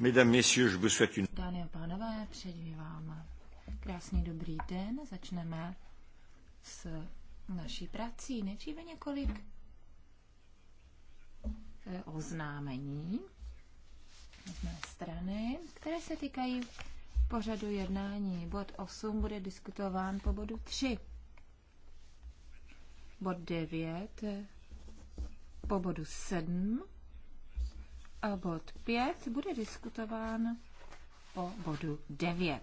Mesdames, messieurs, je vous souhaite une... Dámy a pánové, přeji vám krásný dobrý den. Začneme s naší prací. Nejdříve několik eh, oznámení z mé strany, které se týkají pořadu jednání. Bod 8 bude diskutován po bodu 3. Bod 9 po bodu 7 a bod 5 bude diskutován po bodu 9.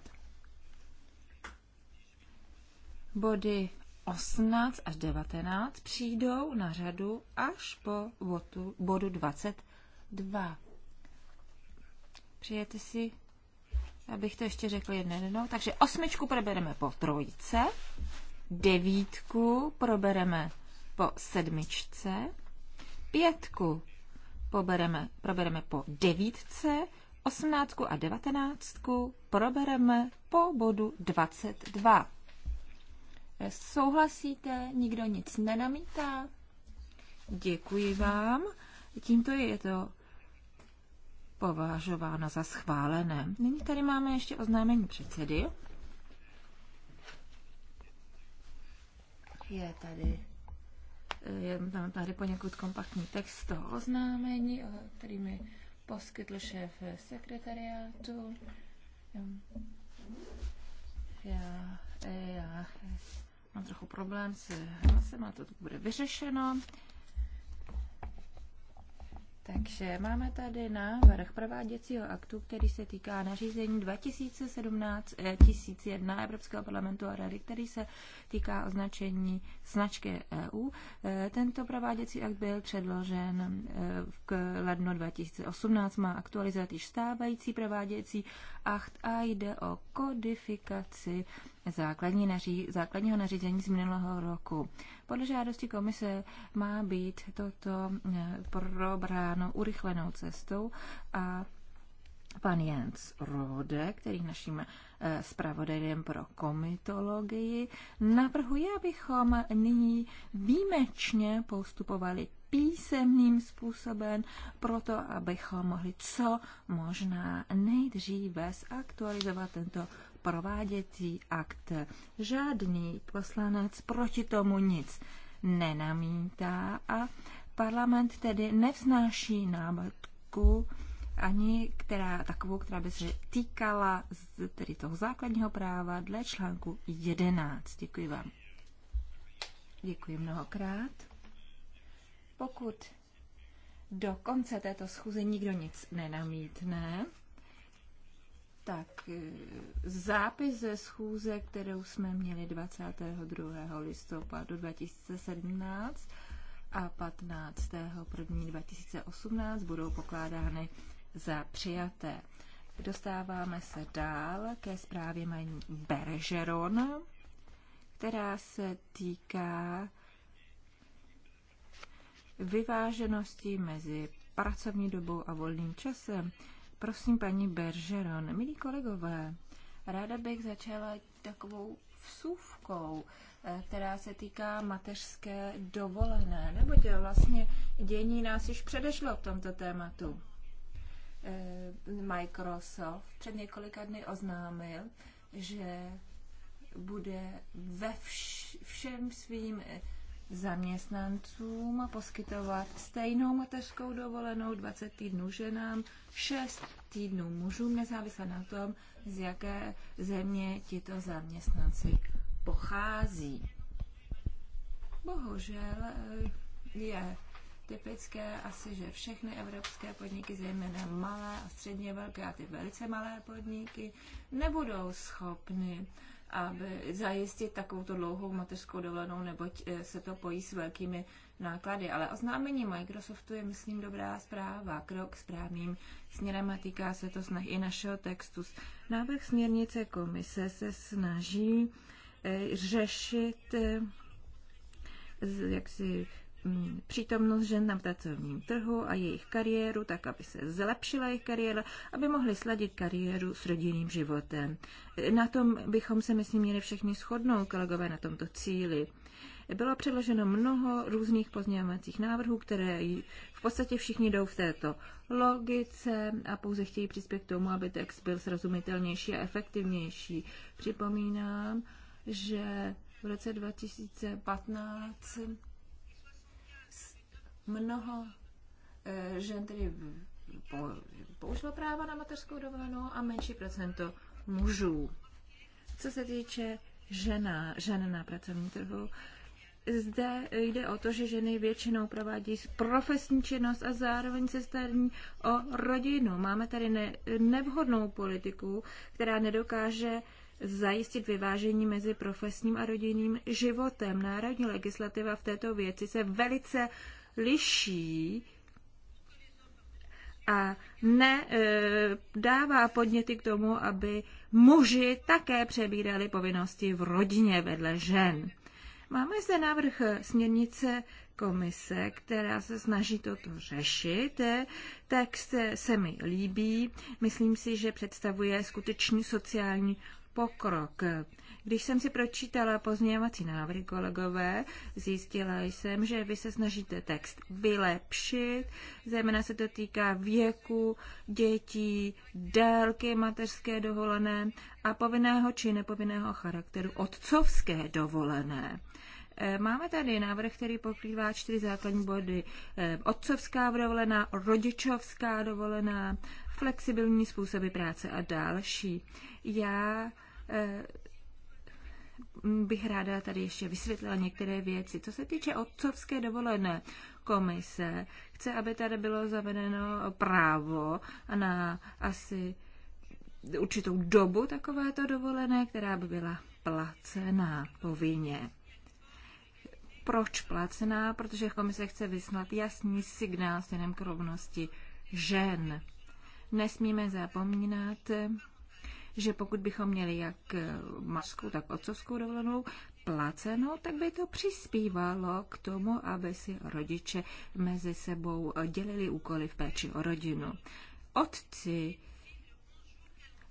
Body 18 až 19 přijdou na řadu až po bodu, bodu 22. Přijete si, abych to ještě řekl jednou. Takže osmičku probereme po trojce, devítku probereme po sedmičce, pětku pobereme, probereme po devítce, osmnáctku a devatenáctku probereme po bodu 22. Souhlasíte? Nikdo nic nenamítá? Děkuji vám. Tímto je to považováno za schválené. Nyní tady máme ještě oznámení předsedy. Je tady je tam tady poněkud kompaktní text z toho oznámení, eh, který mi poskytl šéf sekretariátu. Hm. Já, eh, já mám trochu problém s hlasem, ale to bude vyřešeno. Takže máme tady návrh prováděcího aktu, který se týká nařízení 2017-1001 eh, Evropského parlamentu a rady, který se týká označení značky EU. Eh, tento prováděcí akt byl předložen v eh, lednu 2018, má aktualizovat již stávající prováděcí akt a jde o kodifikaci základní naří, základního nařízení z minulého roku. Podle žádosti komise má být toto eh, probráno urychlenou cestou a pan Jens Rode, který naším eh, zpravodajem pro komitologii, navrhuje, abychom nyní výjimečně postupovali písemným způsobem, proto abychom mohli co možná nejdříve zaktualizovat tento prováděcí akt. Žádný poslanec proti tomu nic nenamítá a parlament tedy nevznáší námitku ani která, takovou, která by se týkala z, tedy toho základního práva dle článku 11. Děkuji vám. Děkuji mnohokrát. Pokud do konce této schůze nikdo nic nenamítne, tak eh, zápis ze schůze, kterou jsme měli 22. listopadu 2017 a 15. 1. 2018 budou pokládány za přijaté. Dostáváme se dál ke zprávě maní Beržeron, která se týká vyváženosti mezi pracovní dobou a volným časem. Prosím, paní Beržeron. Milí kolegové, ráda bych začala takovou vsuvkou, eh, která se týká mateřské dovolené, neboť vlastně dění nás již předešlo v tomto tématu. Eh, Microsoft před několika dny oznámil, že bude ve vš- všem svým eh, zaměstnancům poskytovat stejnou mateřskou dovolenou 20 týdnů ženám, 6 týdnů mužům, nezávisle na tom, z jaké země tito zaměstnanci pochází. Bohužel eh, je typické asi, že všechny evropské podniky, zejména malé a středně velké a ty velice malé podniky, nebudou schopny uh, aby zajistit takovou dlouhou mateřskou dovolenou, neboť eh, se to pojí s velkými náklady. Ale oznámení Microsoftu je, myslím, dobrá zpráva, krok správným směrem a týká se to snah i našeho textu. Návrh směrnice komise se snaží eh, řešit eh, jaksi Mm, přítomnost žen na pracovním trhu a jejich kariéru, tak aby se zlepšila jejich kariéra, aby mohli sladit kariéru s rodinným životem. Na tom bychom se, myslím, měli všichni shodnout, kolegové, na tomto cíli. Bylo předloženo mnoho různých pozměňovacích návrhů, které v podstatě všichni jdou v této logice a pouze chtějí přispět k tomu, aby text byl srozumitelnější a efektivnější. Připomínám, že v roce 2015 Mnoho eh, žen tedy použilo práva na mateřskou dovolenou a menší procento mužů. Co se týče žena, žen na pracovním trhu, zde jde o to, že ženy většinou provádí profesní činnost a zároveň se starní o rodinu. Máme tady ne, nevhodnou politiku, která nedokáže zajistit vyvážení mezi profesním a rodinným životem. Národní legislativa v této věci se velice liší a ne e, dává podněty k tomu, aby muži také přebírali povinnosti v rodině vedle žen. Máme zde návrh směrnice komise, která se snaží toto řešit. Text se mi líbí. Myslím si, že představuje skutečný sociální pokrok. Když jsem si pročítala pozměňovací návrhy kolegové, zjistila jsem, že vy se snažíte text vylepšit, zejména se to týká věku dětí, délky mateřské dovolené a povinného či nepovinného charakteru otcovské dovolené. Eh, máme tady návrh, který pokrývá čtyři základní body. Eh, otcovská dovolená, rodičovská dovolená, flexibilní způsoby práce a další. Já eh, bych ráda tady ještě vysvětlila některé věci. Co se týče otcovské dovolené komise, chce, aby tady bylo zavedeno právo na asi určitou dobu takovéto dovolené, která by byla placená povinně. Proč placená? Protože komise chce vyslat jasný signál směrem k rovnosti žen. Nesmíme zapomínat, že pokud bychom měli jak eh, masku, tak otcovskou dovolenou placeno, tak by to přispívalo k tomu, aby si rodiče mezi sebou eh, dělili úkoly v péči o rodinu. Otci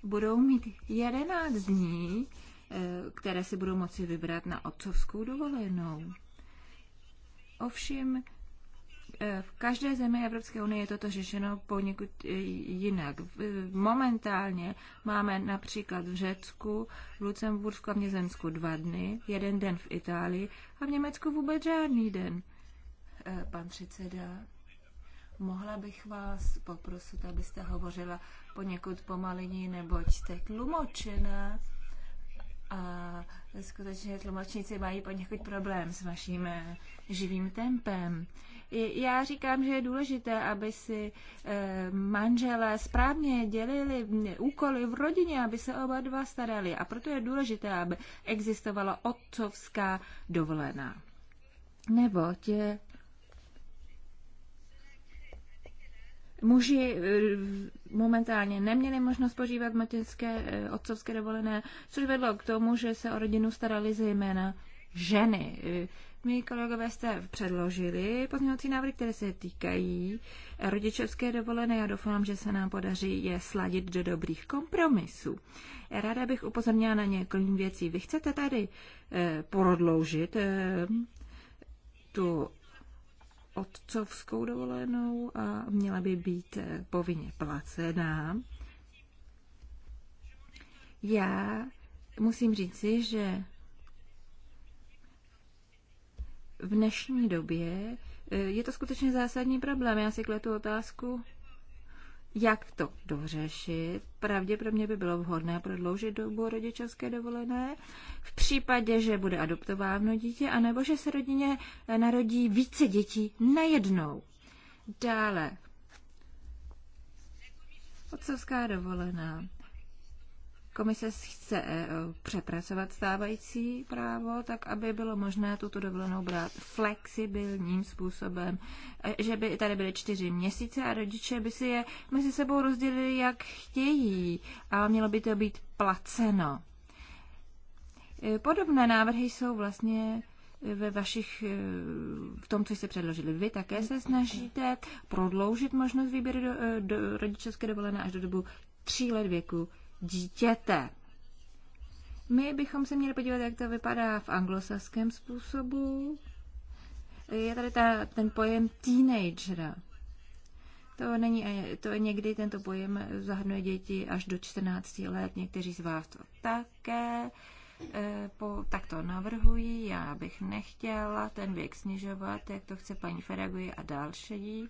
budou mít 11 dní, eh, které si budou moci vybrat na otcovskou dovolenou. Ovšem, Eh, v každé zemi Evropské unie je toto řešeno poněkud eh, jinak. Momentálně máme například v Řecku, v Lucembursku a v Nězemsku dva dny, jeden den v Itálii a v Německu vůbec žádný den. Eh, pan předseda, mohla bych vás poprosit, abyste hovořila poněkud pomaliněji, neboť jste tlumočená a skutečně tlumočníci mají poněkud problém s vaším živým tempem. Já říkám, že je důležité, aby si eh, manželé správně dělili úkoly v rodině, aby se oba dva starali. A proto je důležité, aby existovala otcovská dovolená. tě eh, Muži eh, momentálně neměli možnost požívat matinské otcovské dovolené, což vedlo k tomu, že se o rodinu starali zejména ženy. Mí kolegové jste předložili pozměňovací návrhy, které se týkají rodičovské dovolené. Já doufám, že se nám podaří je sladit do dobrých kompromisů. Ráda bych upozornila na několik věcí. Vy chcete tady eh, prodloužit eh, tu otcovskou dovolenou a měla by být eh, povinně placená. Já musím říci, že v dnešní době e, je to skutečně zásadní problém. Já si kletu otázku, jak to dořešit. Pravděpodobně by bylo vhodné prodloužit dobu rodičovské dovolené v případě, že bude adoptováno dítě, anebo že se rodině narodí více dětí najednou. Dále. Otcovská dovolená. Komise chce eh, přepracovat stávající právo, tak aby bylo možné tuto dovolenou brát flexibilním způsobem, eh, že by tady byly čtyři měsíce a rodiče by si je mezi sebou rozdělili, jak chtějí a mělo by to být placeno. Eh, podobné návrhy jsou vlastně ve vašich, v tom, co jste předložili. Vy také se snažíte prodloužit možnost výběru do, do, rodičovské dovolené až do dobu tří let věku dítěte. My bychom se měli podívat, jak to vypadá v anglosaském způsobu. Je tady ta, ten pojem teenager. To, není, to je někdy tento pojem zahrnuje děti až do 14 let, někteří z vás to také. Eh, po, tak to navrhuji, já bych nechtěla ten věk snižovat, jak to chce paní Feraguji a další.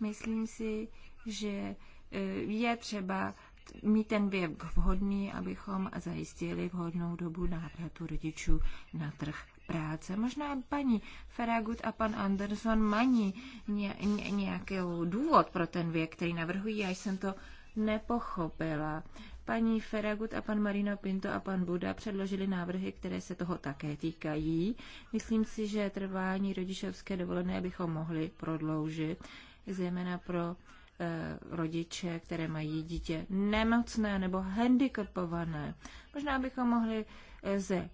Myslím si, že eh, je třeba mít ten věk vhodný, abychom zajistili vhodnou dobu návratu rodičů na trh práce. Možná paní Feragut a pan Anderson mají ně, ně, nějaký důvod pro ten věk, který navrhují, já jsem to nepochopila. Paní Feragut a pan Marino Pinto a pan Buda předložili návrhy, které se toho také týkají. Myslím si, že trvání rodičovské dovolené bychom mohli prodloužit, zejména pro Eh, rodiče, které mají dítě nemocné nebo handicapované. Možná bychom mohli eh, ze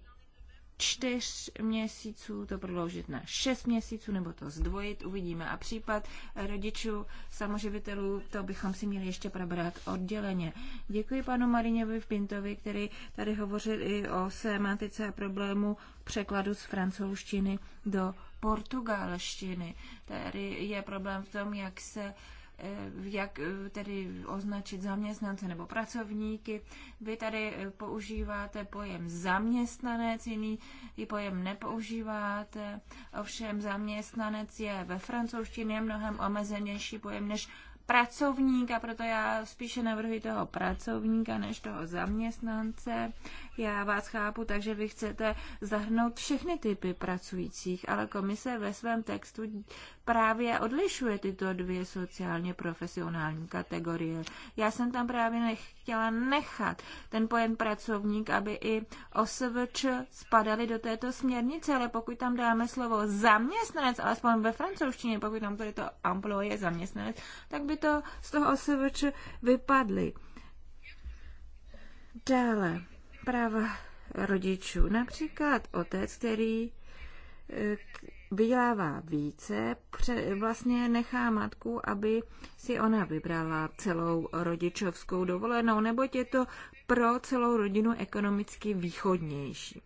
čtyř měsíců to prodloužit na šest měsíců nebo to zdvojit, uvidíme. A případ rodičů samoživitelů, to bychom si měli ještě probrat odděleně. Děkuji panu Mariněvi Pintovi, který tady hovořil i o semantice a problému překladu z francouzštiny do portugalštiny. Tady je problém v tom, jak se Eh, jak eh, tedy označit zaměstnance nebo pracovníky. Vy tady eh, používáte pojem zaměstnanec, jiný i pojem nepoužíváte. Ovšem zaměstnanec je ve francouzštině mnohem omezenější pojem než pracovník a proto já spíše navrhuji toho pracovníka než toho zaměstnance. Já vás chápu, takže vy chcete zahrnout všechny typy pracujících, ale komise ve svém textu právě odlišuje tyto dvě sociálně profesionální kategorie. Já jsem tam právě nechtěla nechat ten pojem pracovník, aby i OSVČ spadaly do této směrnice, ale pokud tam dáme slovo zaměstnanec, alespoň ve francouzštině, pokud tam tady to employé zaměstnanec, tak by to z toho OSVČ vypadly. Dále práva rodičů. Například otec, který eh, vydělává více, pře, vlastně nechá matku, aby si ona vybrala celou rodičovskou dovolenou, neboť je to pro celou rodinu ekonomicky východnější.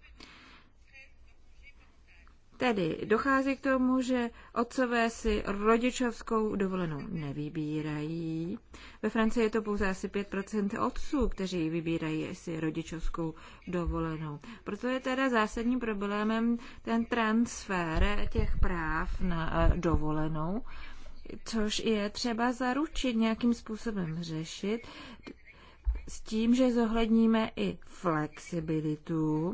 Tedy dochází k tomu, že otcové si rodičovskou dovolenou nevybírají. Ve Francii je to pouze asi 5% otců, kteří vybírají si rodičovskou dovolenou. Proto je teda zásadním problémem ten transfer těch práv na eh, dovolenou, což je třeba zaručit nějakým způsobem řešit s tím, že zohledníme i flexibilitu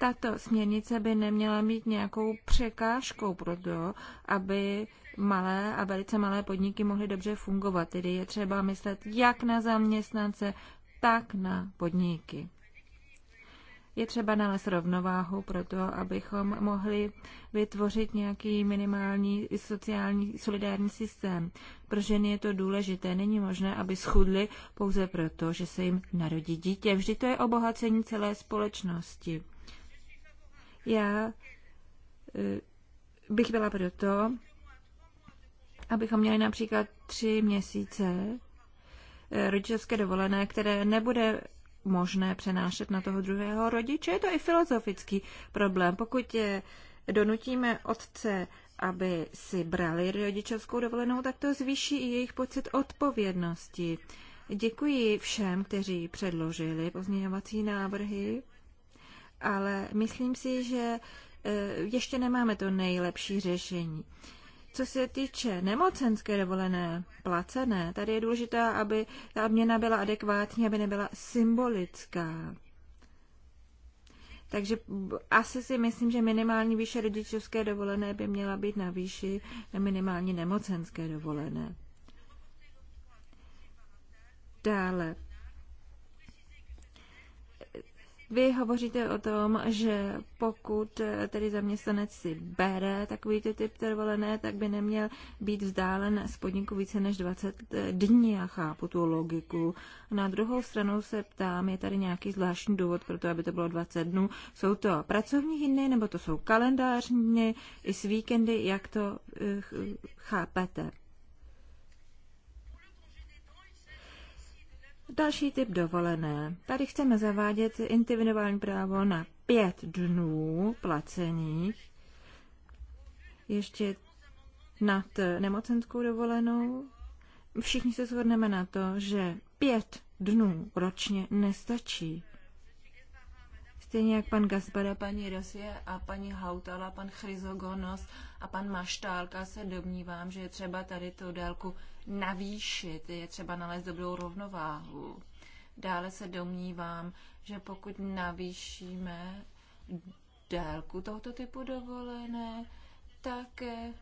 tato směrnice by neměla mít nějakou překážkou pro to, aby malé a velice malé podniky mohly dobře fungovat. Tedy je třeba myslet jak na zaměstnance, tak na podniky. Je třeba nalézt rovnováhu pro to, abychom mohli vytvořit nějaký minimální sociální solidární systém. Pro ženy je to důležité. Není možné, aby schudly pouze proto, že se jim narodí dítě. Vždy to je obohacení celé společnosti. Já eh, bych byla proto, abychom měli například tři měsíce eh, rodičovské dovolené, které nebude možné přenášet na toho druhého rodiče. Je to i filozofický problém. Pokud je donutíme otce, aby si brali rodičovskou dovolenou, tak to zvýší i jejich pocit odpovědnosti. Děkuji všem, kteří předložili pozměňovací návrhy ale myslím si, že e, ještě nemáme to nejlepší řešení. Co se týče nemocenské dovolené, placené, tady je důležité, aby ta měna byla adekvátní, aby nebyla symbolická. Takže asi si myslím, že minimální výše rodičovské dovolené by měla být na výši minimální nemocenské dovolené. Dále, vy hovoříte o tom, že pokud eh, tedy zaměstnanec si bere takový ty typ trvolené, tak by neměl být vzdálen z podniku více než 20 eh, dní. Já chápu tu logiku. Na druhou stranu se ptám, je tady nějaký zvláštní důvod pro to, aby to bylo 20 dnů. Jsou to pracovní dny, nebo to jsou kalendářní dny, i s víkendy, jak to eh, chápete? Další typ dovolené. Tady chceme zavádět individuální právo na pět dnů placených, ještě nad nemocenskou dovolenou. Všichni se shodneme na to, že pět dnů ročně nestačí. Stejně jak pan Gaspara, paní Rosie a paní Hautala, pan Chryzogonos a pan Maštálka se domnívám, že je třeba tady tu délku navýšit, je třeba nalézt dobrou rovnováhu. Dále se domnívám, že pokud navýšíme délku tohoto typu dovolené, tak eh,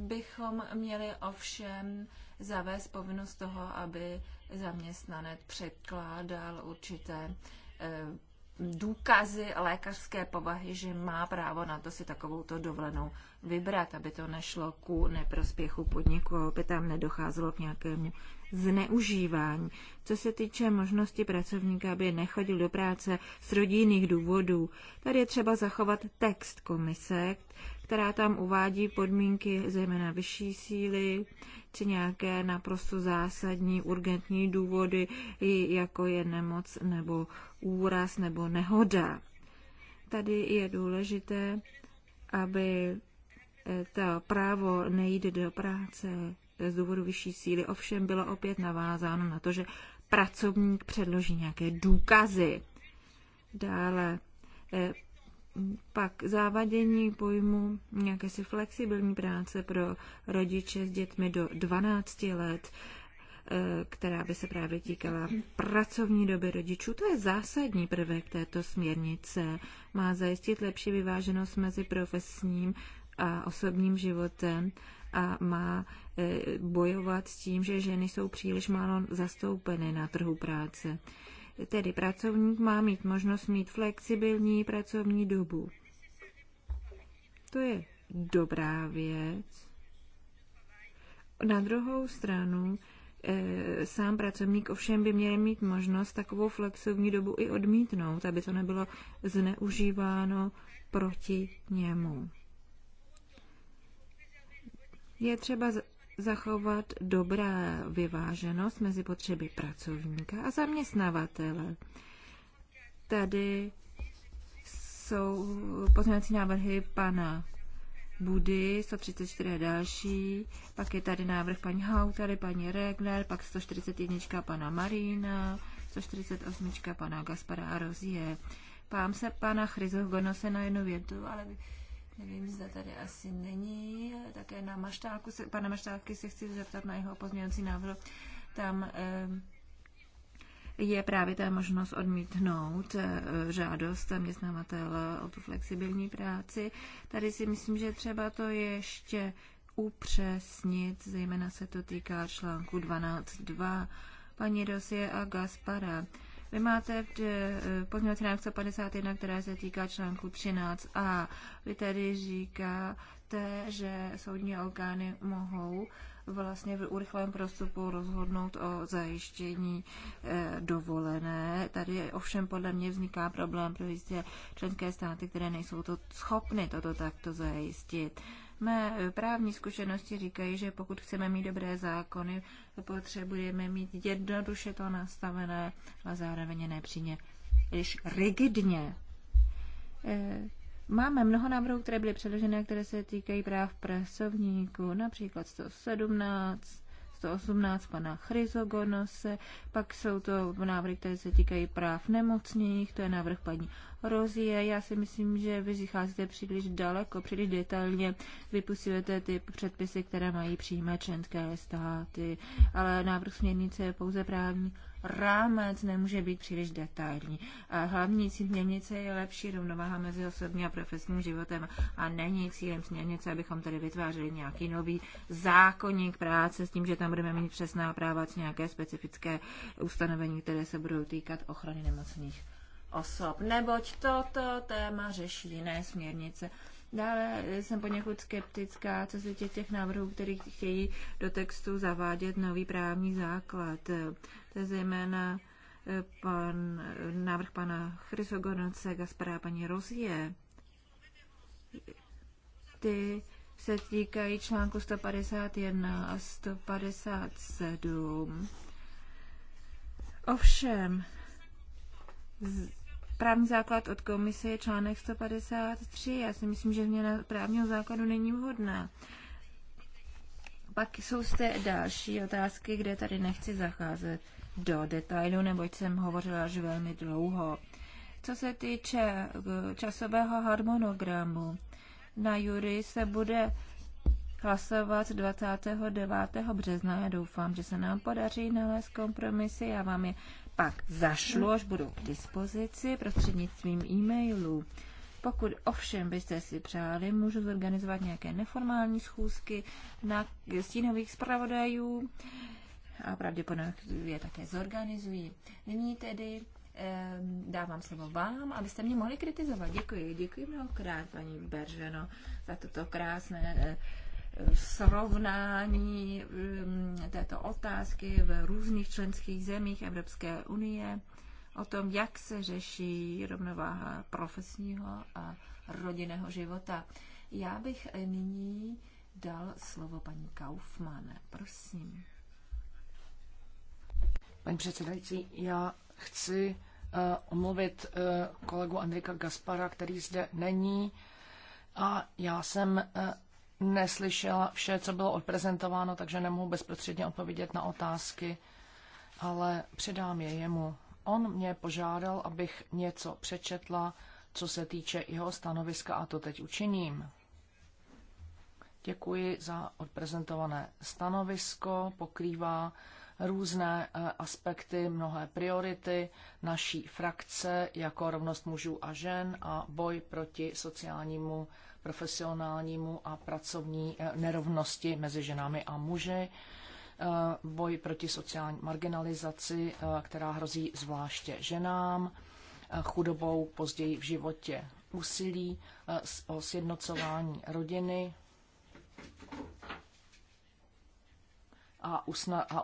bychom měli ovšem zavést povinnost toho, aby zaměstnanec předkládal určité eh, důkazy lékařské povahy, že má právo na to si takovouto dovolenou vybrat, aby to nešlo ku neprospěchu podniku, aby tam nedocházelo k nějakému zneužívání. Co se týče možnosti pracovníka, aby nechodil do práce z rodinných důvodů, tady je třeba zachovat text komise, která tam uvádí podmínky zejména vyšší síly či nějaké naprosto zásadní urgentní důvody, jako je nemoc nebo úraz nebo nehoda. Tady je důležité, aby eh, to právo nejít do práce z důvodu vyšší síly ovšem bylo opět navázáno na to, že pracovník předloží nějaké důkazy. Dále eh, pak závadění pojmu nějaké si flexibilní práce pro rodiče s dětmi do 12 let. Eh, která by se právě týkala pracovní doby rodičů. To je zásadní prvek této směrnice. Má zajistit lepší vyváženost mezi profesním a osobním životem a má eh, bojovat s tím, že ženy jsou příliš málo zastoupeny na trhu práce. Tedy pracovník má mít možnost mít flexibilní pracovní dobu. To je dobrá věc. Na druhou stranu Eh, sám pracovník ovšem by měl mít možnost takovou flexovní dobu i odmítnout, aby to nebylo zneužíváno proti němu. Je třeba zachovat dobrá vyváženost mezi potřeby pracovníka a zaměstnavatele. Tady jsou pozměňovací návrhy pana Budy, 134 a další, pak je tady návrh paní Hautary, paní Regner, pak 141 pana Marina, 148 pana Gaspara a Rozie. Pám se pana se na jednu větu, ale nevím, zda tady asi není. Také na maštálku se, pana Maštálky se chci zeptat na jeho pozměňovací návrh. Tam eh, je právě ta možnost odmítnout eh, žádost zaměstnavatele o tu flexibilní práci. Tady si myslím, že třeba to ještě upřesnit, zejména se to týká článku 12.2 paní Rosie a Gaspara. Vy máte eh, pozměnovací návrh 151, která se týká článku 13a. Vy tedy říkáte, že soudní orgány mohou vlastně v urychlém prostupu rozhodnout o zajištění eh, dovolené. Tady ovšem podle mě vzniká problém pro jistě členské státy, které nejsou to schopny toto takto zajistit. Mé eh, právní zkušenosti říkají, že pokud chceme mít dobré zákony, potřebujeme mít jednoduše to nastavené a zároveň nepřímě, když rigidně. Eh, Máme mnoho návrhů, které byly předložené, které se týkají práv pracovníků, například 117, 118 pana Chryzogonose, pak jsou to návrhy, které se týkají práv nemocných, to je návrh paní Rozie. Já si myslím, že vy zicházíte příliš daleko, příliš detailně vypusujete ty předpisy, které mají přijímat členské státy, ale návrh směrnice je pouze právní rámec nemůže být příliš detailní. hlavní cíl směrnice je lepší rovnováha mezi osobním a profesním životem a není cílem směrnice, abychom tady vytvářeli nějaký nový zákonník práce s tím, že tam budeme mít přesná práva či nějaké specifické ustanovení, které se budou týkat ochrany nemocných osob. Neboť toto téma řeší jiné směrnice. Dále jsem poněkud skeptická, co se těch, těch návrhů, kterých chtějí do textu zavádět nový právní základ. To je zejména eh, pan, eh, návrh pana Chrysogonoce, Gaspara paní Rozie. Ty se týkají článku 151 a 157. Ovšem, Právní základ od komise je článek 153. Já si myslím, že změna právního základu není vhodná. Pak jsou zde další otázky, kde tady nechci zacházet do detailu, neboť jsem hovořila až velmi dlouho. Co se týče eh, časového harmonogramu, na jury se bude hlasovat 29. března. Já doufám, že se nám podaří nalézt kompromisy. Já vám je pak zašlu, až budu k dispozici prostřednictvím e mailu Pokud ovšem byste si přáli, můžu zorganizovat nějaké neformální schůzky na stínových zpravodajů a pravděpodobně je také zorganizují. Nyní tedy eh, dávám slovo vám, abyste mě mohli kritizovat. Děkuji, děkuji mnohokrát, paní Berženo, za toto krásné eh, srovnání um, této otázky v různých členských zemích Evropské unie, o tom, jak se řeší rovnováha profesního a rodinného života. Já bych nyní dal slovo paní Kaufmann. Prosím. Paní předsedající, já chci uh, omluvit uh, kolegu Andrika Gaspara, který zde není. A já jsem uh, neslyšela vše, co bylo odprezentováno, takže nemohu bezprostředně odpovědět na otázky, ale předám je jemu. On mě požádal, abych něco přečetla, co se týče jeho stanoviska a to teď učiním. Děkuji za odprezentované stanovisko, pokrývá různé eh, aspekty, mnohé priority naší frakce jako rovnost mužů a žen a boj proti sociálnímu profesionálnímu a pracovní eh, nerovnosti mezi ženami a muži, eh, boj proti sociální marginalizaci, eh, která hrozí zvláště ženám, chudobou později v životě, úsilí o sjednocování rodiny, a,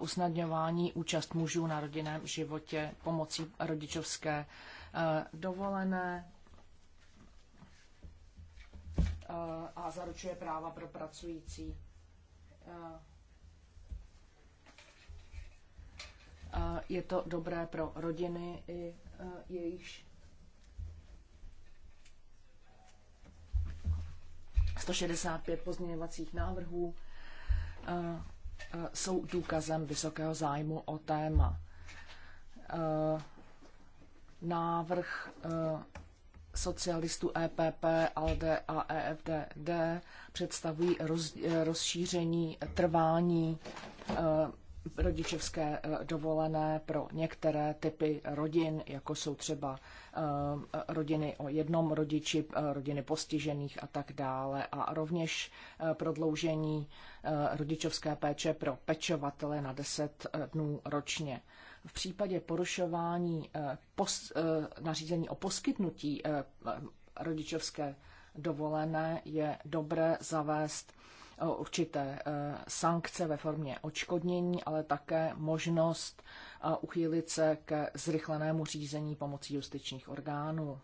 usnadňování účast mužů na rodinném životě pomocí rodičovské dovolené, Eh, a zaručuje práva pro pracující. Eh, eh, je to dobré pro rodiny i jejich 165 pozměňovacích návrhů jsou důkazem vysokého zájmu o téma. Návrh socialistů EPP, ALDE a EFDD e představují roz, rozšíření trvání eh, rodičovské eh, dovolené pro některé typy rodin, jako jsou třeba eh, rodiny o jednom rodiči, rodiny postižených a tak dále. A rovněž prodloužení rodičovské péče pro pečovatele na 10 dnů ročně v případě porušování eh, pos, eh, nařízení o poskytnutí eh, rodičovské dovolené je dobré zavést určité sankce ve formě očkodnění, ale také možnost uchýlit se ke zrychlenému řízení pomocí justičních orgánů.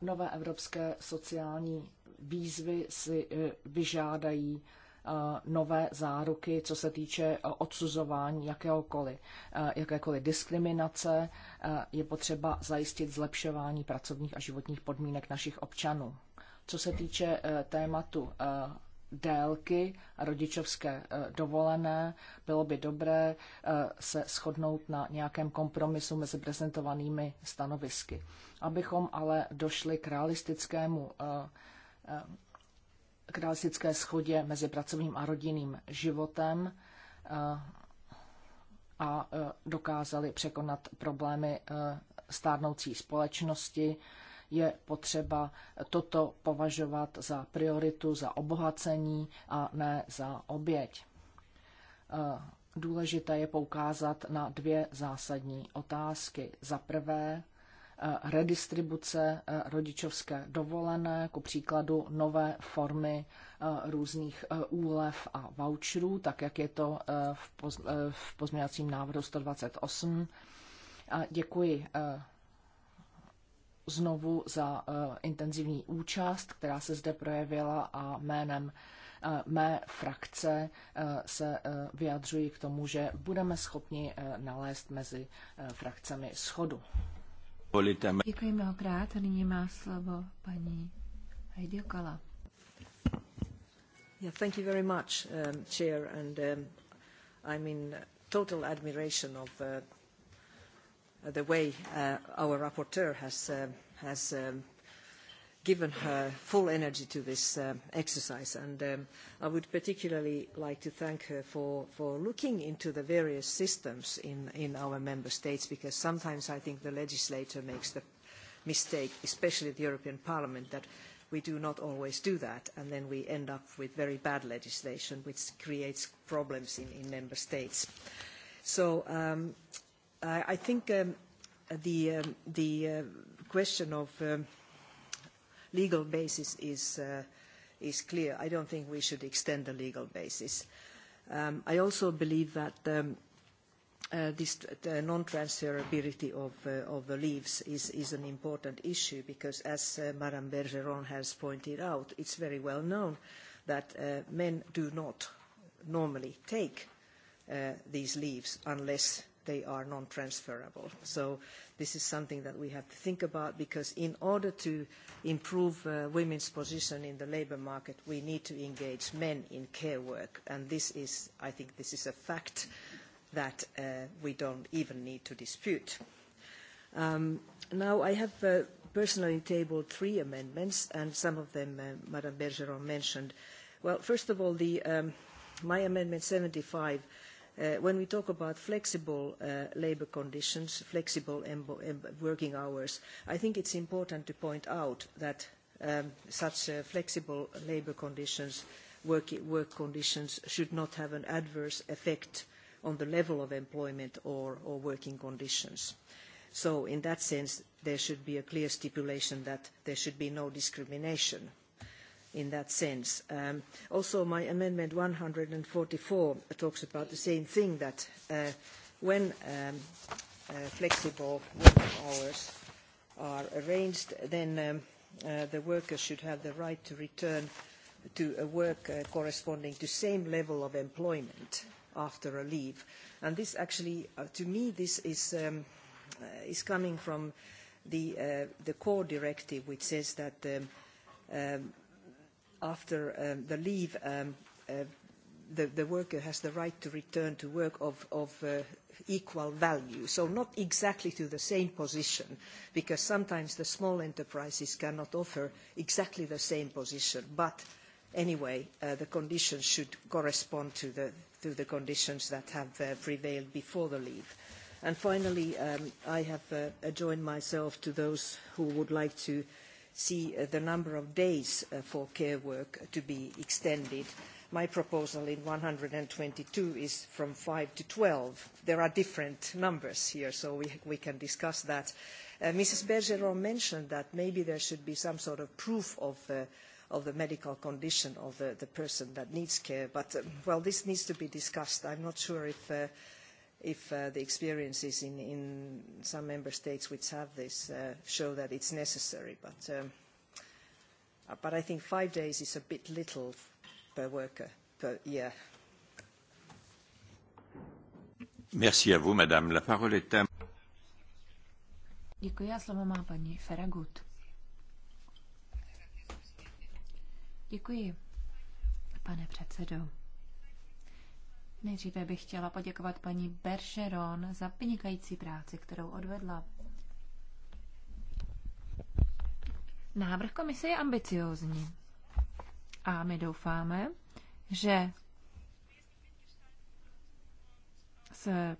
Nové evropské sociální výzvy si vyžádají Eh, nové záruky, co se týče eh, odsuzování eh, jakékoliv diskriminace. Je potřeba zajistit zlepšování pracovních a životních podmínek našich občanů. Co se týče tématu délky rodičovské dovolené. Bylo by dobré se shodnout na nějakém kompromisu mezi prezentovanými stanovisky. Abychom ale došli k realistickému k realistické schodě mezi pracovním a rodinným životem eh, a eh, dokázali překonat problémy eh, stárnoucí společnosti. Je potřeba toto považovat za prioritu, za obohacení a ne za oběť. Důležité je poukázat na dvě zásadní otázky. Za prvé, Eh, redistribuce eh, rodičovské dovolené, ku příkladu nové formy eh, různých úlev a voucherů, tak jak je to v pozměňovacím návrhu 128. A děkuji znovu za intenzivní účast, která se zde projevila a jménem mé frakce se vyjadřuji k tomu, že budeme schopni nalézt mezi frakcemi schodu. Děkuji mnohokrát a nyní má slovo paní Heidi Okala. Yeah, thank you very much, um, Chair, and um, I'm in total admiration of uh, the way uh, our rapporteur has, uh, has um, given her full energy to this um, exercise. And um, I would particularly like to thank her for, for looking into the various systems in, in our member states, because sometimes I think the legislator makes the mistake, especially the European Parliament, that we do not always do that, and then we end up with very bad legislation, which creates problems in, in member states. So um, I, I, think um, the, um, the uh, question of um, legal basis is, uh, is clear. I don't think we should extend the legal basis. Um, I also believe that um, uh, this non-transferability of, uh, of, the leaves is, is, an important issue because, as uh, Madame Bergeron has pointed out, it's very well known that uh, men do not normally take uh, these leaves unless they are non-transferable. So this is something that we have to think about because in order to improve uh, women's position in the labour market, we need to engage men in care work. And this is, I think this is a fact that uh, we don't even need to dispute. Um, now I have uh, personally tabled three amendments, and some of them uh, Madame Bergeron mentioned. Well, first of all, the, um, my amendment 75 Uh, when we talk about flexible uh, labour conditions, flexible working hours, I think it's important to point out that um, such uh, flexible labour conditions, work, work, conditions, should not have an adverse effect on the level of employment or, or working conditions. So in that sense, there should be a clear stipulation that there should be no discrimination in that sense. Um, also, my amendment 144 talks about the same thing, that uh, when um, uh, flexible working hours are arranged, then um, uh, the workers should have the right to return to a work uh, corresponding to same level of employment after a leave. And this actually, uh, to me, this is, um, uh, is coming from the, uh, the core directive, which says that um, um after um, the leave, um, uh, the, the worker has the right to return to work of, of uh, equal value. So not exactly to the same position, because sometimes the small enterprises cannot offer exactly the same position. But anyway, uh, the conditions should correspond to the, to the conditions that have uh, prevailed before the leave. And finally, um, I have uh, joined myself to those who would like to uh, see uh, the number of days uh, for care work to be extended. My proposal in 122 is from 5 to 12. There are different numbers here, so we, we can discuss that. Uh, Mrs. Bergeron mentioned that maybe there should be some sort of proof of uh, of the medical condition of the, the person that needs care. But, um, well, this needs to be discussed. I'm not sure if uh, if uh, the experiences in, in some member states which have this uh, show that it's necessary. But, um, uh, but I think five days is a bit little per worker per year. Merci à vous, madame. La parole est à... Děkuji a slovo má paní Feragut. Děkuji, pane předsedo. Nejdříve bych chtěla poděkovat paní Bercheron za vynikající práci, kterou odvedla. Návrh komise je ambiciózní a my doufáme, že se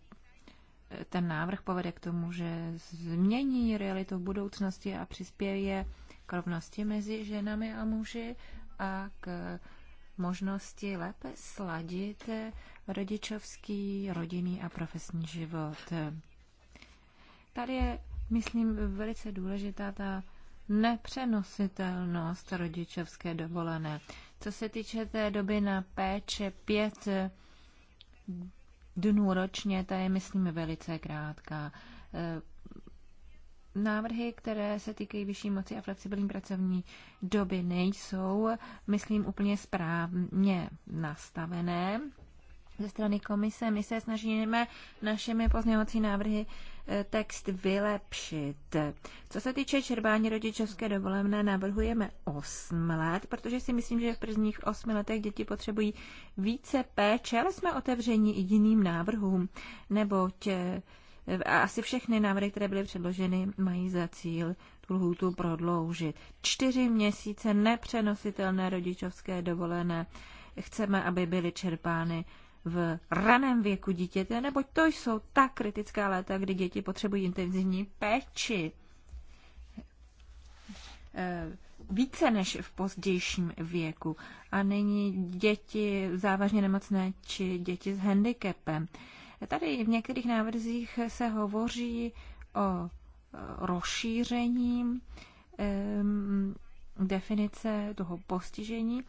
ten návrh povede k tomu, že změní realitu budoucnosti a přispěje k rovnosti mezi ženami a muži a k možnosti lépe sladit rodičovský, rodinný a profesní život. Tady je, myslím, velice důležitá ta nepřenositelnost rodičovské dovolené. Co se týče té doby na péče pět dnů ročně, ta je, myslím, velice krátká. Návrhy, které se týkají vyšší moci a flexibilní pracovní doby, nejsou, myslím, úplně správně nastavené ze strany komise. My se snažíme našimi pozměňovací návrhy eh, text vylepšit. Co se týče čerbání rodičovské dovolené, navrhujeme 8 let, protože si myslím, že v prvních 8 letech děti potřebují více péče, ale jsme otevření i jiným návrhům, neboť tě eh, asi všechny návrhy, které byly předloženy, mají za cíl tu lhůtu prodloužit. Čtyři měsíce nepřenositelné rodičovské dovolené chceme, aby byly čerpány v raném věku dítěte, neboť to jsou tak kritická léta, kdy děti potřebují intenzivní péči. E, více než v pozdějším věku. A není děti závažně nemocné či děti s handicapem. Tady v některých návrzích se hovoří o rozšíření definice toho postižení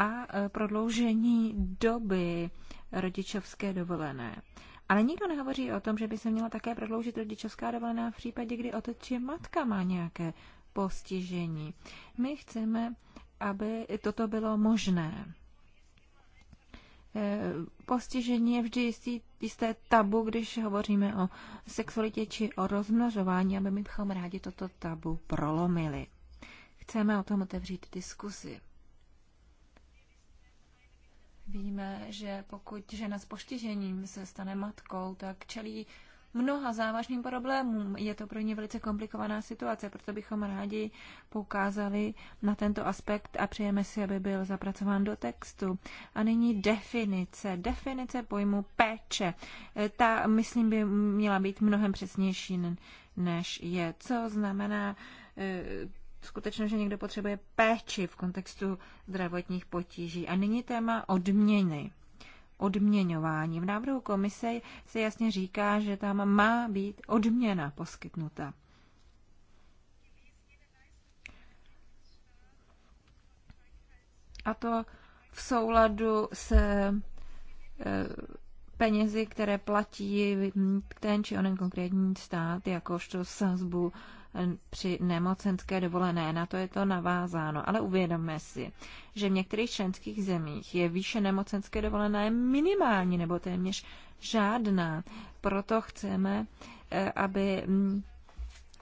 a e, prodloužení doby rodičovské dovolené. Ale nikdo nehovoří o tom, že by se měla také prodloužit rodičovská dovolená v případě, kdy otec či matka má nějaké postižení. My chceme, aby toto bylo možné. E, postižení je vždy jistý, jisté tabu, když hovoříme o sexualitě či o rozmnožování, aby my bychom rádi toto tabu prolomili. Chceme o tom otevřít diskusi. Víme, že pokud žena s poštěžením se stane matkou, tak čelí mnoha závažným problémům. Je to pro ně velice komplikovaná situace, proto bychom rádi poukázali na tento aspekt a přejeme si, aby byl zapracován do textu. A nyní definice. Definice pojmu péče. E, ta, myslím, by měla být mnohem přesnější, než je. Co znamená e, Skutečně, že někdo potřebuje péči v kontextu zdravotních potíží. A nyní téma odměny odměňování. V návrhu komise se jasně říká, že tam má být odměna poskytnuta. A to v souladu s eh, penězi, které platí ten či onen konkrétní stát, jakožto sazbu při nemocenské dovolené. Na to je to navázáno. Ale uvědomme si, že v některých členských zemích je výše nemocenské dovolené minimální nebo téměř žádná. Proto chceme, eh, aby mm,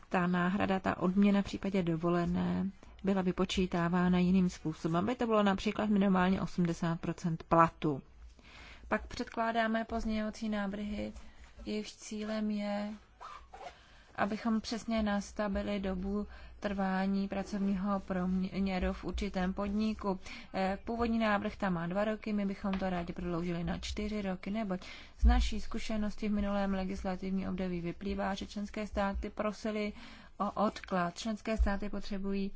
ta náhrada, ta odměna v případě dovolené byla vypočítávána jiným způsobem, aby to bylo například minimálně 80 platu. Pak předkládáme pozměňovací návrhy, jejichž cílem je abychom přesně nastavili dobu trvání pracovního proměru v určitém podniku. Eh, původní návrh tam má dva roky, my bychom to rádi prodloužili na čtyři roky, neboť z naší zkušenosti v minulém legislativní období vyplývá, že členské státy prosily o odklad. Členské státy potřebují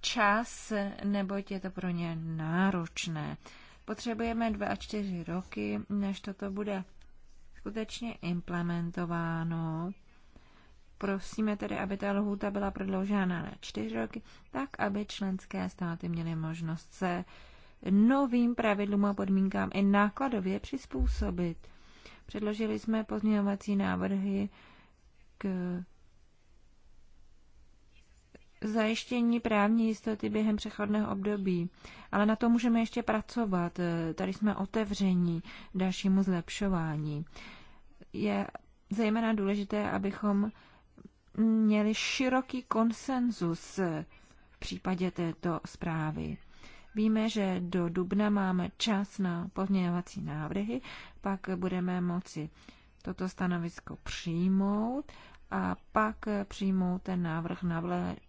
čas, neboť je to pro ně náročné. Potřebujeme dva a čtyři roky, než toto bude skutečně implementováno Prosíme tedy, aby ta lhůta byla prodloužena na čtyři roky, tak aby členské státy měly možnost se novým pravidlům a podmínkám i nákladově přizpůsobit. Předložili jsme pozměňovací návrhy k zajištění právní jistoty během přechodného období. Ale na to můžeme ještě pracovat. Tady jsme otevření dalšímu zlepšování. Je zejména důležité, abychom měli široký konsenzus v případě této zprávy. Víme, že do dubna máme čas na pozměňovací návrhy, pak budeme moci toto stanovisko přijmout a pak přijmout ten návrh na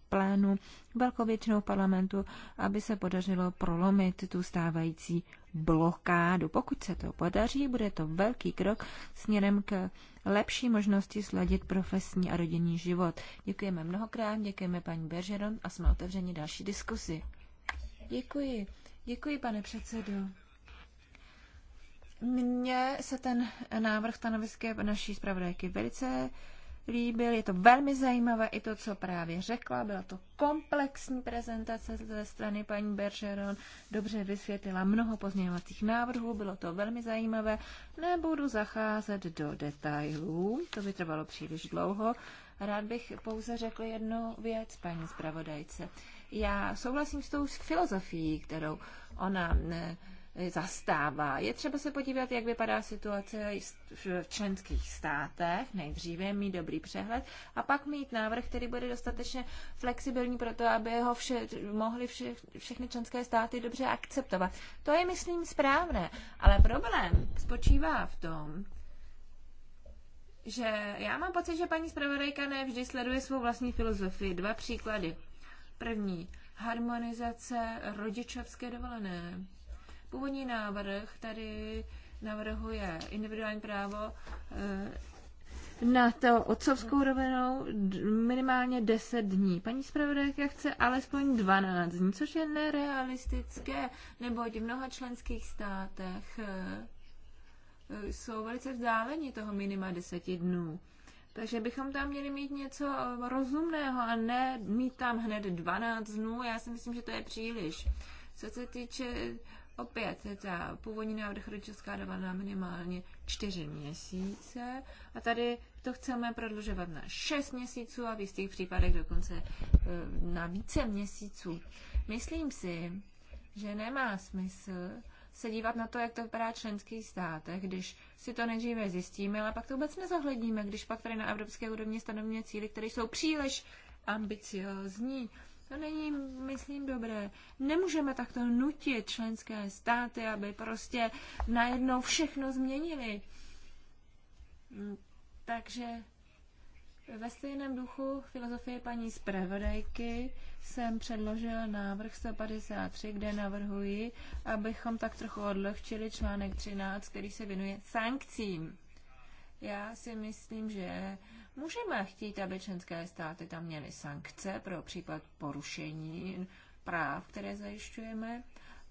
plénu velkou většinou parlamentu, aby se podařilo prolomit tu stávající blokádu. Pokud se to podaří, bude to velký krok směrem k lepší možnosti sladit profesní a rodinný život. Děkujeme mnohokrát, děkujeme paní Bergeron a jsme otevřeni další diskusi. Děkuji. Děkuji, pane předsedo. Mně se ten návrh stanoviské naší zpravodajky velice líbil. Je to velmi zajímavé i to, co právě řekla. Byla to komplexní prezentace ze strany paní Bergeron. Dobře vysvětlila mnoho pozměňovacích návrhů. Bylo to velmi zajímavé. Nebudu zacházet do detailů. To by trvalo příliš dlouho. Rád bych pouze řekl jednu věc, paní zpravodajce. Já souhlasím s tou filozofií, kterou ona ne, eh, zastává. Je třeba se podívat, jak vypadá situace v členských státech, nejdříve mít dobrý přehled a pak mít návrh, který bude dostatečně flexibilní pro to, aby ho vše, mohli vše, všechny členské státy dobře akceptovat. To je, myslím, správné, ale problém spočívá v tom, že já mám pocit, že paní zpravodajka nevždy sleduje svou vlastní filozofii. Dva příklady. První, harmonizace rodičovské dovolené Původní návrh tady navrhuje individuální právo eh, na to otcovskou rovinou minimálně 10 dní. Paní zpravodajka chce alespoň 12 dní, což je nerealistické, neboť v mnoha členských státech eh, eh, jsou velice vzdáleni toho minima 10 dnů. Takže bychom tam měli mít něco rozumného a ne mít tam hned 12 dnů. Já si myslím, že to je příliš. Co se týče Opět ta původní návrh rodičovská doba na minimálně 4 měsíce a tady to chceme prodlužovat na 6 měsíců a v jistých případech dokonce e, na více měsíců. Myslím si, že nemá smysl se dívat na to, jak to vypadá členský státech, když si to nejdříve zjistíme, ale pak to vůbec nezohledníme, když pak tady na evropské úrovni stanovíme cíly, které jsou příliš ambiciozní. To není, myslím, dobré. Nemůžeme takto nutit členské státy, aby prostě najednou všechno změnili. Hm, takže ve stejném duchu filozofie paní zpravodajky jsem předložil návrh 153, kde navrhuji, abychom tak trochu odlehčili článek 13, který se věnuje sankcím. Já si myslím, že Můžeme chtít, aby členské státy tam měly sankce pro případ porušení práv, které zajišťujeme,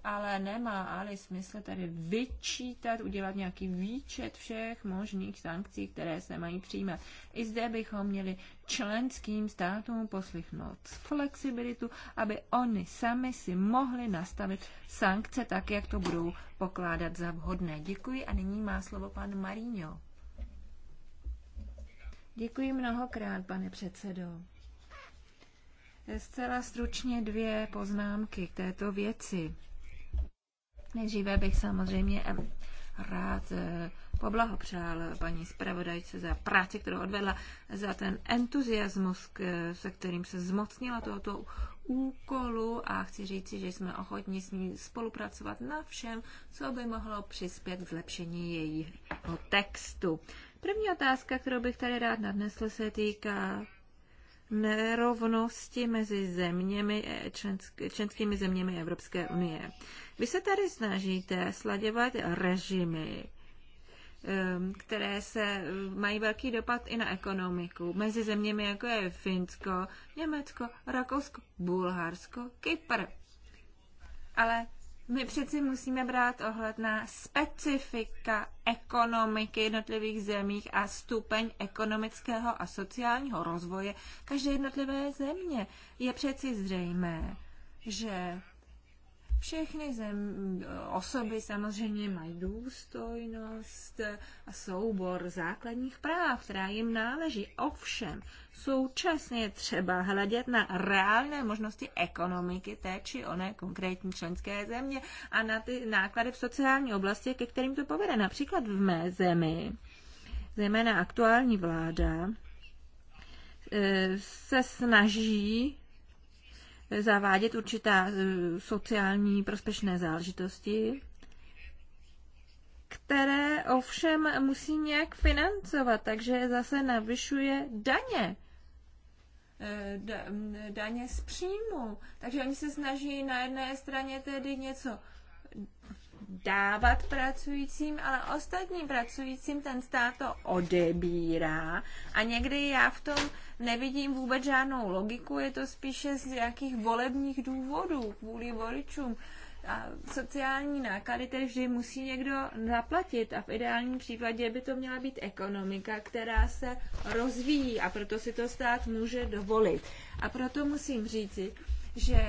ale nemá ale smysl tady vyčítat, udělat nějaký výčet všech možných sankcí, které se mají přijímat. I zde bychom měli členským státům poslychnout flexibilitu, aby oni sami si mohli nastavit sankce tak, jak to budou pokládat za vhodné. Děkuji a nyní má slovo pan Maríňo. Děkuji mnohokrát, pane předsedo. Zcela stručně dvě poznámky k této věci. Nejdříve bych samozřejmě rád eh, poblahopřál paní zpravodajce za práci, kterou odvedla, za ten entuziasmus, se kterým se zmocnila tohoto úkolu a chci říci, že jsme ochotni s ní spolupracovat na všem, co by mohlo přispět k zlepšení jejího textu. První otázka, kterou bych tady rád nadnesl, se týká nerovnosti mezi zeměmi, eh, členskými zeměmi Evropské unie. Vy se tady snažíte sladěvat režimy, ehm, které se eh, mají velký dopad i na ekonomiku, mezi zeměmi jako je Finsko, Německo, Rakousko, Bulharsko, Kypr. Ale my přeci musíme brát ohled na specifika ekonomiky jednotlivých zemích a stupeň ekonomického a sociálního rozvoje každé jednotlivé země. Je přeci zřejmé, že všechny zem, osoby samozřejmě mají důstojnost a soubor základních práv, která jim náleží. Ovšem, současně je třeba hledět na reálné možnosti ekonomiky té či oné konkrétní členské země a na ty náklady v sociální oblasti, ke kterým to povede. Například v mé zemi, zejména aktuální vláda, eh, se snaží zavádět určitá eh, sociální prospešné záležitosti, které ovšem musí nějak financovat, takže zase navyšuje daně. Eh, daně z příjmu. Takže oni se snaží na jedné straně tedy něco dávat pracujícím, ale ostatním pracujícím ten stát to odebírá. A někdy já v tom nevidím vůbec žádnou logiku, je to spíše z jakých volebních důvodů, kvůli voličům. A sociální náklady tedy vždy musí někdo zaplatit a v ideálním případě by to měla být ekonomika, která se rozvíjí a proto si to stát může dovolit. A proto musím říci, že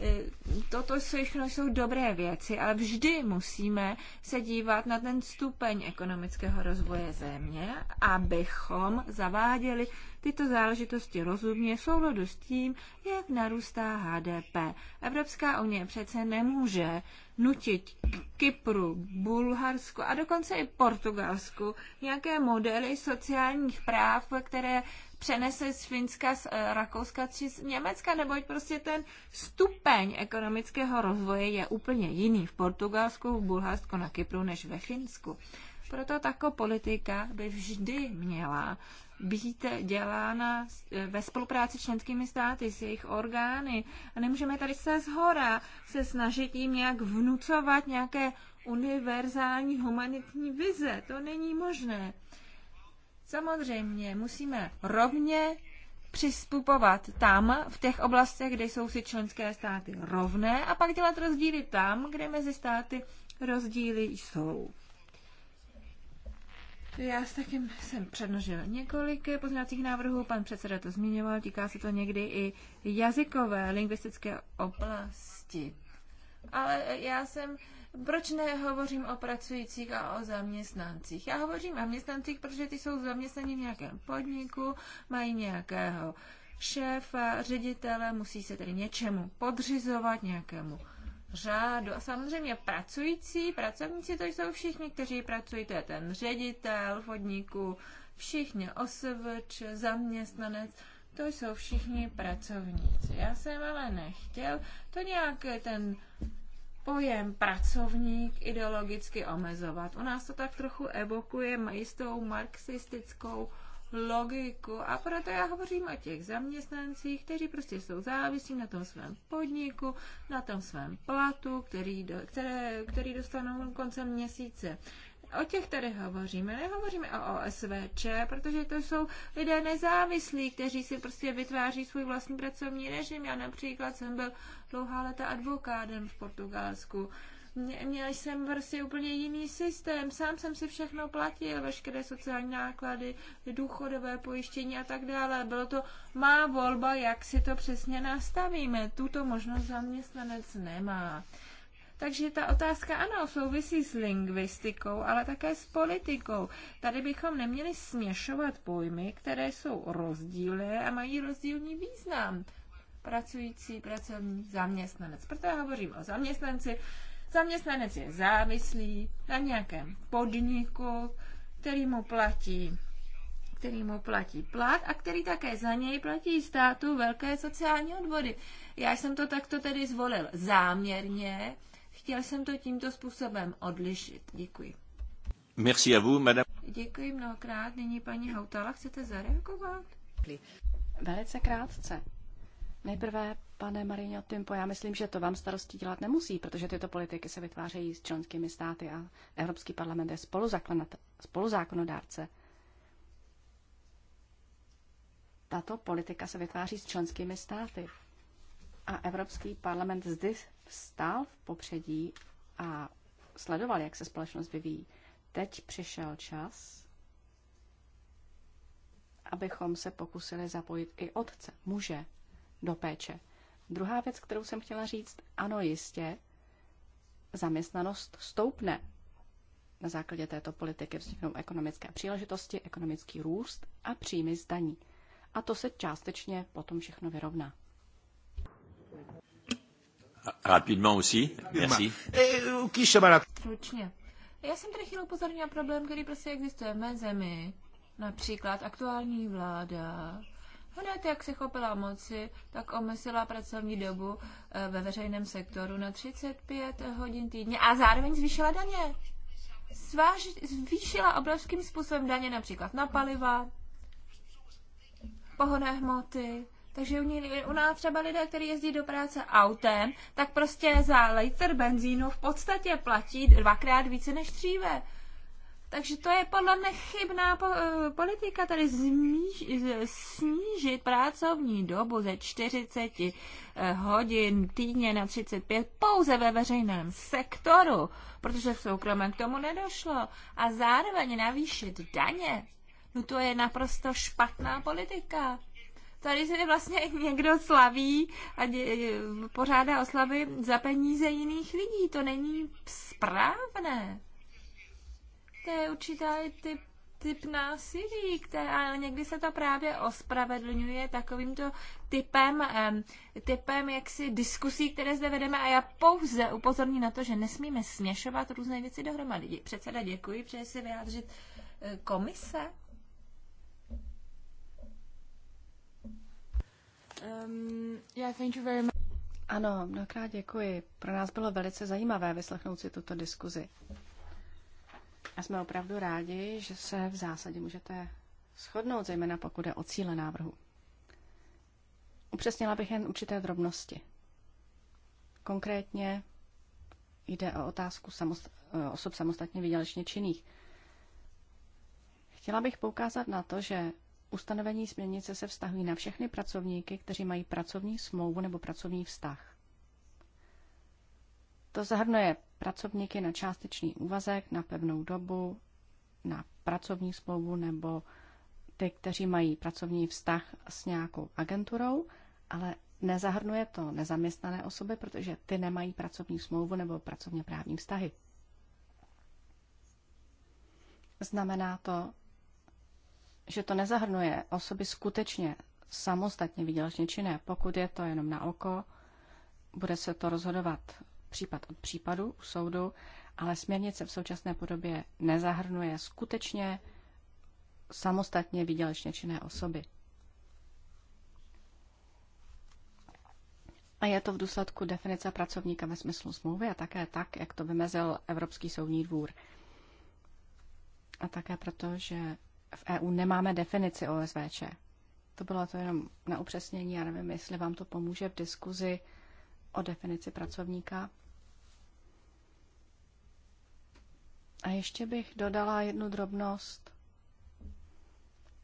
Eh, toto všechno jsou dobré věci, ale vždy musíme se dívat na ten stupeň ekonomického rozvoje země, abychom zaváděli tyto záležitosti rozumně v souladu s tím, jak narůstá HDP. Evropská unie přece nemůže nutit Kypru, Bulharsku a dokonce i Portugalsku nějaké modely sociálních práv, které přenese z Finska, z eh, Rakouska či z Německa, neboť prostě ten stupeň ekonomického rozvoje je úplně jiný v Portugalsku, v Bulharsku, na Kypru než ve Finsku. Proto tako politika by vždy měla být dělána eh, ve spolupráci s členskými státy, s jejich orgány. A nemůžeme tady se zhora se snažit jim nějak vnucovat nějaké univerzální humanitní vize. To není možné. Samozřejmě musíme rovně přistupovat tam, v těch oblastech, kde jsou si členské státy rovné, a pak dělat rozdíly tam, kde mezi státy rozdíly jsou. Já s takým jsem přednožil několik pozměňovacích návrhů, pan předseda to zmiňoval, týká se to někdy i jazykové, lingvistické oblasti. Ale já jsem proč nehovořím o pracujících a o zaměstnancích? Já hovořím o zaměstnancích, protože ty jsou zaměstnaní v nějakém podniku, mají nějakého šéfa, ředitele, musí se tedy něčemu podřizovat, nějakému řádu. A samozřejmě pracující, pracovníci to jsou všichni, kteří pracují, to je ten ředitel podniku, všichni osvč, zaměstnanec, to jsou všichni pracovníci. Já jsem ale nechtěl to nějak ten pojem pracovník ideologicky omezovat. U nás to tak trochu evokuje jistou marxistickou logiku a proto já hovořím o těch zaměstnancích, kteří prostě jsou závislí na tom svém podniku, na tom svém platu, který, do, které, který dostanou koncem měsíce. O těch tady hovoříme. Nehovoříme o OSVČ, protože to jsou lidé nezávislí, kteří si prostě vytváří svůj vlastní pracovní režim. Já například jsem byl dlouhá leta advokátem v Portugalsku. Měl jsem prostě úplně jiný systém, sám jsem si všechno platil, veškeré sociální náklady, důchodové pojištění a tak dále. Bylo to má volba, jak si to přesně nastavíme. Tuto možnost zaměstnanec nemá. Takže ta otázka ano, souvisí s lingvistikou, ale také s politikou. Tady bychom neměli směšovat pojmy, které jsou rozdílné a mají rozdílný význam. Pracující, pracovní zaměstnanec. Proto já hovořím o zaměstnanci. Zaměstnanec je závislý na nějakém podniku, který mu platí který mu platí plat a který také za něj platí státu velké sociální odvody. Já jsem to takto tedy zvolil záměrně, Chtěl jsem to tímto způsobem odlišit. Děkuji. Merci à vous, madame. Děkuji mnohokrát. Nyní paní Hautala, chcete zareagovat? Velice krátce. Nejprve, pane Marino Timpo, já myslím, že to vám starosti dělat nemusí, protože tyto politiky se vytvářejí s členskými státy a Evropský parlament je spoluzákonodárce. Tato politika se vytváří s členskými státy a Evropský parlament zde stál v popředí a sledoval, jak se společnost vyvíjí. Teď přišel čas, abychom se pokusili zapojit i otce, muže, do péče. Druhá věc, kterou jsem chtěla říct, ano, jistě, zaměstnanost stoupne. Na základě této politiky vzniknou ekonomické příležitosti, ekonomický růst a příjmy zdaní. A to se částečně potom všechno vyrovná. Rapidement aussi. Merci. Euh, Stručně. Já jsem tady chtěla upozornit na problém, který prostě existuje v mé zemi. Například aktuální vláda Hned jak se chopila moci, tak omysila pracovní dobu eh, ve veřejném sektoru na 35 hodin týdně a zároveň zvýšila daně. Zváž, zvýšila obrovským způsobem daně například na paliva, pohonné hmoty, takže u nás třeba lidé, kteří jezdí do práce autem, tak prostě za liter benzínu v podstatě platí dvakrát více než dříve. Takže to je podle mě chybná eh, politika, tady zmíž, snížit pracovní dobu ze 40 eh, hodin týdně na 35 pouze ve veřejném sektoru, protože v soukromém k tomu nedošlo. A zároveň navýšit daně. No to je naprosto špatná politika. Tady se vlastně někdo slaví a dě, pořádá oslavy za peníze jiných lidí. To není správné. To je určitá typ typ násilí, které, ale někdy se to právě ospravedlňuje takovýmto typem, typem jaksi diskusí, které zde vedeme a já pouze upozorním na to, že nesmíme směšovat různé věci dohromady. Předseda, děkuji, přeje si vyjádřit eh, komise. Um, ano, mnohokrát děkuji. Pro nás bylo velice zajímavé vyslechnout si tuto diskuzi. A jsme opravdu rádi, že se v zásadě můžete shodnout, zejména pokud je o cíle návrhu. Upřesnila bych jen určité drobnosti. Konkrétně jde o otázku samost- eh, osob samostatně výdělečně činných. Chtěla bych poukázat na to, že Ustanovení směrnice se vztahují na všechny pracovníky, kteří mají pracovní smlouvu nebo pracovní vztah. To zahrnuje pracovníky na částečný úvazek, na pevnou dobu, na pracovní smlouvu nebo ty, kteří mají pracovní vztah s nějakou agenturou, ale nezahrnuje to nezaměstnané osoby, protože ty nemají pracovní smlouvu nebo pracovně právní vztahy. Znamená to, že to nezahrnuje osoby skutečně samostatně výdělečně činné. Pokud je to jenom na oko, bude se to rozhodovat případ od případu u soudu, ale směrnice v současné podobě nezahrnuje skutečně samostatně výdělečně činné osoby. A je to v důsledku definice pracovníka ve smyslu smlouvy a také tak, jak to vymezil Evropský soudní dvůr. A také proto, že v EU nemáme definici OSVČ. To bylo to jenom na upřesnění. Já nevím, jestli vám to pomůže v diskuzi o definici pracovníka. A ještě bych dodala jednu drobnost.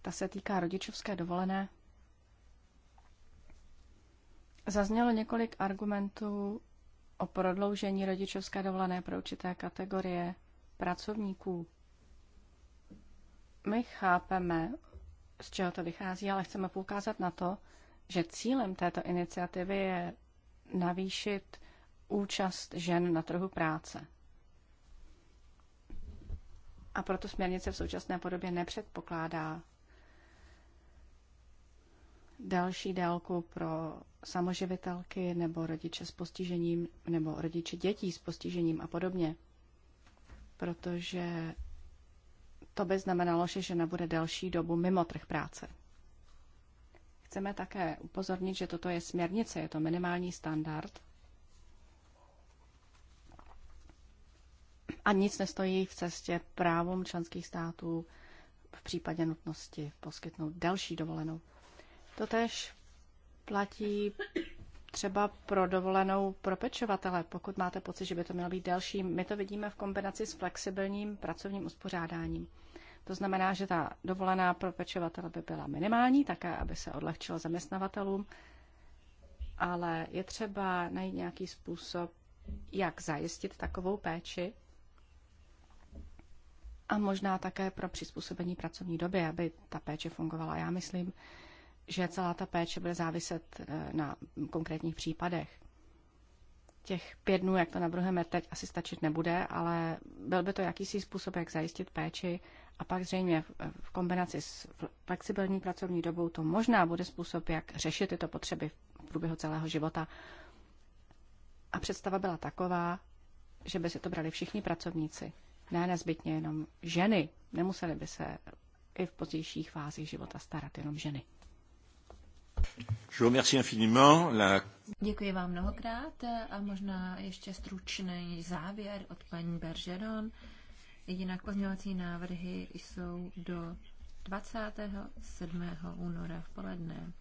Ta se týká rodičovské dovolené. Zaznělo několik argumentů o prodloužení rodičovské dovolené pro určité kategorie pracovníků my chápeme, z čeho to vychází, ale chceme poukázat na to, že cílem této iniciativy je navýšit účast žen na trhu práce. A proto směrnice v současné podobě nepředpokládá další délku pro samoživitelky nebo rodiče s postižením nebo rodiče dětí s postižením a podobně. Protože to by znamenalo, že žena bude delší dobu mimo trh práce. Chceme také upozornit, že toto je směrnice, je to minimální standard. A nic nestojí v cestě právům členských států v případě nutnosti poskytnout další dovolenou. Totež platí třeba pro dovolenou pro pečovatele, pokud máte pocit, že by to mělo být delší. My to vidíme v kombinaci s flexibilním pracovním uspořádáním. To znamená, že ta dovolená pro pečovatele by byla minimální, také aby se odlehčilo zaměstnavatelům, ale je třeba najít nějaký způsob, jak zajistit takovou péči a možná také pro přizpůsobení pracovní doby, aby ta péče fungovala. Já myslím, že celá ta péče bude záviset eh, na konkrétních případech. Těch pět dnů, jak to navrhujeme teď, asi stačit nebude, ale byl by to jakýsi způsob, jak zajistit péči a pak zřejmě v eh, kombinaci s flexibilní pracovní dobou to možná bude způsob, jak řešit tyto potřeby v průběhu celého života. A představa byla taková, že by si to brali všichni pracovníci, ne nezbytně jenom ženy. Nemuseli by se i v pozdějších fázích života starat jenom ženy. Děkuji vám mnohokrát a možná ještě stručný závěr od paní Bergeron. Jinak pozměňovací návrhy jsou do 27. února v poledne.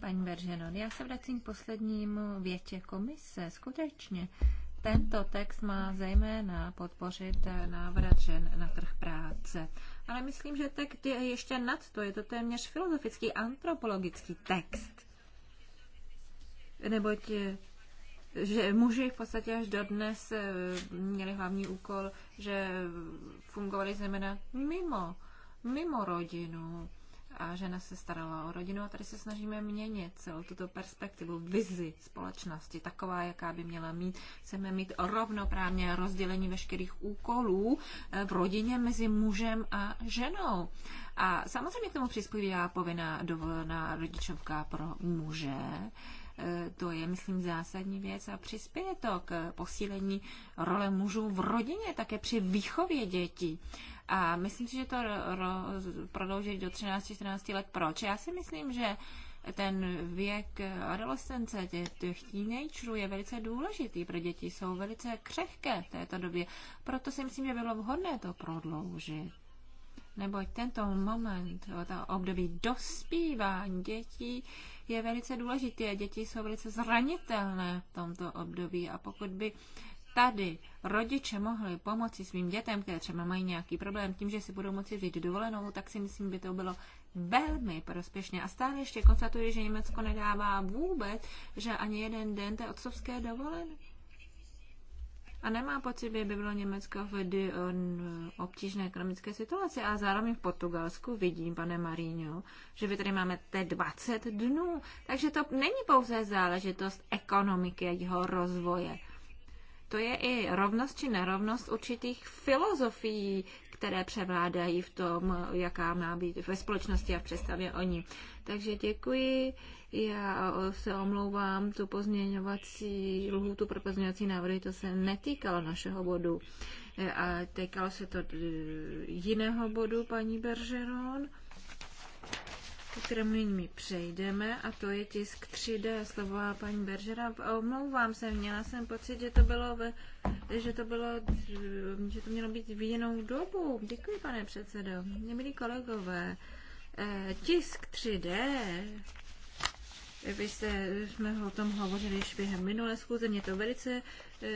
Paní Bergeron, já se vracím k poslednímu větě komise. Skutečně, tento text má zejména podpořit návrat žen na trh práce ale myslím, že text je ještě nad to. Je to téměř filozofický, antropologický text. Neboť eh, že muži v podstatě až dodnes eh, měli hlavní úkol, že fungovali zejména mimo, mimo rodinu, a žena se starala o rodinu a tady se snažíme měnit celou tuto perspektivu, vizi společnosti, taková, jaká by měla mít. Chceme mít rovnoprávně rozdělení veškerých úkolů eh, v rodině mezi mužem a ženou. A samozřejmě k tomu přispívá povinná dovolená rodičovka pro muže. Eh, to je, myslím, zásadní věc a přispěje to k posílení role mužů v rodině, také při výchově dětí. A myslím si, že to prodloužit do 13-14 let. Proč? Já si myslím, že ten věk adolescence, těch teenagerů je velice důležitý pro děti, jsou velice křehké v této době. Proto si myslím, že bylo vhodné to prodloužit. Neboť tento moment, to období dospívání dětí je velice důležité. děti jsou velice zranitelné v tomto období. A pokud by tady rodiče mohli pomoci svým dětem, které třeba mají nějaký problém tím, že si budou moci vzít dovolenou, tak si myslím, by to bylo velmi prospěšně. A stále ještě konstatuji, že Německo nedává vůbec, že ani jeden den té otcovské dovolené. A nemá pocit, že by bylo Německo v obtížné ekonomické situaci. A zároveň v Portugalsku vidím, pane Maríňo, že vy tady máme té 20 dnů. Takže to není pouze záležitost ekonomiky a jeho rozvoje to je i rovnost či nerovnost určitých filozofií, které převládají v tom, jaká má být ve společnosti a v představě o ní. Takže děkuji, já se omlouvám, tu pozměňovací lhůtu pro pozměňovací návrhy, to se netýkalo našeho bodu. A týkalo se to jiného bodu, paní Beržeron ke kterému nyní přejdeme, a to je tisk 3D, slova paní Beržera. Omlouvám se, měla jsem pocit, že to bylo, ve, že to bylo, že to mělo být v jinou dobu. Děkuji, pane předsedo. Milí kolegové, eh, tisk 3D, vy jste, jsme o tom hovořili již během minulé schůze, mě to velice eh,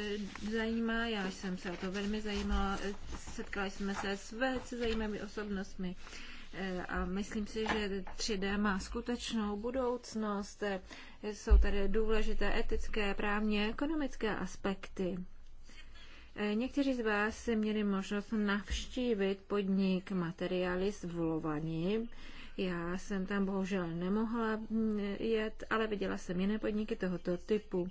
zajímá, já jsem se o to velmi zajímala, eh, setkali jsme se s velice zajímavými osobnostmi. Eh, a myslím si, že 3D má skutečnou budoucnost. Jsou tady důležité etické, právně, ekonomické aspekty. Eh, někteří z vás měli možnost navštívit podnik Materialis v Lovani. Já jsem tam bohužel nemohla mm, jet, ale viděla jsem jiné podniky tohoto typu.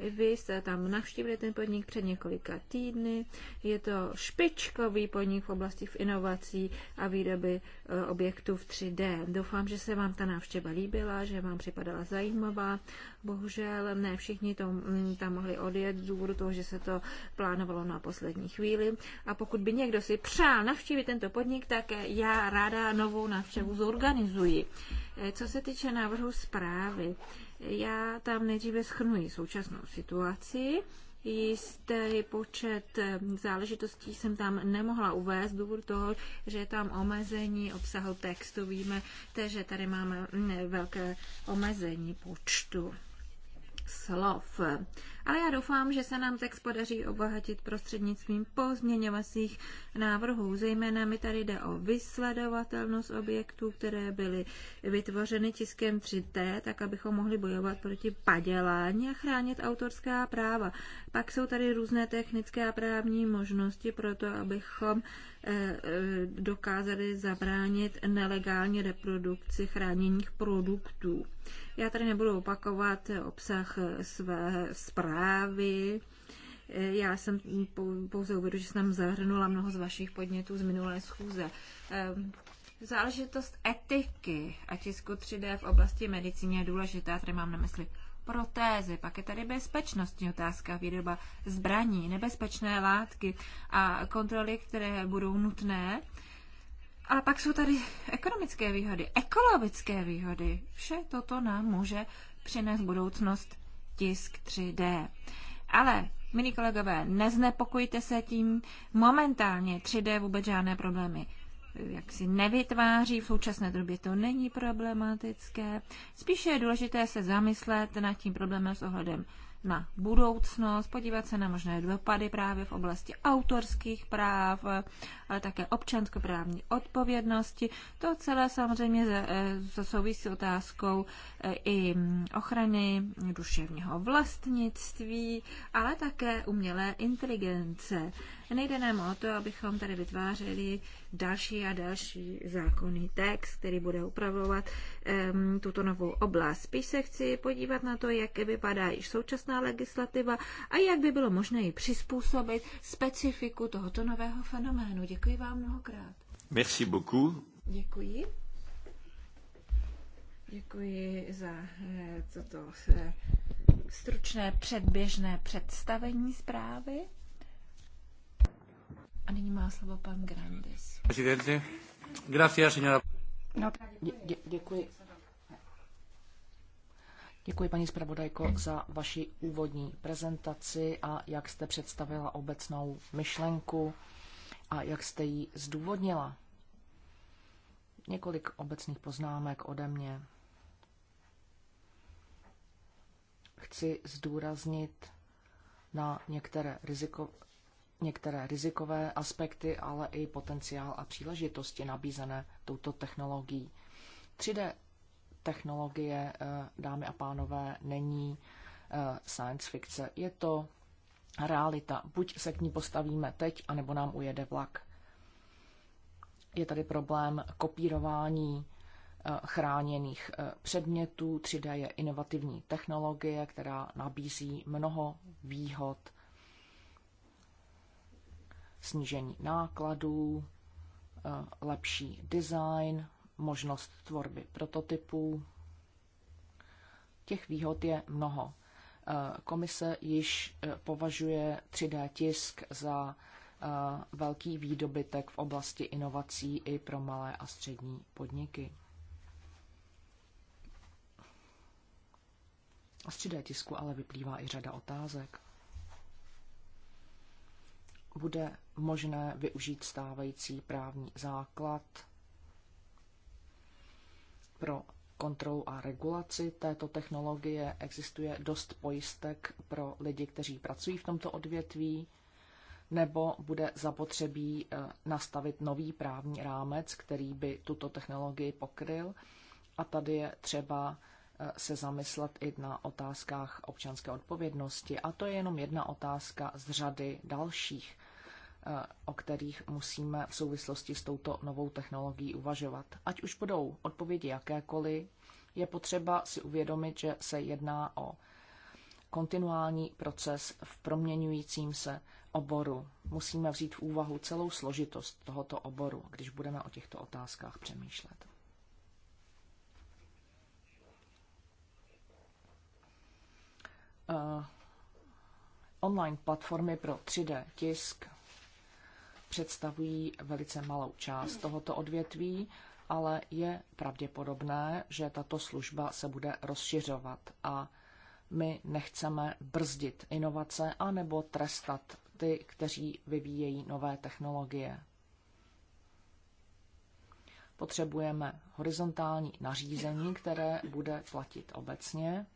Vy jste tam navštívili ten podnik před několika týdny. Je to špičkový podnik v oblasti v inovací a výroby e, objektů v 3D. Doufám, že se vám ta návštěva líbila, že vám připadala zajímavá. Bohužel ne všichni to, mm, tam mohli odjet z důvodu toho, že se to plánovalo na poslední chvíli. A pokud by někdo si přál navštívit tento podnik, tak já ráda novou návštěvu zorganizuji. E, co se týče návrhu zprávy, já tam nejdříve schrnuji současnou situaci. Jistý počet eh, záležitostí jsem tam nemohla uvést, důvod toho, že je tam omezení obsahu textu. Víme, že tady máme mm, velké omezení počtu slov ale já doufám, že se nám text podaří obohatit prostřednictvím pozměňovacích návrhů. Zejména mi tady jde o vysledovatelnost objektů, které byly vytvořeny tiskem 3T, tak abychom mohli bojovat proti padělání a chránit autorská práva. Pak jsou tady různé technické a právní možnosti pro to, abychom eh, eh, dokázali zabránit nelegální reprodukci chráněných produktů. Já tady nebudu opakovat obsah své zprávy, zprávy. Eh, já jsem pouze uvedu, že jsem zahrnula mnoho z vašich podnětů z minulé schůze. Eh, záležitost etiky a tisku 3D v oblasti medicíny je důležitá, tady mám na mysli protézy, pak je tady bezpečnostní otázka, výroba zbraní, nebezpečné látky a kontroly, které budou nutné. Ale pak jsou tady ekonomické výhody, ekologické výhody. Vše toto nám může přinést budoucnost tisk 3D. Ale Milí kolegové, neznepokojte se tím. Momentálně 3D vůbec žádné problémy eh, jak si nevytváří, v současné době to není problematické. Spíše je důležité se zamyslet nad tím problémem s ohledem na budoucnost, podívat se na možné dopady právě v oblasti autorských práv, ale také občanskoprávní odpovědnosti. To celé samozřejmě eh, souvisí s otázkou eh, i mm, ochrany duševního vlastnictví, ale také umělé inteligence. Nejde nám o to, abychom tady vytvářeli další a další zákonný text, který bude upravovat um, tuto novou oblast. Spíš se chci podívat na to, jak vypadá již současná současná legislativa a jak by bylo možné ji přizpůsobit specifiku tohoto nového fenoménu. Děkuji vám mnohokrát. Merci beaucoup. Děkuji. Děkuji za eh, toto eh, stručné předběžné představení zprávy. A nyní má slovo pan Grandis. Presidente, gracias, señora. No, dě, děkuji. Děkuji, paní zpravodajko, za vaši úvodní prezentaci a jak jste představila obecnou myšlenku a jak jste ji zdůvodnila. Několik obecných poznámek ode mě. Chci zdůraznit na některé, riziko, některé rizikové aspekty, ale i potenciál a příležitosti nabízené touto technologií. 3D technologie, eh, dámy a pánové, není eh, science fiction, Je to realita. Buď se k ní postavíme teď, anebo nám ujede vlak. Je tady problém kopírování eh, chráněných předmětů. 3D je inovativní technologie, která nabízí mnoho výhod, snížení nákladů, lepší design, možnost tvorby prototypů. Těch výhod je mnoho. Eh, komise již eh, považuje 3D tisk za eh, velký výdobytek v oblasti inovací i pro malé a střední podniky. A z 3D tisku ale vyplývá i řada otázek. Bude možné využít stávající právní základ pro kontrolu a regulaci této technologie. Existuje dost pojistek pro lidi, kteří pracují v tomto odvětví, nebo bude zapotřebí eh, nastavit nový právní rámec, který by tuto technologii pokryl. A tady je třeba eh, se zamyslet i na otázkách občanské odpovědnosti. A to je jenom jedna otázka z řady dalších. Eh, o kterých musíme v souvislosti s touto novou technologií uvažovat. Ať už budou odpovědi jakékoliv, je potřeba si uvědomit, že se jedná o kontinuální proces v proměňujícím se oboru. Musíme vzít v úvahu celou složitost tohoto oboru, když budeme o těchto otázkách přemýšlet. Eh, online platformy pro 3D tisk představují velice malou část tohoto odvětví, ale je pravděpodobné, že tato služba se bude rozšiřovat a my nechceme brzdit inovace anebo trestat ty, kteří vyvíjejí nové technologie. Potřebujeme horizontální nařízení, které bude platit obecně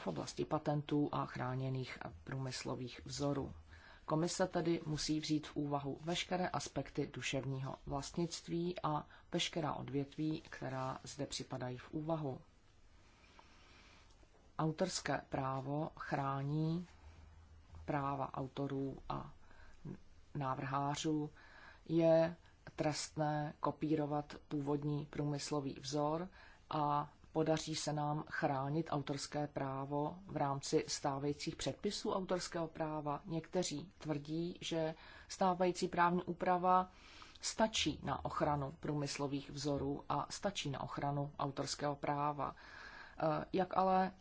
v oblasti patentů a chráněných průmyslových vzorů. Komise tedy musí vzít v úvahu veškeré aspekty duševního vlastnictví a veškerá odvětví, která zde připadají v úvahu. Autorské právo chrání práva autorů a návrhářů. Je trestné kopírovat původní průmyslový vzor a Podaří se nám chránit autorské právo v rámci stávajících předpisů autorského práva? Někteří tvrdí, že stávající právní úprava stačí na ochranu průmyslových vzorů a stačí na ochranu autorského práva. Eh, jak ale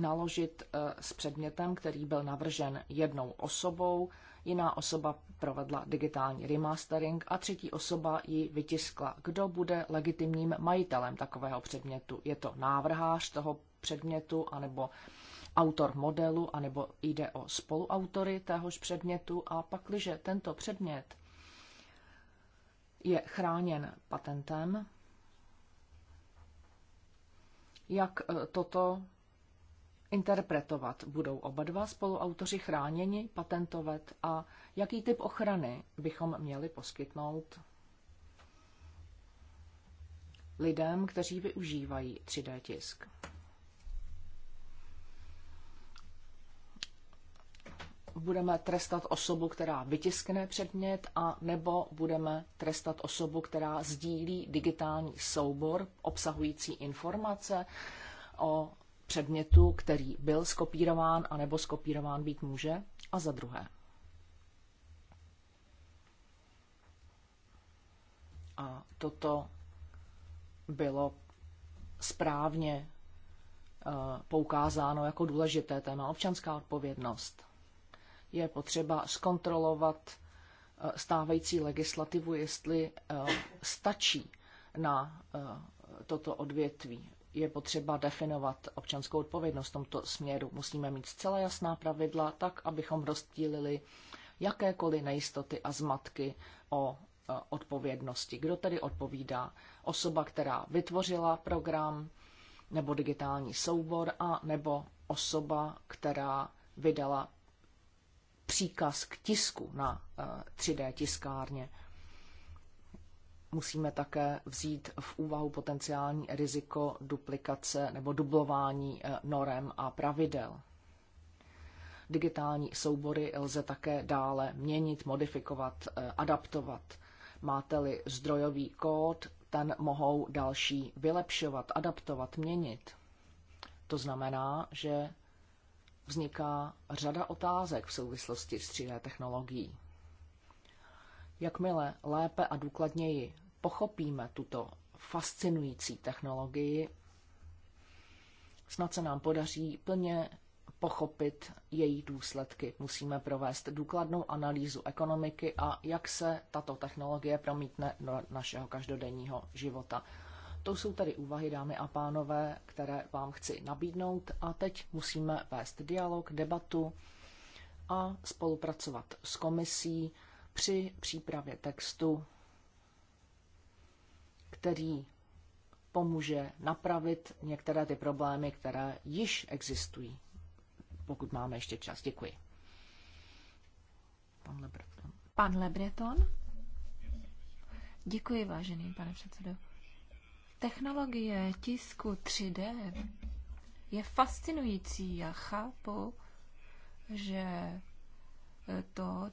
naložit eh, s předmětem, který byl navržen jednou osobou, jiná osoba provedla digitální remastering a třetí osoba ji vytiskla. Kdo bude legitimním majitelem takového předmětu? Je to návrhář toho předmětu, anebo autor modelu, anebo jde o spoluautory téhož předmětu a pakliže tento předmět je chráněn patentem, jak e, toto interpretovat? Budou oba dva spoluautoři chráněni, patentovat a jaký typ ochrany bychom měli poskytnout lidem, kteří využívají 3D tisk? budeme trestat osobu, která vytiskne předmět, a nebo budeme trestat osobu, která sdílí digitální soubor obsahující informace o předmětu, který byl skopírován anebo skopírován být může, a za druhé. A toto bylo správně eh, poukázáno jako důležité téma občanská odpovědnost. Je potřeba zkontrolovat eh, stávající legislativu, jestli eh, stačí na toto odvětví je potřeba definovat občanskou odpovědnost v tomto směru. Musíme mít zcela jasná pravidla, tak abychom rozdílili jakékoliv nejistoty a zmatky o e, odpovědnosti. Kdo tedy odpovídá? Osoba, která vytvořila program nebo digitální soubor a nebo osoba, která vydala příkaz k tisku na 3D e, tiskárně. Musíme také vzít v úvahu potenciální riziko duplikace nebo dublování eh, norem a pravidel. Digitální soubory lze také dále měnit, modifikovat, eh, adaptovat. Máte-li zdrojový kód, ten mohou další vylepšovat, adaptovat, měnit. To znamená, že vzniká řada otázek v souvislosti s 3D technologií. Jakmile lépe a důkladněji pochopíme tuto fascinující technologii, snad se nám podaří plně pochopit její důsledky. Musíme provést důkladnou analýzu ekonomiky a jak se tato technologie promítne do našeho každodenního života. To jsou tedy úvahy, dámy a pánové, které vám chci nabídnout a teď musíme vést dialog, debatu a spolupracovat s komisí při přípravě textu který pomůže napravit některé ty problémy, které již existují, pokud máme ještě čas. Děkuji. Pan Lebreton. Pan Lebreton? Děkuji, vážený pane předsedo. Technologie tisku 3D je fascinující. Já chápu, že to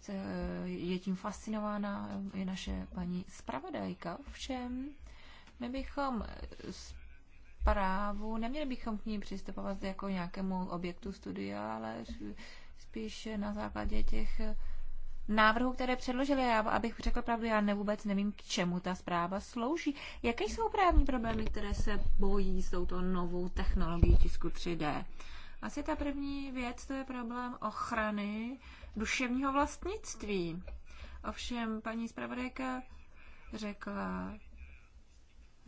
je tím fascinována i naše paní zpravodajka. Ovšem, my bychom zprávu, neměli bychom k ní přistupovat jako nějakému objektu studia, ale spíše na základě těch návrhů, které předložili. Já, abych řekl pravdu, já vůbec nevím, k čemu ta zpráva slouží. Jaké jsou právní problémy, které se bojí s touto novou technologií tisku 3D? Asi ta první věc, to je problém ochrany duševního vlastnictví. Ovšem, paní zpravodajka řekla,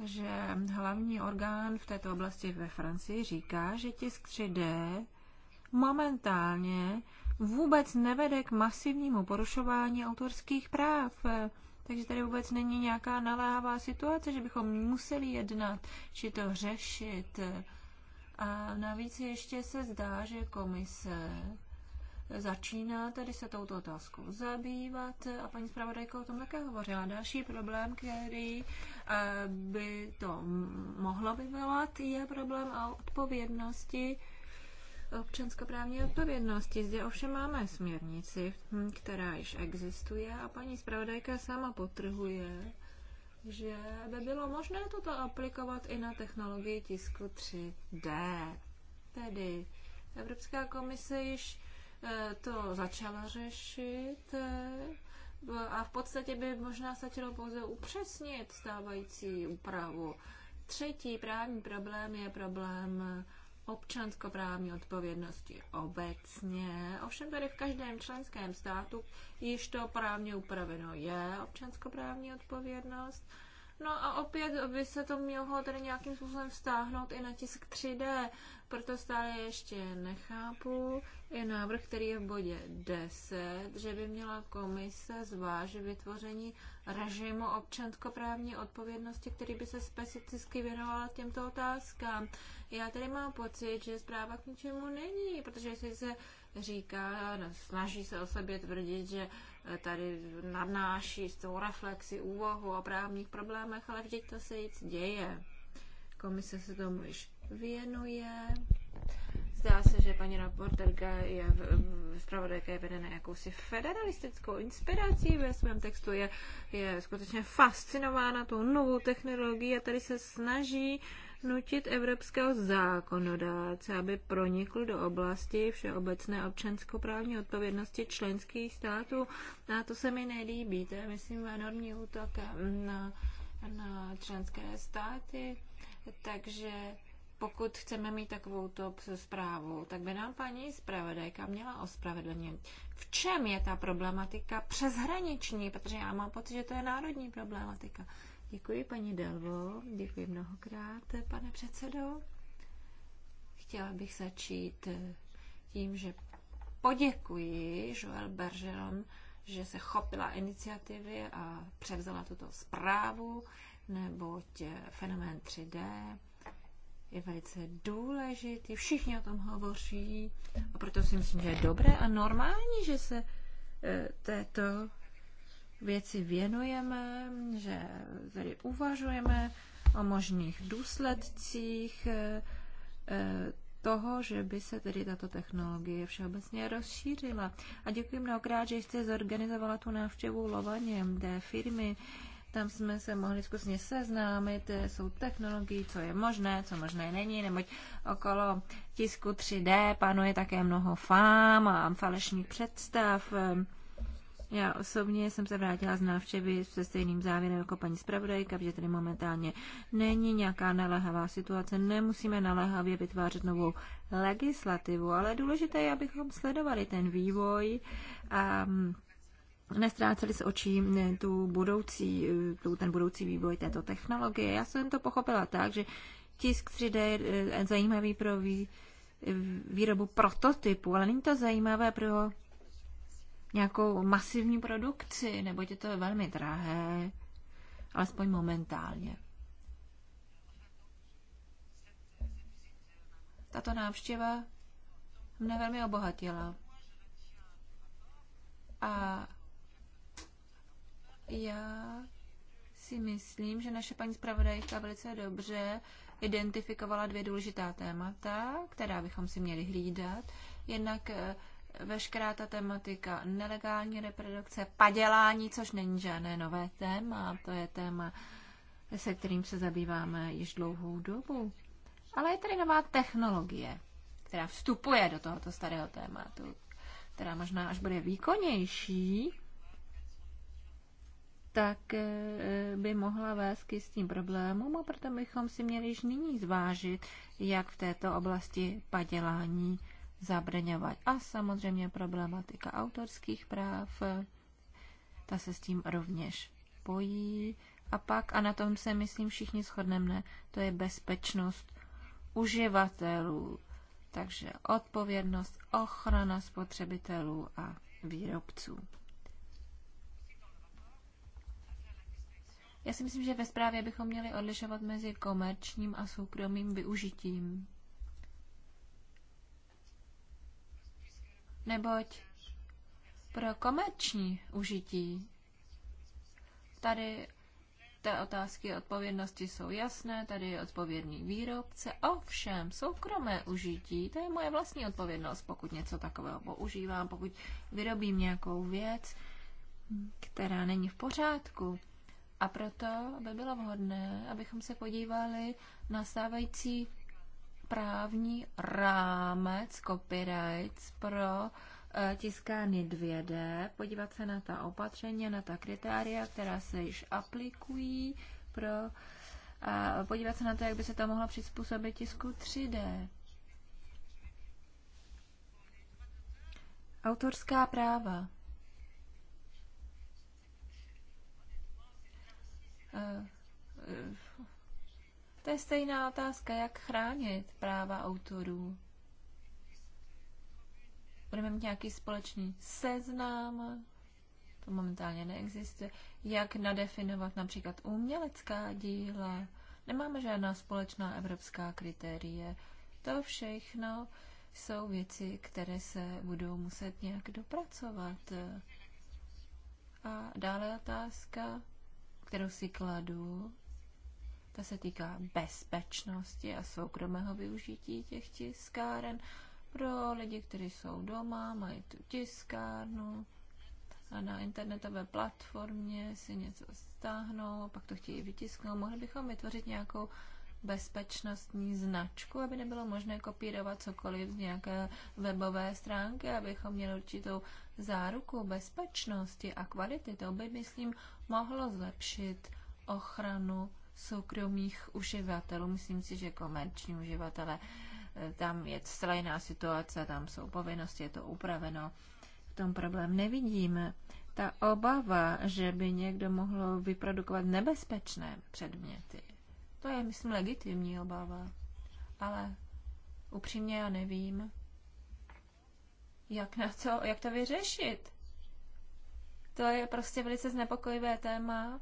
že hlavní orgán v této oblasti ve Francii říká, že tisk 3D momentálně vůbec nevede k masivnímu porušování autorských práv. Takže tady vůbec není nějaká naléhavá situace, že bychom museli jednat či to řešit. A navíc ještě se zdá, že komise začíná tady se touto otázkou zabývat a paní zpravodajka o tom také hovořila. Další problém, který eh, by to mohlo vyvolat, je problém o odpovědnosti občanskoprávní odpovědnosti. Zde ovšem máme směrnici, která již existuje a paní zpravodajka sama potrhuje, že by bylo možné toto aplikovat i na technologii tisku 3D. Tedy Evropská komise již Eh, to začala řešit eh, a v podstatě by možná stačilo pouze upřesnit stávající úpravu. Třetí právní problém je problém občanskoprávní odpovědnosti obecně. Ovšem tady v každém členském státu již to právně upraveno je občanskoprávní odpovědnost No a opět by se to mělo tedy nějakým způsobem vztáhnout i na tisk 3D, proto stále ještě nechápu Je návrh, který je v bodě 10, že by měla komise zvážit vytvoření režimu občanskoprávní odpovědnosti, který by se specificky věnoval těmto otázkám. Já tedy mám pocit, že zpráva k ničemu není, protože si se říká, snaží se o sobě tvrdit, že Eh, tady nadnáší s tou reflexi, úvahu o právních problémech, ale vždyť to se nic děje. Komise se tomu již věnuje. Zdá se, že paní reporterka je v zpravodajka je vedena jakousi federalistickou inspirací ve svém textu. Je, je skutečně fascinována tou novou technologií a tady se snaží uh, nutit evropského zákonodáce, aby pronikl do oblasti všeobecné občanskoprávní odpovědnosti členských států. A to se mi nelíbí, to je, myslím, enormní útok na, na členské státy. Takže pokud chceme mít takovou top zprávu, tak by nám paní zpravodajka měla ospravedlnit. V čem je ta problematika přeshraniční? Protože já mám pocit, že to je národní problematika. Děkuji paní Delvo, děkuji mnohokrát, pane předsedo. Chtěla bych začít eh, tím, že poděkuji Joel Bergeron, že se chopila iniciativy a převzala tuto zprávu, neboť eh, fenomén 3D je velice důležitý, všichni o tom hovoří a proto si myslím, že je dobré a normální, že se eh, této věci věnujeme, že tady uvažujeme o možných důsledcích eh, eh, toho, že by se tedy tato technologie všeobecně rozšířila. A děkuji mnohokrát, že jste zorganizovala tu návštěvu Lovaněm té firmy. Tam jsme se mohli zkusně seznámit jsou eh, technologií, co je možné, co možné není, neboť okolo tisku 3D panuje také mnoho fám a falešních představ. Já osobně jsem se vrátila z návštěvy se stejným závěrem jako paní zpravodajka, že tady momentálně není nějaká naléhavá situace, nemusíme naléhavě vytvářet novou legislativu, ale důležité je, abychom sledovali ten vývoj a mm, nestráceli s očí tu budoucí, eh, tu, ten budoucí vývoj této technologie. Já jsem to pochopila tak, že tisk 3D je eh, zajímavý pro vý, eh, výrobu prototypu, ale není to zajímavé pro nějakou masivní produkci, nebo je to velmi drahé, alespoň momentálně. Tato návštěva mne velmi obohatila. A já si myslím, že naše paní zpravodajka velice dobře identifikovala dvě důležitá témata, která bychom si měli hlídat. Jednak eh, veškerá ta tematika nelegální reprodukce, padělání, což není žádné nové téma, to je téma, se kterým se zabýváme již dlouhou dobu. Ale je tady nová technologie, která vstupuje do tohoto starého tématu, která možná až bude výkonnější, tak eh, by mohla vést k jistým problémům a proto bychom si měli již nyní zvážit, jak v této oblasti padělání zabraňovat. A samozřejmě problematika autorských práv, ta se s tím rovněž pojí. A pak, a na tom se myslím všichni shodneme, to je bezpečnost uživatelů, takže odpovědnost, ochrana spotřebitelů a výrobců. Já si myslím, že ve zprávě bychom měli odlišovat mezi komerčním a soukromým využitím. neboť pro komerční užití tady té otázky odpovědnosti jsou jasné, tady je odpovědný výrobce, ovšem soukromé užití, to je moje vlastní odpovědnost, pokud něco takového používám, pokud vyrobím nějakou věc, která není v pořádku. A proto by bylo vhodné, abychom se podívali na stávající právní rámec copyrights pro eh, tiskány 2D, podívat se na ta opatření, na ta kritéria, která se již aplikují pro a podívat se na to, jak by se to mohlo přizpůsobit tisku 3D. Autorská práva. Uh, uh to je stejná otázka, jak chránit práva autorů. Budeme mít nějaký společný seznam, to momentálně neexistuje, jak nadefinovat například umělecká díla. Nemáme žádná společná evropská kritérie. To všechno jsou věci, které se budou muset nějak dopracovat. A dále otázka, kterou si kladu, ta se týká bezpečnosti a soukromého využití těch tiskáren pro lidi, kteří jsou doma, mají tu tiskárnu a na internetové platformě si něco stáhnou pak to chtějí vytisknout. Mohli bychom vytvořit nějakou bezpečnostní značku, aby nebylo možné kopírovat cokoliv z nějaké webové stránky, abychom měli určitou záruku bezpečnosti a kvality. To by, myslím, mohlo zlepšit ochranu soukromých uživatelů. Myslím si, že komerční uživatele, eh, tam je celá jiná situace, tam jsou povinnosti, je to upraveno. V tom problém nevidím. Ta obava, že by někdo mohl vyprodukovat nebezpečné předměty, to je, myslím, legitimní obava. Ale upřímně já nevím, jak, na to, jak to vyřešit. To je prostě velice znepokojivé téma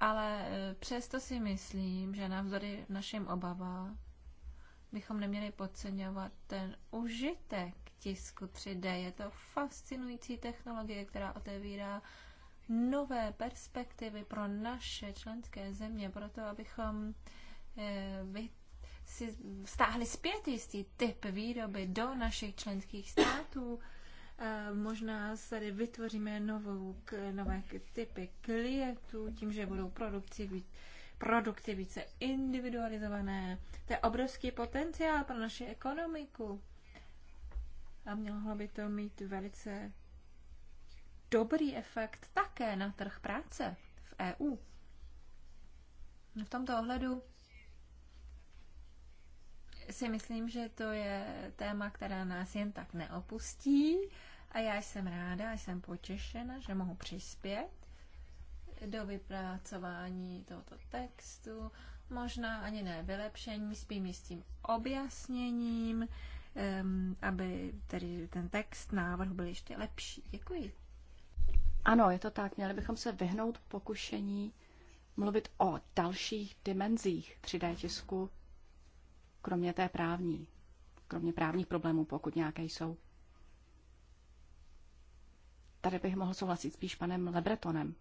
ale eh, přesto si myslím, že navzdory našim obavám bychom neměli podceňovat ten užitek tisku 3D. Je to fascinující technologie, která otevírá nové perspektivy pro naše členské země, proto abychom eh, si stáhli zpět jistý typ výroby do našich členských států Možná tady vytvoříme novou, nové typy klientů tím, že budou produkci být produkty více individualizované. To je obrovský potenciál pro naši ekonomiku. A mělo by to mít velice dobrý efekt také na trh práce v EU. No, v tomto ohledu si myslím, že to je téma, která nás jen tak neopustí a já jsem ráda, jsem potěšena, že mohu přispět do vypracování tohoto textu, možná ani ne vylepšení, spím s tím objasněním, um, aby tedy ten text, návrh byl ještě lepší. Děkuji. Ano, je to tak. Měli bychom se vyhnout pokušení mluvit o dalších dimenzích 3D tisku, kromě té právní, kromě právních problémů, pokud nějaké jsou. Tady bych mohl souhlasit spíš panem Lebretonem.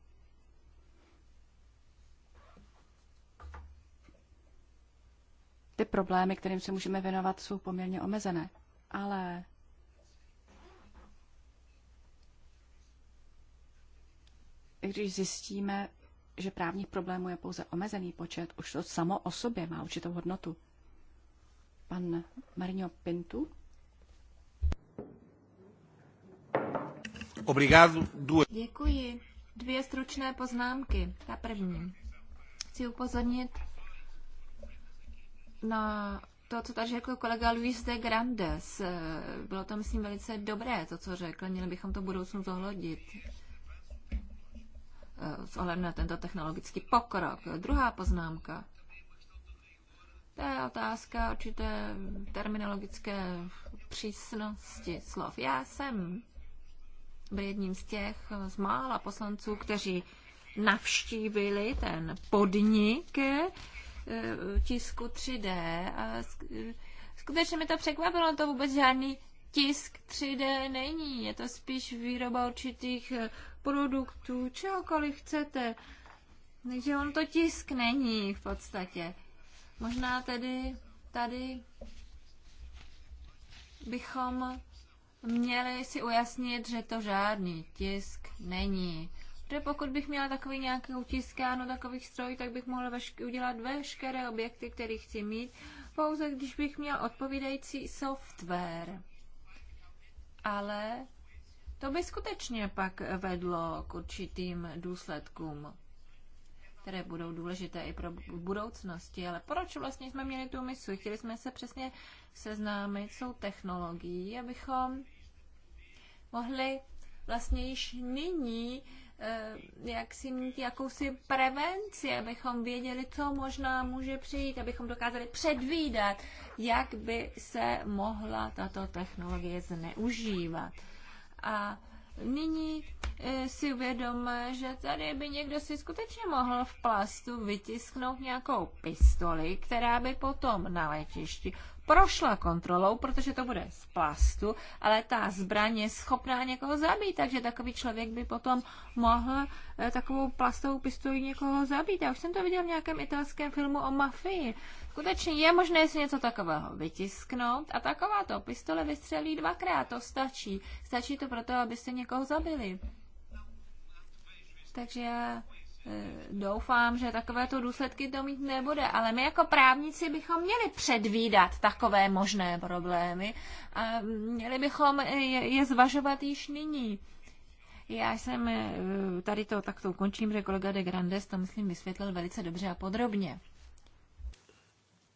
Ty problémy, kterým se můžeme věnovat, jsou poměrně omezené, ale když zjistíme, že právních problémů je pouze omezený počet, už to samo o sobě má určitou hodnotu. Pan Marino Pintu Obrigado. Due. Děkuji. Dvě stručné poznámky. Ta první. Chci upozornit na to, co tady řekl kolega Luis de Grandes. Eh, Bylo to, myslím, velice dobré, to, co řekl. Měli bychom to budoucnu zohlodit eh, s ohledem na tento technologický pokrok. Druhá poznámka. To je otázka určité terminologické přísnosti slov. Já jsem byl jedním z těch eh, z mála poslanců, kteří navštívili ten podnik eh, tisku 3D. A skutečně mi to překvapilo, to vůbec žádný tisk 3D není. Je to spíš výroba určitých eh, produktů, čehokoliv chcete. Takže on to tisk není v podstatě. Možná tedy tady bychom měli si ujasnit, že to žádný tisk není. Protože pokud bych měla takový nějaký utiskáno, takových strojů, tak bych mohla vešk- udělat veškeré objekty, které chci mít, pouze když bych měla odpovídající software. Ale to by skutečně pak vedlo k určitým důsledkům, které budou důležité i pro budoucnosti. Ale proč vlastně jsme měli tu misi? Chtěli jsme se přesně seznámit s tou technologií, abychom mohli vlastně již nyní eh, jak si mít jakousi prevenci, abychom věděli, co možná může přijít, abychom dokázali předvídat, jak by se mohla tato technologie zneužívat. A nyní eh, si uvědomme, že tady by někdo si skutečně mohl v plastu vytisknout nějakou pistoli, která by potom na letišti prošla kontrolou, protože to bude z plastu, ale ta zbraň je schopná někoho zabít, takže takový člověk by potom mohl eh, takovou plastovou pistoli někoho zabít. Já už jsem to viděl v nějakém italském filmu o mafii. Skutečně je možné si něco takového vytisknout a takováto pistole vystřelí dvakrát, to stačí. Stačí to proto, abyste někoho zabili. Takže já Eh, doufám, že takovéto důsledky to mít nebude, ale my jako právníci bychom měli předvídat takové možné problémy a měli bychom je, zvažovat již nyní. Já jsem eh, tady to takto ukončím, že kolega de Grandes to, myslím, vysvětlil velice dobře a podrobně.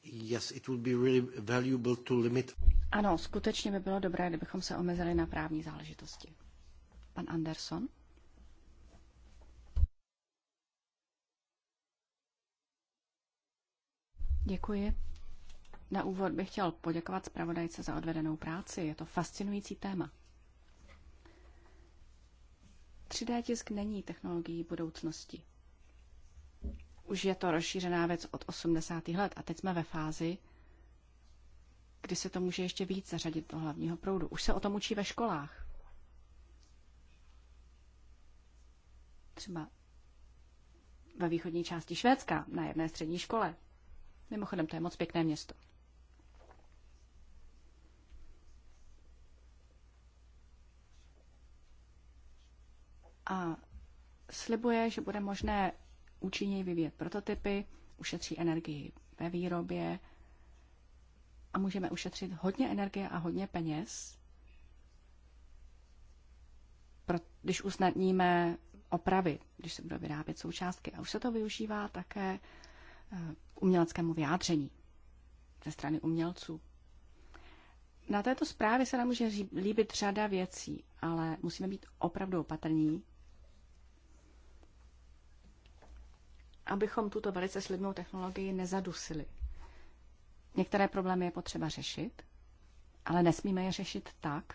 Yes, it would be really valuable to limit. Ano, skutečně by bylo dobré, kdybychom se omezili na právní záležitosti. Pan Anderson? Děkuji. Na úvod bych chtěl poděkovat zpravodajce za odvedenou práci. Je to fascinující téma. 3D tisk není technologií budoucnosti. Už je to rozšířená věc od 80. let a teď jsme ve fázi, kdy se to může ještě víc zařadit do hlavního proudu. Už se o tom učí ve školách. Třeba ve východní části Švédska na jedné střední škole. Mimochodem, to je moc pěkné město. A slibuje, že bude možné účinněji vyvíjet prototypy, ušetří energii ve výrobě a můžeme ušetřit hodně energie a hodně peněz, když usnadníme opravy, když se budou vyrábět součástky. A už se to využívá také k eh, uměleckému vyjádření ze strany umělců. Na této zprávě se nám může líbit řada věcí, ale musíme být opravdu opatrní, abychom tuto velice slibnou technologii nezadusili. Některé problémy je potřeba řešit, ale nesmíme je řešit tak,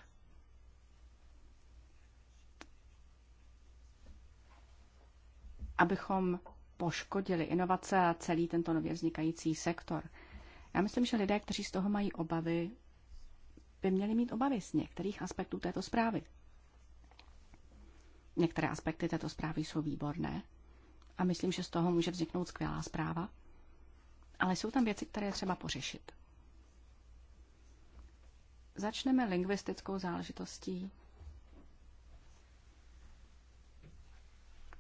abychom poškodili inovace a celý tento nově vznikající sektor. Já myslím, že lidé, kteří z toho mají obavy, by měli mít obavy z některých aspektů této zprávy. Některé aspekty této zprávy jsou výborné a myslím, že z toho může vzniknout skvělá zpráva, ale jsou tam věci, které je třeba pořešit. Začneme lingvistickou záležitostí,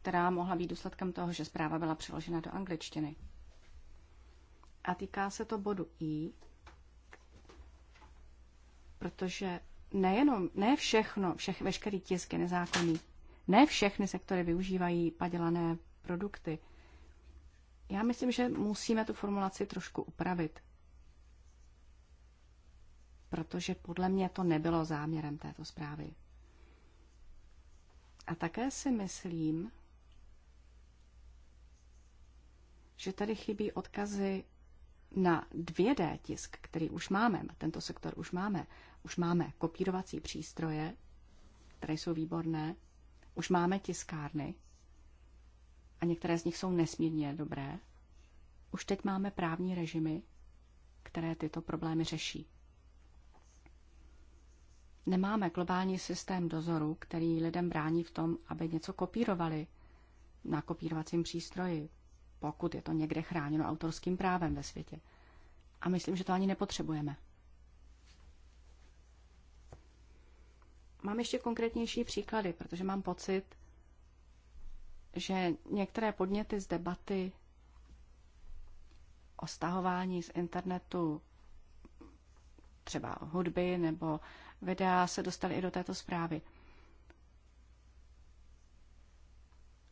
která mohla být důsledkem toho, že zpráva byla přeložena do angličtiny. A týká se to bodu I, protože nejenom, ne všechno, všech, veškerý tisk je nezákonný. Ne všechny sektory využívají padělané produkty. Já myslím, že musíme tu formulaci trošku upravit, protože podle mě to nebylo záměrem této zprávy. A také si myslím, že tady chybí odkazy na 2D tisk, který už máme, tento sektor už máme. Už máme kopírovací přístroje, které jsou výborné, už máme tiskárny a některé z nich jsou nesmírně dobré. Už teď máme právní režimy, které tyto problémy řeší. Nemáme globální systém dozoru, který lidem brání v tom, aby něco kopírovali na kopírovacím přístroji, pokud je to někde chráněno autorským právem ve světě. A myslím, že to ani nepotřebujeme. Mám ještě konkrétnější příklady, protože mám pocit, že některé podněty z debaty o stahování z internetu třeba hudby nebo videa se dostaly i do této zprávy.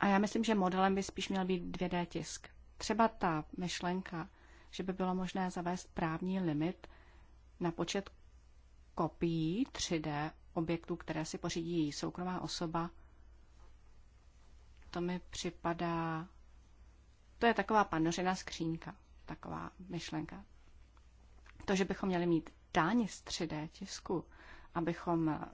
A já myslím, že modelem by spíš měl být 2D tisk. Třeba ta myšlenka, že by bylo možné zavést právní limit na počet kopií 3D objektů, které si pořídí soukromá osoba, to mi připadá... To je taková panořina skřínka, taková myšlenka. To, že bychom měli mít daň z 3D tisku, abychom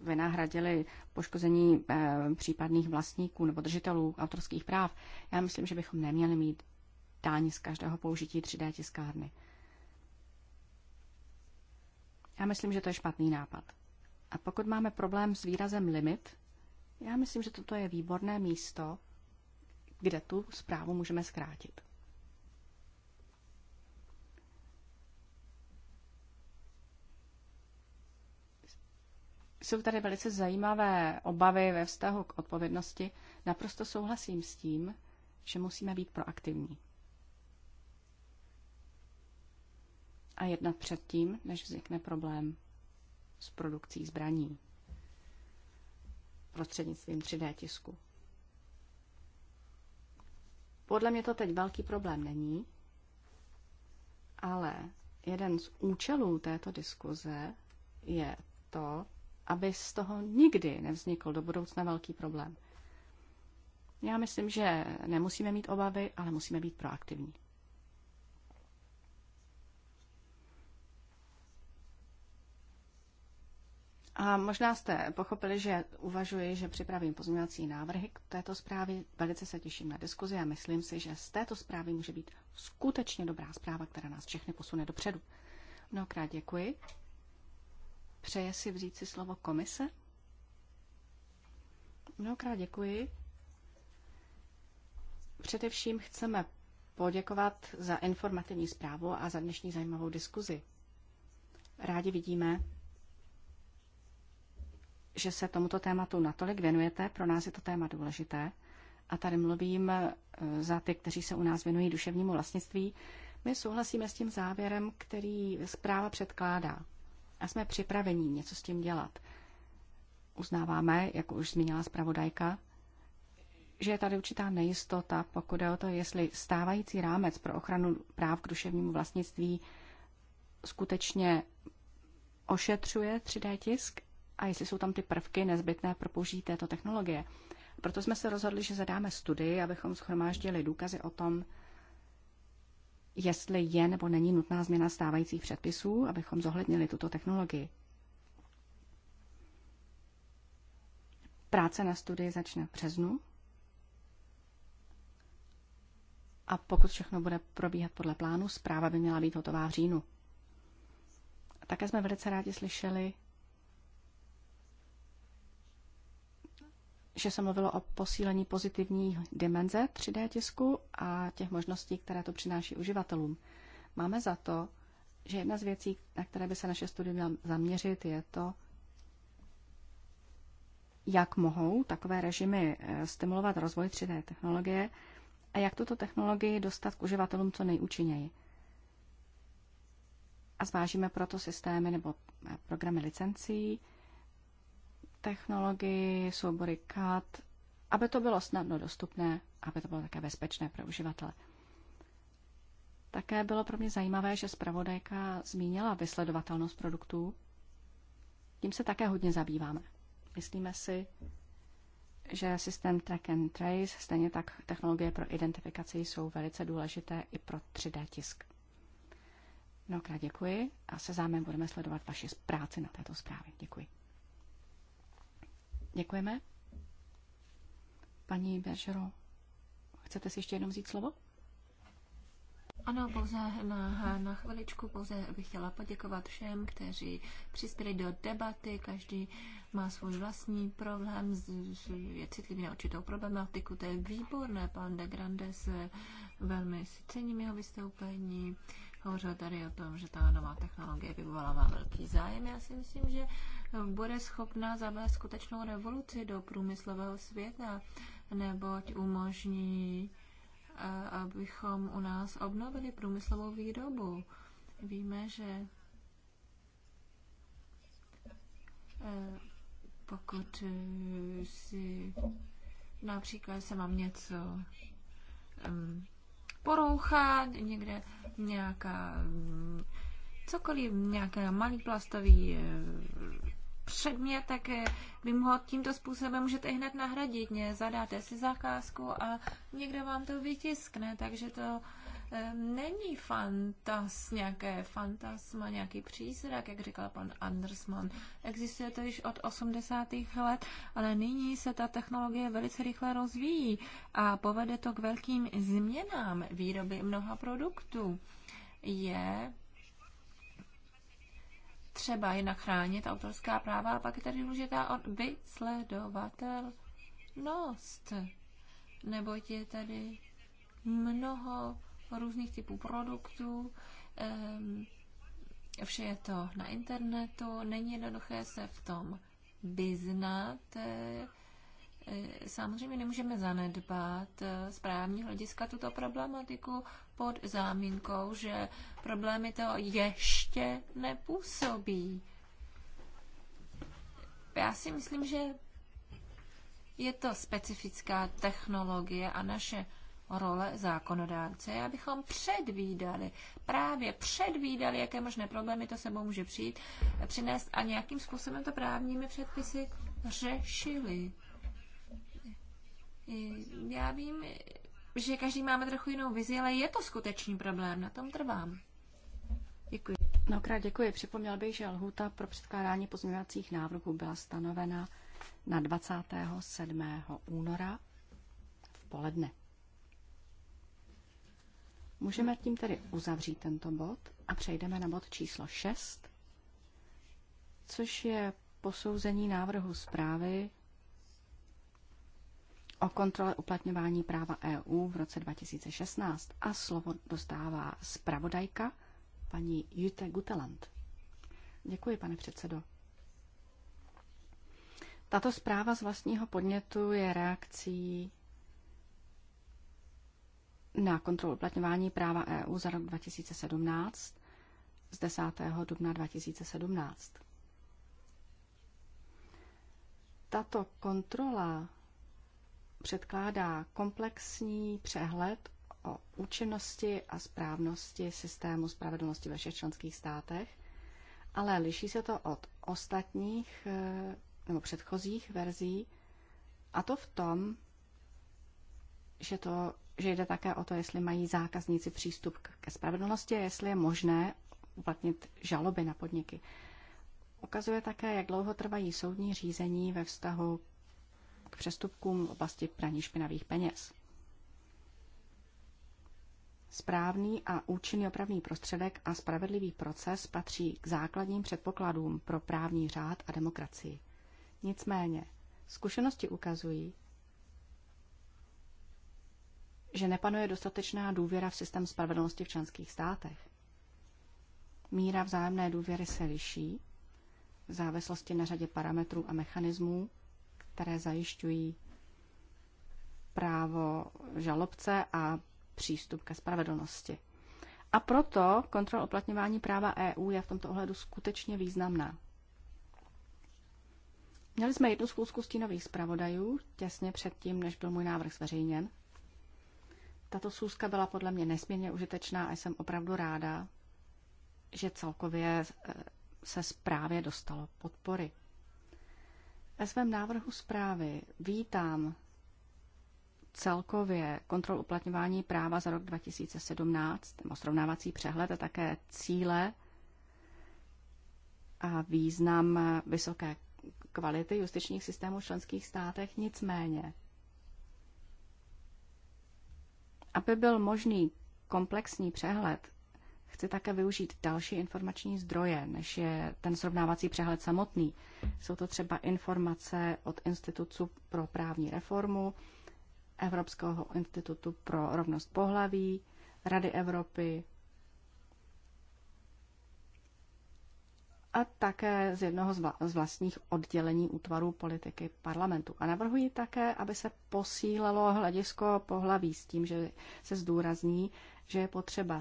vynahradili poškození eh, případných vlastníků nebo držitelů autorských práv, já myslím, že bychom neměli mít dáň z každého použití 3D tiskárny. Já myslím, že to je špatný nápad. A pokud máme problém s výrazem limit, já myslím, že toto je výborné místo, kde tu zprávu můžeme zkrátit. jsou tady velice zajímavé obavy ve vztahu k odpovědnosti. Naprosto souhlasím s tím, že musíme být proaktivní. A jednat tím, než vznikne problém s produkcí zbraní prostřednictvím 3D tisku. Podle mě to teď velký problém není, ale jeden z účelů této diskuze je to, aby z toho nikdy nevznikl do budoucna velký problém. Já myslím, že nemusíme mít obavy, ale musíme být proaktivní. A možná jste pochopili, že uvažuji, že připravím pozměňovací návrhy k této zprávě. Velice se těším na diskuzi a myslím si, že z této zprávy může být skutečně dobrá zpráva, která nás všechny posune dopředu. Mnohokrát děkuji. Přeje si vzít si slovo komise? Mnohokrát děkuji. Především chceme poděkovat za informativní zprávu a za dnešní zajímavou diskuzi. Rádi vidíme, že se tomuto tématu natolik věnujete. Pro nás je to téma důležité. A tady mluvím eh, za ty, kteří se u nás věnují duševnímu vlastnictví. My souhlasíme s tím závěrem, který zpráva předkládá a jsme připraveni něco s tím dělat. Uznáváme, jak už zmínila zpravodajka, že je tady určitá nejistota, pokud je o to, jestli stávající rámec pro ochranu práv k duševnímu vlastnictví skutečně ošetřuje 3D tisk a jestli jsou tam ty prvky nezbytné pro použití této technologie. Proto jsme se rozhodli, že zadáme studii, abychom schromáždili důkazy o tom, jestli je nebo není nutná změna stávajících předpisů, abychom zohlednili tuto technologii. Práce na studii začne v březnu a pokud všechno bude probíhat podle plánu, zpráva by měla být hotová v říjnu. Také jsme velice rádi slyšeli, že se mluvilo o posílení pozitivní dimenze 3D tisku a těch možností, které to přináší uživatelům. Máme za to, že jedna z věcí, na které by se naše studium měl zaměřit, je to, jak mohou takové režimy eh, stimulovat rozvoj 3D technologie a jak tuto technologii dostat k uživatelům co nejúčinněji. A zvážíme proto systémy nebo eh, programy licencí, technologii, soubory CAD, aby to bylo snadno dostupné, aby to bylo také bezpečné pro uživatele. Také bylo pro mě zajímavé, že zpravodajka zmínila vysledovatelnost produktů. Tím se také hodně zabýváme. Myslíme si, že systém track and trace, stejně tak technologie pro identifikaci jsou velice důležité i pro 3D tisk. Mnohokrát děkuji a se zájmem budeme sledovat vaši práci na této zprávě. Děkuji. Děkujeme. Paní Beržero. chcete si ještě jednou vzít slovo? Ano, pouze na, na chviličku, pouze bych chtěla poděkovat všem, kteří přispěli do debaty, každý má svůj vlastní problém, je citlivý na určitou problematiku, to je výborné, pan de Grandes, velmi si cením jeho vystoupení, hovořil tady o tom, že ta nová technologie vyvolává velký zájem, já si myslím, že bude schopna zavést skutečnou revoluci do průmyslového světa, neboť umožní, eh, abychom u nás obnovili průmyslovou výrobu. Víme, že eh, pokud eh, si například se mám něco mm, porouchá, někde nějaká mm, cokoliv, nějaké malý plastový předmět, tak eh, vy mu ho tímto způsobem můžete hned nahradit. Ne? Zadáte si zakázku a někdo vám to vytiskne, takže to eh, není fantas, nějaké fantasma, nějaký přízrak, jak říkal pan Andersman. Existuje to již od 80. let, ale nyní se ta technologie velice rychle rozvíjí a povede to k velkým změnám výroby mnoha produktů. Je třeba jinak chránit autorská práva a pak je tady důležitá on vysledovatelnost. Neboť je tady mnoho různých typů produktů, vše je to na internetu, není jednoduché se v tom vyznat. E, samozřejmě nemůžeme zanedbat správní e, hlediska tuto problematiku pod záminkou, že problémy to ještě nepůsobí. Já si myslím, že je to specifická technologie a naše role zákonodárce abychom předvídali, právě předvídali, jaké možné problémy to sebou může přijít, přinést a nějakým způsobem to právními předpisy řešili. Já vím, že každý máme trochu jinou vizi, ale je to skutečný problém, na tom trvám. Mnohokrát děkuji. Připomněl bych, že lhůta pro předkládání pozměňovacích návrhů byla stanovena na 27. února v poledne. Můžeme tím tedy uzavřít tento bod a přejdeme na bod číslo 6, což je posouzení návrhu zprávy o kontrole uplatňování práva EU v roce 2016. A slovo dostává zpravodajka paní Jute Guteland. Děkuji, pane předsedo. Tato zpráva z vlastního podnětu je reakcí na kontrolu uplatňování práva EU za rok 2017 z 10. dubna 2017. Tato kontrola předkládá komplexní přehled o účinnosti a správnosti systému spravedlnosti ve všech členských státech, ale liší se to od ostatních eh, nebo předchozích verzí, a to v tom, že, to, že jde také o to, jestli mají zákazníci přístup ke spravedlnosti a jestli je možné uplatnit žaloby na podniky. Ukazuje také, jak dlouho trvají soudní řízení ve vztahu k přestupkům v oblasti praní špinavých peněz. Správný a účinný opravný prostředek a spravedlivý proces patří k základním předpokladům pro právní řád a demokracii. Nicméně, zkušenosti ukazují, že nepanuje dostatečná důvěra v systém spravedlnosti v členských státech. Míra vzájemné důvěry se liší v závislosti na řadě parametrů a mechanismů, které zajišťují právo žalobce a přístup ke spravedlnosti. A proto kontrola oplatňování práva EU je v tomto ohledu skutečně významná. Měli jsme jednu schůzku stínových zpravodajů těsně předtím, než byl můj návrh zveřejněn. Tato schůzka byla podle mě nesmírně užitečná a jsem opravdu ráda, že celkově e, se zprávě dostalo podpory. Ve svém návrhu zprávy vítám celkově kontrol uplatňování práva za rok 2017, nebo srovnávací přehled a také cíle a význam vysoké kvality justičních systémů v členských státech. Nicméně, aby byl možný komplexní přehled, chci také využít další informační zdroje, než je ten srovnávací přehled samotný. Jsou to třeba informace od Institutu pro právní reformu, Evropského institutu pro rovnost pohlaví, Rady Evropy a také z jednoho z vlastních oddělení útvarů politiky parlamentu. A navrhuji také, aby se posílilo hledisko pohlaví s tím, že se zdůrazní, že je potřeba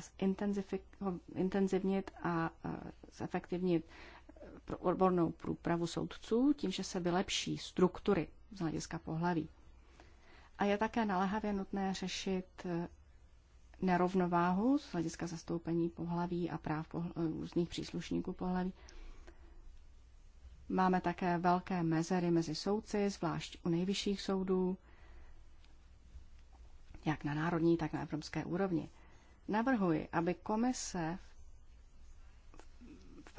intenzivnit a e, zefektivnit e, odbornou průpravu soudců tím, že se vylepší struktury z hlediska pohlaví. A je také naléhavě nutné řešit eh, nerovnováhu z hlediska zastoupení pohlaví a práv eh, různých příslušníků pohlaví. Máme také velké mezery mezi soudci, zvlášť u nejvyšších soudů, jak na národní, tak na evropské úrovni. Navrhuji, aby komise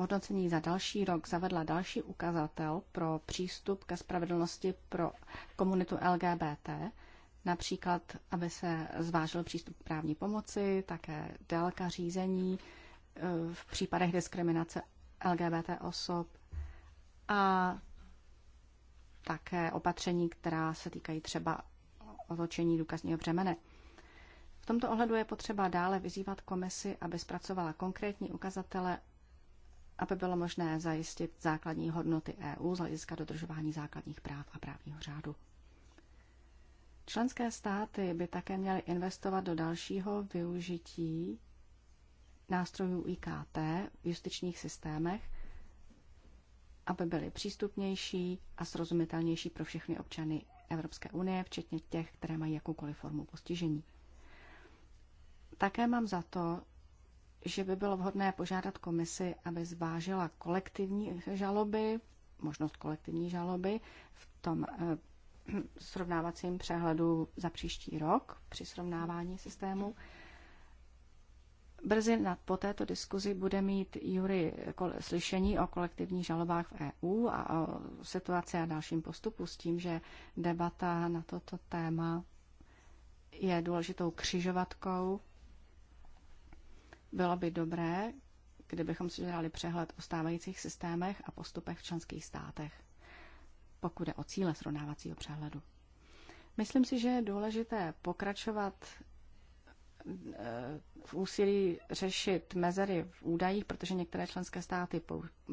hodnocení za další rok zavedla další ukazatel pro přístup ke spravedlnosti pro komunitu LGBT, například, aby se zvážil přístup k právní pomoci, také délka řízení e, v případech diskriminace LGBT osob a také opatření, která se týkají třeba otočení důkazního břemene. V tomto ohledu je potřeba dále vyzývat komisi, aby zpracovala konkrétní ukazatele aby bylo možné zajistit základní hodnoty EU z hlediska dodržování základních práv a právního řádu. Členské státy by také měly investovat do dalšího využití nástrojů IKT v justičních systémech, aby byly přístupnější a srozumitelnější pro všechny občany Evropské unie, včetně těch, které mají jakoukoliv formu postižení. Také mám za to, že by bylo vhodné požádat komisi, aby zvážila kolektivní žaloby, možnost kolektivní žaloby v tom eh, srovnávacím přehledu za příští rok při srovnávání systému. Brzy na po této diskuzi bude mít Jury slyšení o kolektivních žalobách v EU a o situaci a dalším postupu s tím, že debata na toto téma je důležitou křižovatkou bylo by dobré, kdybychom si dělali přehled o stávajících systémech a postupech v členských státech, pokud je o cíle srovnávacího přehledu. Myslím si, že je důležité pokračovat eh, v úsilí řešit mezery v údajích, protože některé členské státy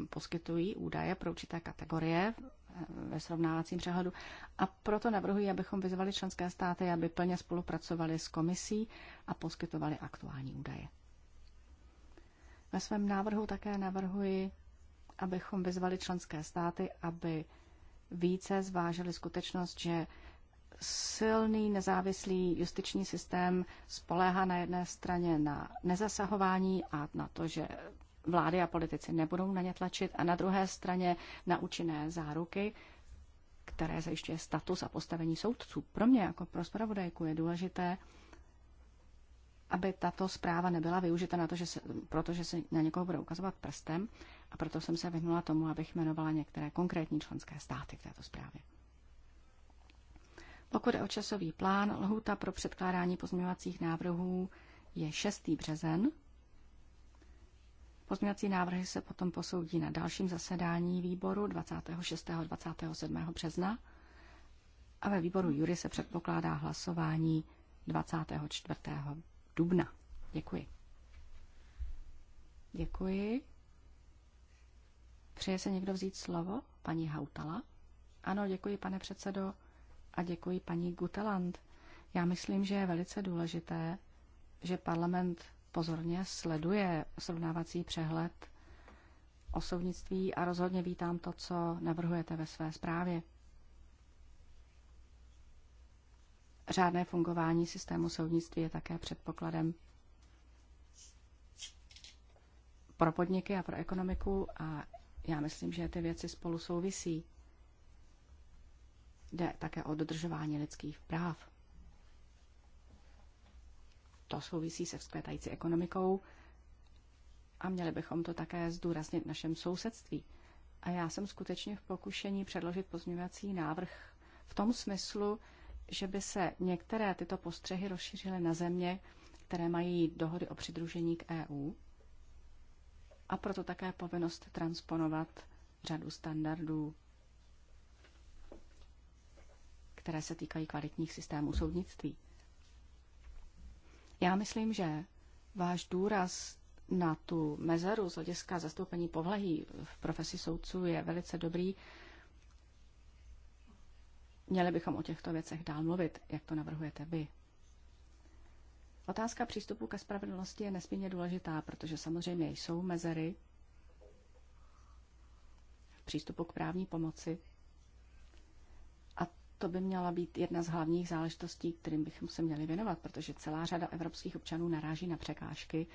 poskytují údaje pro určité kategorie eh, ve srovnávacím přehledu a proto navrhuji, abychom vyzvali členské státy, aby plně spolupracovali s komisí a poskytovali aktuální údaje. Ve svém návrhu také navrhuji, abychom vyzvali členské státy, aby více zvážili skutečnost, že silný nezávislý justiční systém spoléhá na jedné straně na nezasahování a na to, že vlády a politici nebudou na ně tlačit a na druhé straně na účinné záruky, které zajišťuje status a postavení soudců. Pro mě jako pro spravodajku je důležité, aby tato zpráva nebyla využita na to, že se, protože se na někoho bude ukazovat prstem a proto jsem se vyhnula tomu, abych jmenovala některé konkrétní členské státy v této zprávě. Pokud je o časový plán, lhůta pro předkládání pozměňovacích návrhů je 6. březen. Pozměňovací návrhy se potom posoudí na dalším zasedání výboru 26. a 27. března a ve výboru Jury se předpokládá hlasování 24 dubna. Děkuji. Děkuji. Přeje se někdo vzít slovo? Paní Hautala? Ano, děkuji, pane předsedo, a děkuji paní Guteland. Já myslím, že je velice důležité, že parlament pozorně sleduje srovnávací přehled o soudnictví a rozhodně vítám to, co navrhujete ve své zprávě. Řádné fungování systému soudnictví je také předpokladem pro podniky a pro ekonomiku a já myslím, že ty věci spolu souvisí. Jde také o dodržování lidských práv. To souvisí se vzkvětající ekonomikou a měli bychom to také zdůraznit v našem sousedství. A já jsem skutečně v pokušení předložit pozměňovací návrh v tom smyslu, že by se některé tyto postřehy rozšířily na země, které mají dohody o přidružení k EU a proto také povinnost transponovat řadu standardů, které se týkají kvalitních systémů soudnictví. Já myslím, že váš důraz na tu mezeru z hlediska zastoupení povlehí v profesi soudců je velice dobrý Měli bychom o těchto věcech dál mluvit, jak to navrhujete vy. Otázka přístupu ke spravedlnosti je nesmírně důležitá, protože samozřejmě jsou mezery v přístupu k právní pomoci. A to by měla být jedna z hlavních záležitostí, kterým bychom se měli věnovat, protože celá řada evropských občanů naráží na překážky,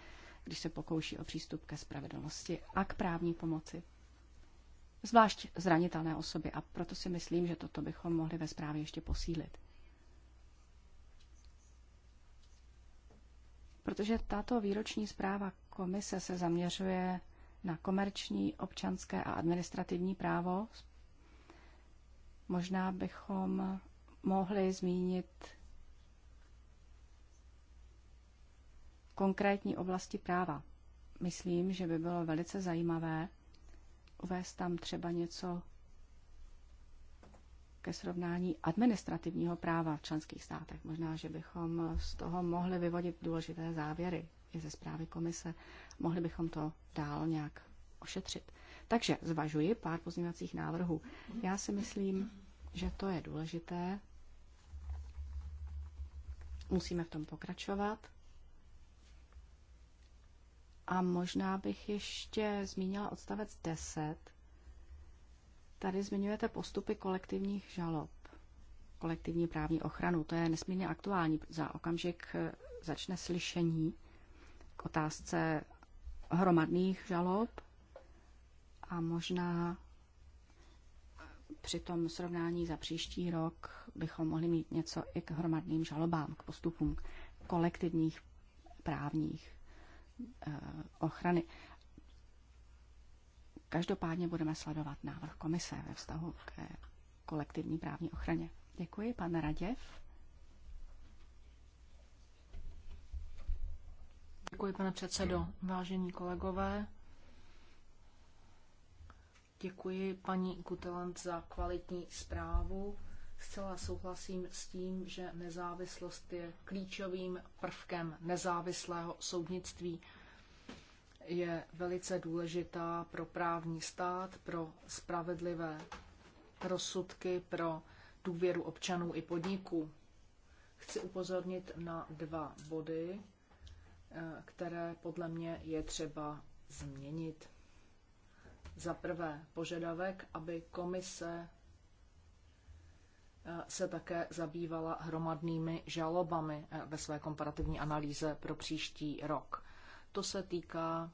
když se pokouší o přístup ke spravedlnosti a k právní pomoci zvlášť zranitelné osoby. A proto si myslím, že toto bychom mohli ve zprávě ještě posílit. Protože tato výroční zpráva komise se zaměřuje na komerční, občanské a administrativní právo. Možná bychom mohli zmínit konkrétní oblasti práva. Myslím, že by bylo velice zajímavé uvést tam třeba něco ke srovnání administrativního práva v členských státech. Možná, že bychom z toho mohli vyvodit důležité závěry i ze zprávy komise. Mohli bychom to dál nějak ošetřit. Takže zvažuji pár pozměňovacích návrhů. Já si myslím, že to je důležité. Musíme v tom pokračovat. A možná bych ještě zmínila odstavec 10. Tady zmiňujete postupy kolektivních žalob, kolektivní právní ochranu. To je nesmírně aktuální. Za okamžik eh, začne slyšení k otázce hromadných žalob a možná při tom srovnání za příští rok bychom mohli mít něco i k hromadným žalobám, k postupům kolektivních právních Eh, ochrany. Každopádně budeme sledovat návrh komise ve vztahu k kolektivní právní ochraně. Děkuji, pan Raděv. Děkuji, pane předsedo. Vážení kolegové, děkuji paní Kutelant za kvalitní zprávu. Zcela souhlasím s tím, že nezávislost je klíčovým prvkem nezávislého soudnictví. Je velice důležitá pro právní stát, pro spravedlivé rozsudky, pro důvěru občanů i podniků. Chci upozornit na dva body, eh, které podle mě je třeba změnit. Za prvé požadavek, aby komise se také zabývala hromadnými žalobami eh, ve své komparativní analýze pro příští rok. To se týká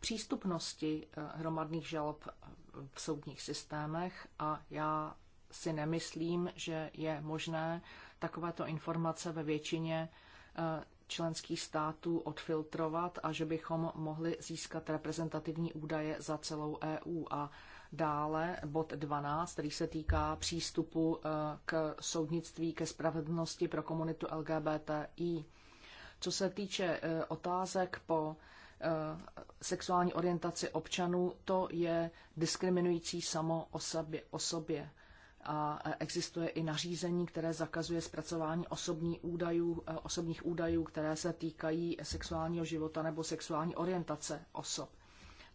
přístupnosti eh, hromadných žalob eh, v soudních systémech a já si nemyslím, že je možné takovéto informace ve většině členských států odfiltrovat a že bychom mohli získat reprezentativní údaje za celou EU. A Dále bod 12, který se týká přístupu eh, k soudnictví, ke spravedlnosti pro komunitu LGBTI. Co se týče eh, otázek po eh, sexuální orientaci občanů, to je diskriminující samo o sobě. O sobě. A existuje i nařízení, které zakazuje zpracování osobní údajů, osobních údajů, které se týkají sexuálního života nebo sexuální orientace osob.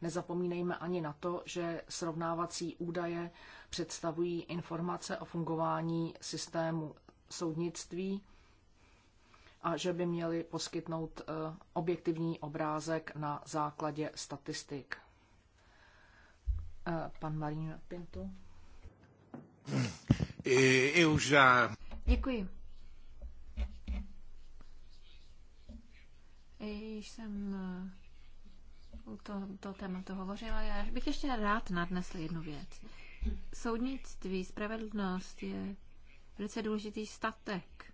Nezapomínejme ani na to, že srovnávací údaje představují informace o fungování systému soudnictví a že by měly poskytnout eh, objektivní obrázek na základě statistik. Eh, pan Marino Pinto. Děkuji. Již jsem eh, to to tématu hovořila. Já bych ještě rád nadnesl jednu věc. Soudnictví, spravedlnost je velice důležitý statek.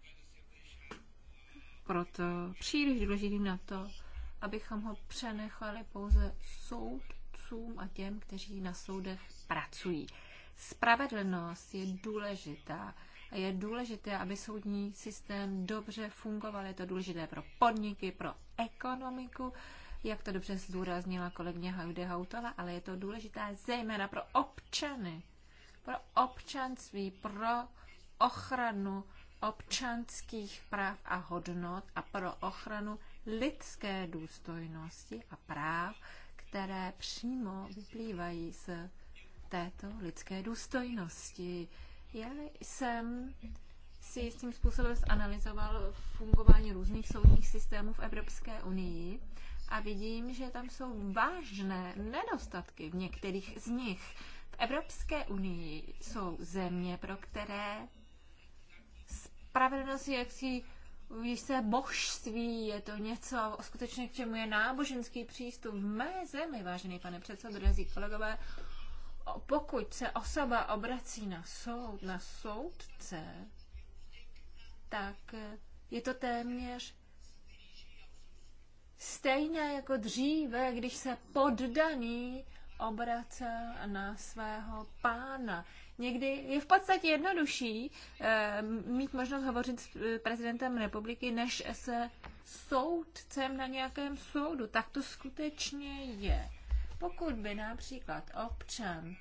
Proto příliš důležitý na to, abychom ho přenechali pouze soudcům a těm, kteří na soudech pracují. Spravedlnost je důležitá a je důležité, aby soudní systém dobře fungoval. Je to důležité pro podniky, pro ekonomiku jak to dobře zdůraznila kolegyně Haude Hautala, ale je to důležité zejména pro občany, pro občanství, pro ochranu občanských práv a hodnot a pro ochranu lidské důstojnosti a práv, které přímo vyplývají z této lidské důstojnosti. Já jsem si tím způsobem zanalizoval fungování různých soudních systémů v Evropské unii a vidím, že tam jsou vážné nedostatky v některých z nich. V Evropské unii jsou země, pro které spravedlnost je jaksi když se božství, je to něco skutečně, k čemu je náboženský přístup v mé zemi, vážený pane předsedo, drazí kolegové, pokud se osoba obrací na soud, na soudce, tak je to téměř stejně jako dříve, když se poddaný obracel na svého pána. Někdy je v podstatě jednodušší eh, mít možnost hovořit s eh, prezidentem republiky, než se soudcem na nějakém soudu. Tak to skutečně je. Pokud by například občan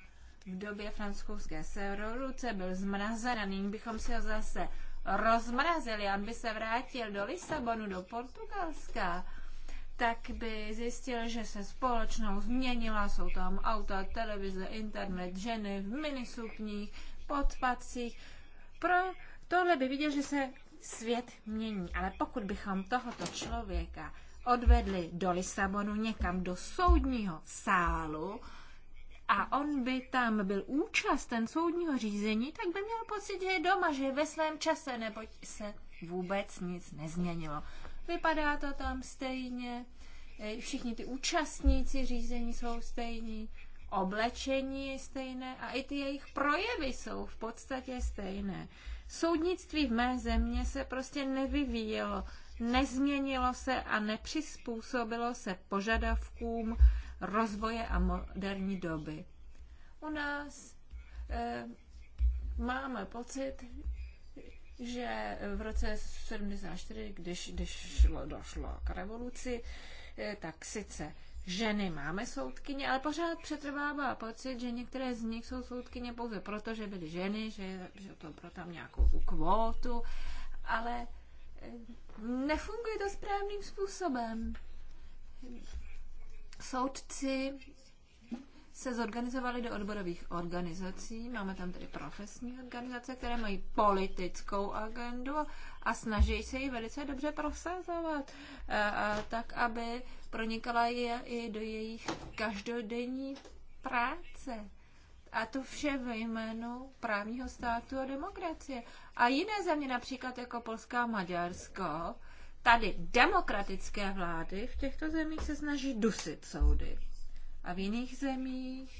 v době francouzské revoluce byl zmrazen a nyní bychom si ho zase rozmrazili, on by se vrátil do Lisabonu, do Portugalska, tak by zjistil, že se společnost změnila, jsou tam auta, televize, internet, ženy v minisukních, podpacích. Pro tohle by viděl, že se svět mění. Ale pokud bychom tohoto člověka odvedli do Lisabonu někam do soudního sálu, a on by tam byl účasten soudního řízení, tak by měl pocit, že je doma, že je ve svém čase, neboť se vůbec nic nezměnilo. Vypadá to tam stejně, e, všichni ty účastníci řízení jsou stejní, oblečení je stejné a i ty jejich projevy jsou v podstatě stejné. Soudnictví v mé země se prostě nevyvíjelo, nezměnilo se a nepřizpůsobilo se požadavkům rozvoje a moderní doby. U nás e, máme pocit, že v roce 74, když, když šlo, došlo k revoluci, eh, tak sice ženy máme soudkyně, ale pořád přetrvává pocit, že některé z nich jsou soudkyně pouze proto, že byly ženy, že, že to pro tam nějakou tu kvótu, ale eh, nefunguje to správným způsobem. Soudci se zorganizovali do odborových organizací. Máme tam tedy profesní organizace, které mají politickou agendu a snaží se ji velice dobře prosazovat, a, eh, a, tak aby pronikala je i do jejich každodenní práce. A to vše ve jménu právního státu a demokracie. A jiné země, například jako Polská a Maďarsko, tady demokratické vlády v těchto zemích se snaží dusit soudy a v jiných zemích,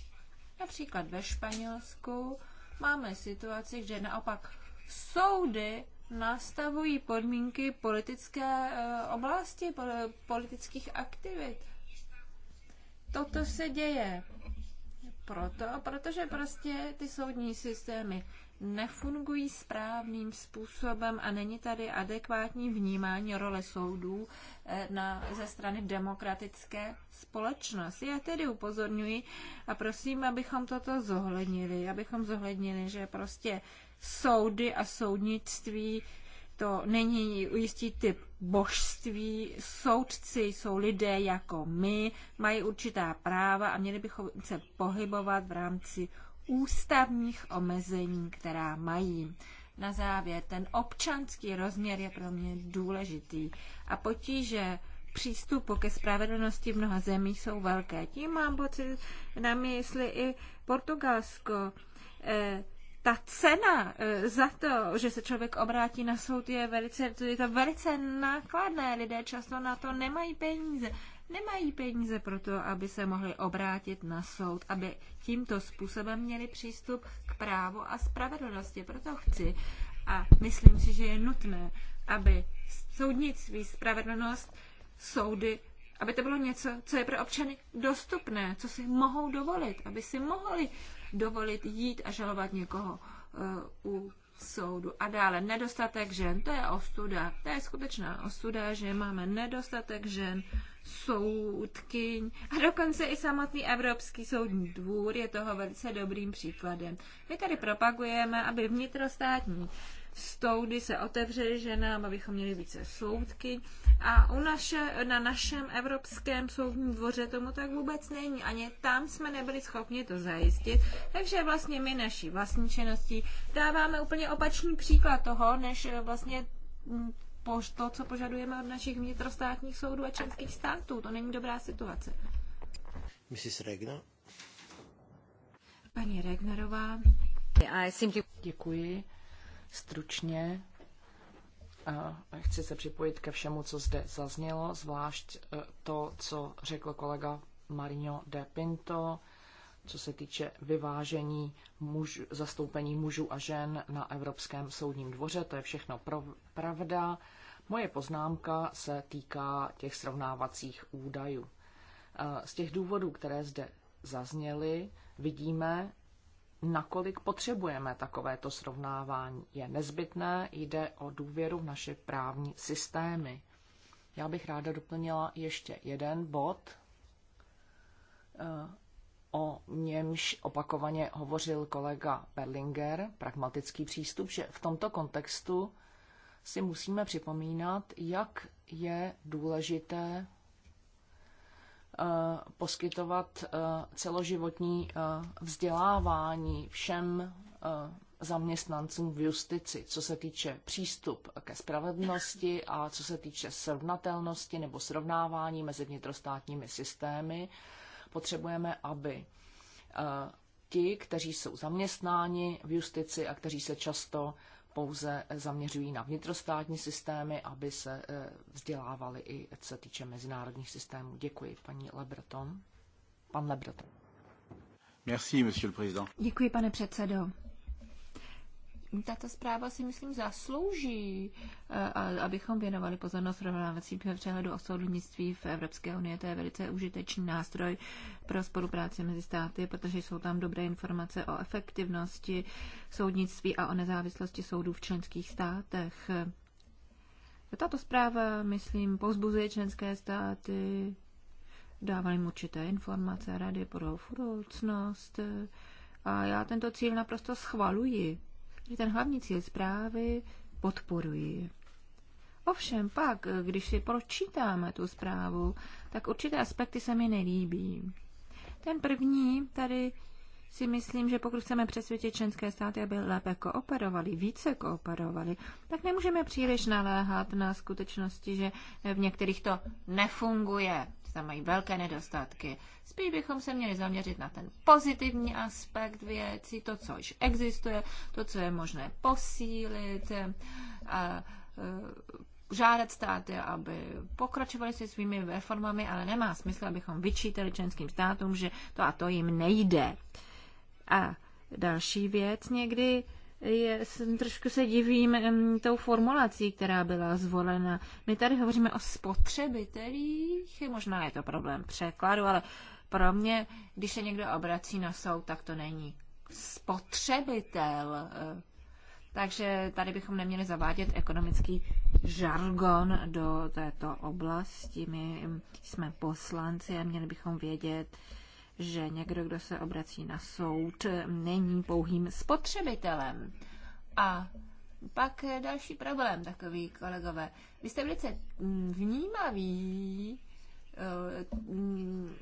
například ve Španělsku, máme situaci, že naopak soudy nastavují podmínky politické eh, oblasti, politických aktivit. Toto se děje proto, protože prostě ty soudní systémy nefungují správným způsobem a není tady adekvátní vnímání role soudů eh, na, ze strany demokratické společnosti. Já tedy upozorňuji a prosím, abychom toto zohlednili, abychom zohlednili, že prostě soudy a soudnictví to není jistý typ božství. Soudci jsou lidé jako my, mají určitá práva a měli bychom se pohybovat v rámci ústavních omezení, která mají. Na závěr, ten občanský rozměr je pro mě důležitý a potíže přístupu ke spravedlnosti v mnoha zemích jsou velké. Tím mám pocit na mysli i Portugalsko. E, ta cena eh, za to, že se člověk obrátí na soud, je velice, je to velice nákladné. Lidé často na to nemají peníze nemají peníze pro to, aby se mohli obrátit na soud, aby tímto způsobem měli přístup k právu a spravedlnosti. Proto chci a myslím si, že je nutné, aby soudnictví, spravedlnost, soudy aby to bylo něco, co je pro občany dostupné, co si mohou dovolit, aby si mohli dovolit jít a žalovat někoho uh, u soudu. A dále nedostatek žen, to je ostuda, to je skutečná ostuda, že máme nedostatek žen soudkyň a dokonce i samotný Evropský soudní dvůr je toho velice dobrým příkladem. My tady propagujeme, aby vnitrostátní stoudy se otevřely ženám, abychom měli více soudky. A u naše, na našem Evropském soudním dvoře tomu tak vůbec není. Ani tam jsme nebyli schopni to zajistit. Takže vlastně my naší vlastní činností dáváme úplně opačný příklad toho, než vlastně to, co požadujeme od našich vnitrostátních soudů a členských států. To není dobrá situace. Mrs. Regna. Paní Regnerová. Děkuji. Stručně chci se připojit ke všemu, co zde zaznělo, zvlášť e, to, co řekl kolega Marino de Pinto co se týče vyvážení muž, zastoupení mužů a žen na Evropském soudním dvoře. To je všechno pravda. Moje poznámka se týká těch srovnávacích údajů. Eh, z těch důvodů, které zde zazněly, vidíme, nakolik potřebujeme takovéto srovnávání. Je nezbytné, jde o důvěru v naše právní systémy. Já bych ráda doplnila ještě jeden bod, eh, o němž opakovaně hovořil kolega Berlinger, pragmatický přístup, že v tomto kontextu si musíme připomínat, jak je důležité eh, poskytovat eh, celoživotní eh, vzdělávání všem zaměstnancům v justici, co se týče přístup ke spravedlnosti a co se týče srovnatelnosti nebo srovnávání mezi vnitrostátními systémy potřebujeme, aby eh, ti, kteří jsou zaměstnáni v justici a kteří se často pouze zaměřují na vnitrostátní systémy, aby se eh, vzdělávali i co týče mezinárodních systémů. Děkuji, paní Lebreton. Pan Lebreton. Merci, monsieur le président. Děkuji, pane předsedo tato zpráva si myslím zaslouží, eh, abychom věnovali pozornost rovnávací přehledu o soudnictví v Evropské unii. To je velice užitečný nástroj pro spolupráci mezi státy, protože jsou tam dobré informace o efektivnosti soudnictví a o nezávislosti soudů v členských státech. Tato zpráva, myslím, pozbuzuje členské státy, dává jim určité informace, rady pro budoucnost. Eh, a já tento cíl naprosto schvaluji. Ten hlavní cíl zprávy podporuji. Ovšem pak, když si pročítáme tu zprávu, tak určité aspekty se mi nelíbí. Ten první tady si myslím, že pokud chceme přesvědčit členské státy, aby lépe kooperovali, více kooperovali, tak nemůžeme příliš naléhat na skutečnosti, že v některých to nefunguje tam mají velké nedostatky. Spíš bychom se měli zaměřit na ten pozitivní aspekt věcí, to, co již existuje, to, co je možné posílit. A, žádat státy, aby pokračovali se svými reformami, ale nemá smysl, abychom vyčítali členským státům, že to a to jim nejde. A další věc, někdy je, trošku se divím um, tou formulací, která byla zvolena. My tady hovoříme o spotřebitelích, možná je to problém překladu, ale pro mě, když se někdo obrací na soud, tak to není spotřebitel. E, takže tady bychom neměli zavádět ekonomický žargon do této oblasti. My jsme poslanci a měli bychom vědět, že někdo, kdo se obrací na soud, není pouhým spotřebitelem. A pak další problém, takový kolegové. Vy jste velice mm, vnímaví eh, mm,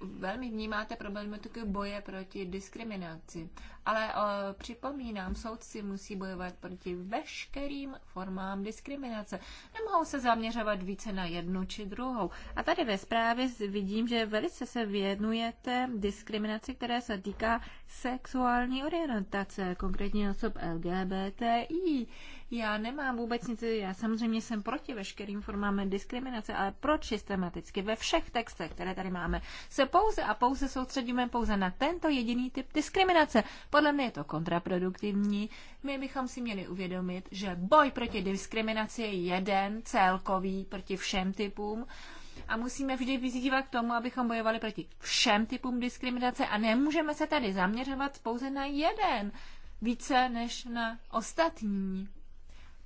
velmi vnímáte problematiku boje proti diskriminaci. Ale o, připomínám, soudci musí bojovat proti veškerým formám diskriminace. Nemohou se zaměřovat více na jednu či druhou. A tady ve zprávě vidím, že velice se věnujete diskriminaci, která se týká sexuální orientace, konkrétně osob LGBTI. Já nemám vůbec nic, já samozřejmě jsem proti veškerým formám diskriminace, ale proč systematicky ve všech textech, které tady máme, se pouze a pouze soustředíme pouze na tento jediný typ diskriminace. Podle mě je to kontraproduktivní. My bychom si měli uvědomit, že boj proti diskriminaci je jeden celkový proti všem typům a musíme vždy vyzývat k tomu, abychom bojovali proti všem typům diskriminace a nemůžeme se tady zaměřovat pouze na jeden, více než na ostatní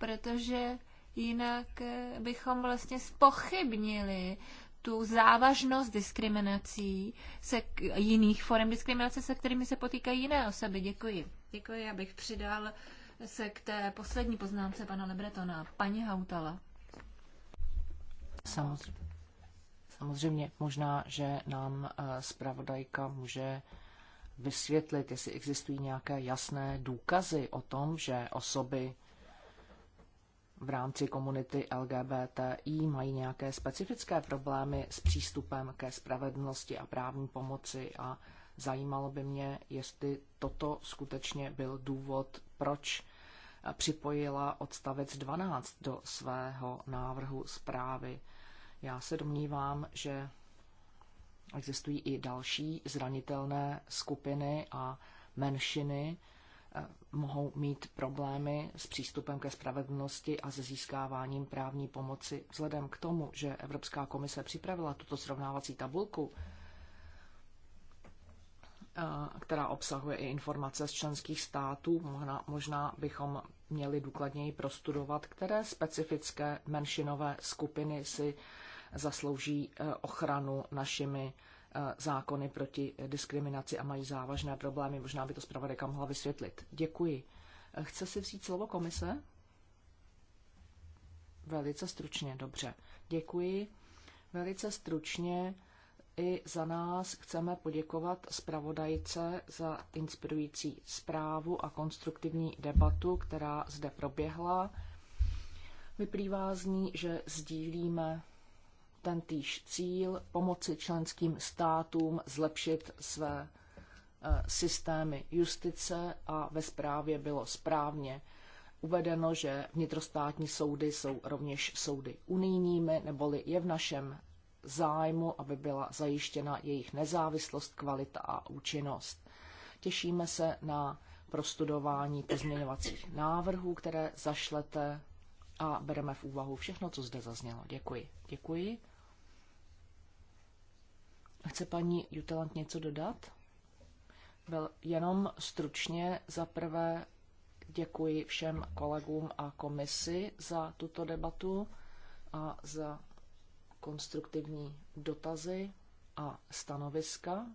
protože jinak eh, bychom vlastně spochybnili tu závažnost diskriminací, se, jiných forem diskriminace, se kterými se potýkají jiné osoby. Děkuji. Děkuji, abych přidal se k té poslední poznámce pana Lebretona. Paní Hautala. Samozřejmě. Samozřejmě, možná, že nám eh, zpravodajka může vysvětlit, jestli existují nějaké jasné důkazy o tom, že osoby v rámci komunity LGBTI mají nějaké specifické problémy s přístupem ke spravedlnosti a právní pomoci a zajímalo by mě, jestli toto skutečně byl důvod, proč připojila odstavec 12 do svého návrhu zprávy. Já se domnívám, že existují i další zranitelné skupiny a menšiny, Eh, mohou mít problémy s přístupem ke spravedlnosti a se získáváním právní pomoci. Vzhledem k tomu, že Evropská komise připravila tuto srovnávací tabulku, eh, která obsahuje i informace z členských států, možná, možná bychom měli důkladněji prostudovat, které specifické menšinové skupiny si zaslouží eh, ochranu našimi Eh, zákony proti diskriminaci a mají závažné problémy. Možná by to zpravodajka mohla vysvětlit. Děkuji. Eh, chce si vzít slovo komise? Velice stručně, dobře. Děkuji. Velice stručně i za nás chceme poděkovat zpravodajce za inspirující zprávu a konstruktivní debatu, která zde proběhla. Vyplývá z ní, že sdílíme ten týž cíl pomoci členským státům zlepšit své eh, systémy justice a ve zprávě bylo správně uvedeno, že vnitrostátní soudy jsou rovněž soudy unijními, neboli je v našem zájmu, aby byla zajištěna jejich nezávislost, kvalita a účinnost. Těšíme se na prostudování pozměňovacích návrhů, které zašlete a bereme v úvahu všechno, co zde zaznělo. Děkuji. Děkuji. Chce paní Jutelant něco dodat? Byl jenom stručně za prvé děkuji všem kolegům a komisi za tuto debatu a za konstruktivní dotazy a stanoviska.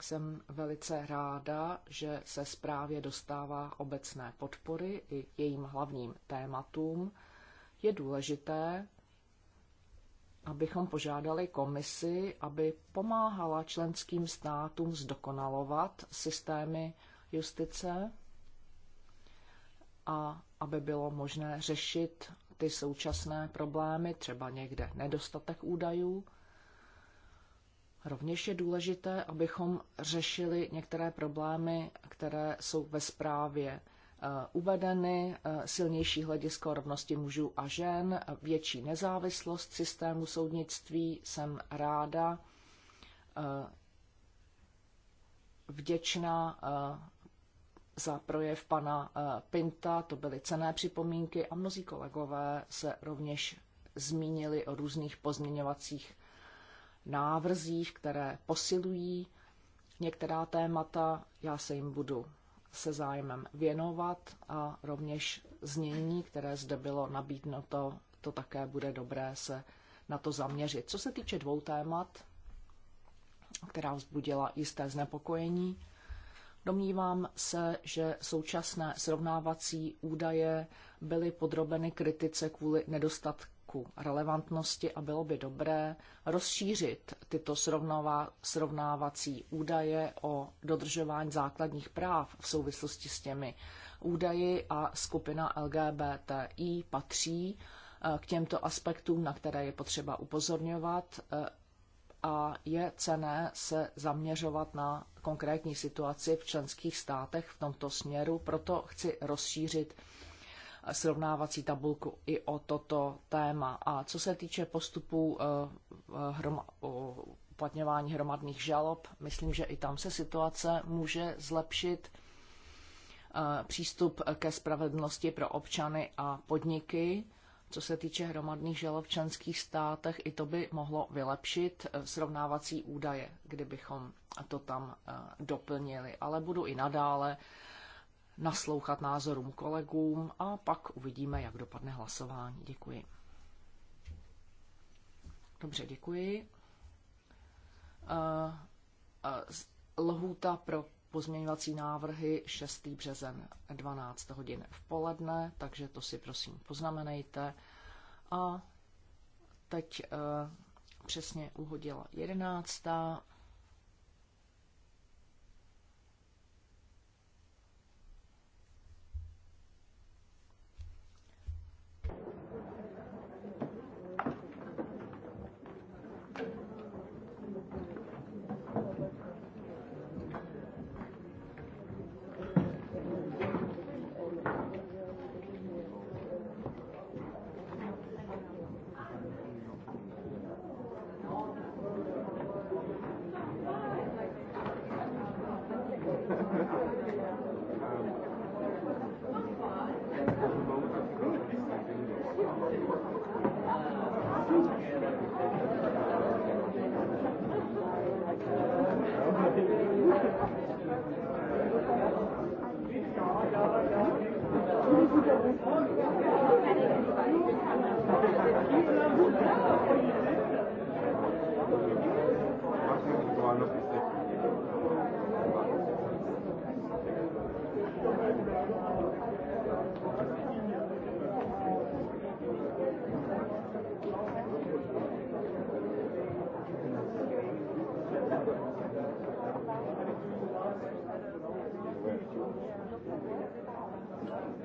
Jsem velice ráda, že se zprávě dostává obecné podpory i jejím hlavním tématům. Je důležité, abychom požádali komisi, aby pomáhala členským státům zdokonalovat systémy justice a aby bylo možné řešit ty současné problémy, třeba někde nedostatek údajů. Rovněž je důležité, abychom řešili některé problémy, které jsou ve zprávě Eh, uvedeny, eh, silnější hledisko rovnosti mužů a žen, větší nezávislost systému soudnictví. Jsem ráda eh, vděčná za projev pana Pinta, to byly cené připomínky a mnozí kolegové se rovněž zmínili o různých pozměňovacích návrzích, které posilují některá témata. Já se jim budu se zájmem věnovat a rovněž znění, které zde bylo nabídnuto, to také bude dobré se na to zaměřit. Co se týče dvou témat, která vzbudila jisté znepokojení, domnívám se, že současné srovnávací údaje byly podrobeny kritice kvůli nedostatku znaku relevantnosti a bylo by dobré rozšířit tyto srovnávací údaje o dodržování základních práv v souvislosti s těmi údaji a skupina LGBTI patří eh, k těmto aspektům, na které je potřeba upozorňovat eh, a je cené se zaměřovat na konkrétní situaci v členských státech v tomto směru. Proto chci rozšířit srovnávací tabulku i o toto téma. A co se týče postupů eh, eh, hroma, uplatňování hromadných žalob, myslím, že i tam se situace může zlepšit. Eh, přístup ke spravedlnosti pro občany a podniky, co se týče hromadných žalob v členských státech, i to by mohlo vylepšit srovnávací údaje, kdybychom to tam doplnili. Ale budu i nadále naslouchat názorům kolegům a pak uvidíme, jak dopadne hlasování. Děkuji. Dobře, děkuji. Eh, eh, lhůta pro pozměňovací návrhy 6. březen 12 hodin v poledne, takže to si prosím poznamenejte. A teď eh, přesně uhodila 11.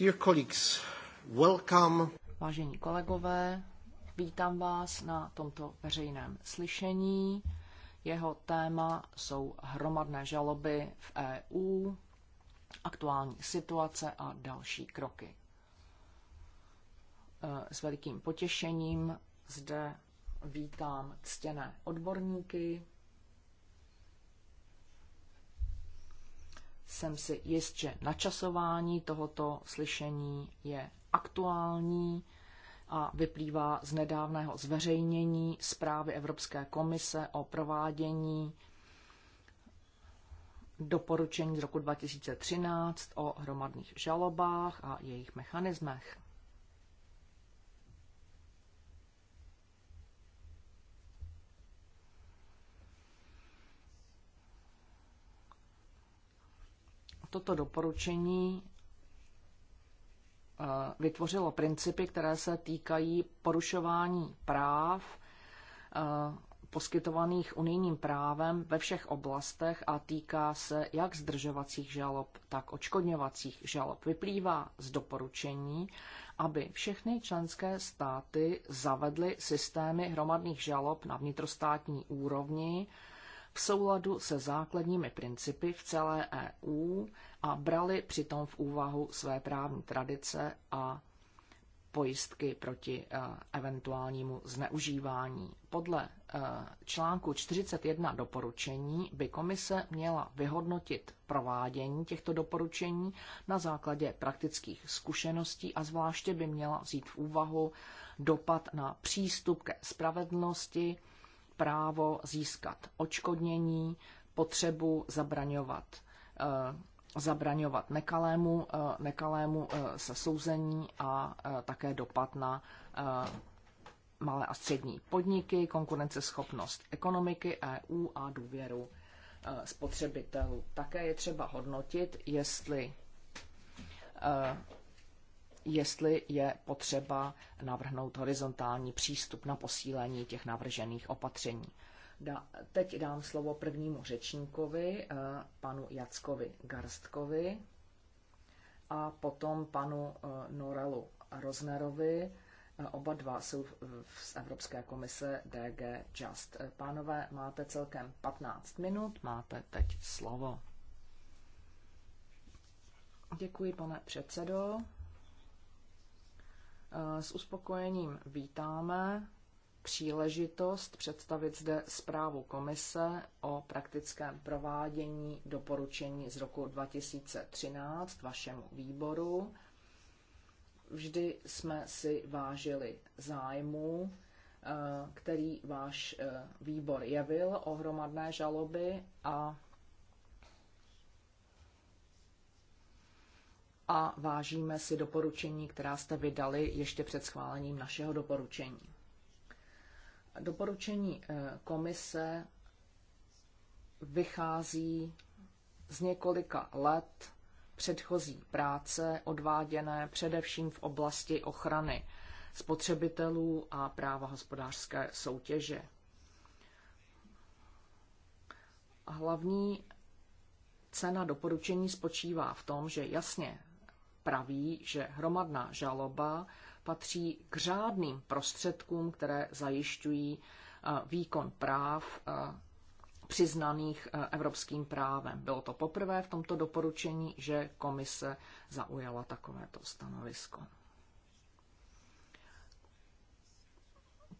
Dear colleagues, welcome. Vážení kolegové, vítám vás na tomto veřejném slyšení. Jeho téma jsou hromadné žaloby v EU, aktuální situace a další kroky. E, s velikým potěšením zde vítám ctěné odborníky, Jsem si jist, že načasování tohoto slyšení je aktuální a vyplývá z nedávného zveřejnění zprávy Evropské komise o provádění doporučení z roku 2013 o hromadných žalobách a jejich mechanismech. toto doporučení eh, vytvořilo principy, které se týkají porušování práv eh, poskytovaných unijním právem ve všech oblastech a týká se jak zdržovacích žalob, tak očkodňovacích žalob. Vyplývá z doporučení, aby všechny členské státy zavedly systémy hromadných žalob na vnitrostátní úrovni, v souladu se základními principy v celé EU a brali přitom v úvahu své právní tradice a pojistky proti eh, eventuálnímu zneužívání. Podle eh, článku 41 doporučení by komise měla vyhodnotit provádění těchto doporučení na základě praktických zkušeností a zvláště by měla vzít v úvahu dopad na přístup ke spravedlnosti, právo získat očkodnění, potřebu zabraňovat eh, zabraňovat nekalému, eh, nekalému eh, sesouzení a také dopad na malé a střední podniky, konkurenceschopnost ekonomiky EU a důvěru spotřebitelů. Také je třeba hodnotit, jestli jestli je potřeba navrhnout horizontální přístup na posílení těch navržených opatření. Da, teď dám slovo prvnímu řečníkovi, eh, panu Jackovi Garstkovi a potom panu eh, Norelu Roznerovi. Eh, oba dva jsou z Evropské komise DG Just. Pánové, máte celkem 15 minut, máte teď slovo. Děkuji, pane předsedo. S uspokojením vítáme příležitost představit zde zprávu komise o praktickém provádění doporučení z roku 2013 vašemu výboru. Vždy jsme si vážili zájmu, eh, který váš eh, výbor jevil o hromadné žaloby a a vážíme si doporučení, která jste vydali ještě před schválením našeho doporučení. Doporučení eh, komise vychází z několika let předchozí práce odváděné především v oblasti ochrany spotřebitelů a práva hospodářské soutěže. Hlavní cena doporučení spočívá v tom, že jasně praví, že hromadná žaloba patří k řádným prostředkům, které zajišťují eh, výkon práv eh, přiznaných eh, evropským právem. Bylo to poprvé v tomto doporučení, že komise zaujala takovéto stanovisko.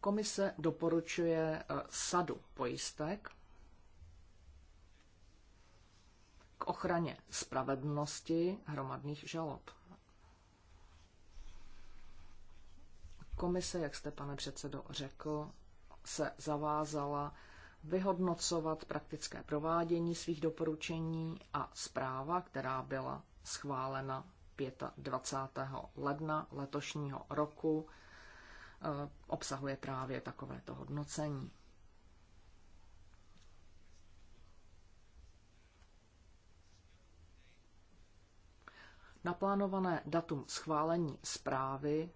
Komise doporučuje sadu pojistek k ochraně spravedlnosti hromadných žalob. Komise, jak jste, pane předsedo, řekl, se zavázala vyhodnocovat praktické provádění svých doporučení a zpráva, která byla schválena 25. ledna letošního roku, e, obsahuje právě takovéto hodnocení. Naplánované datum schválení zprávy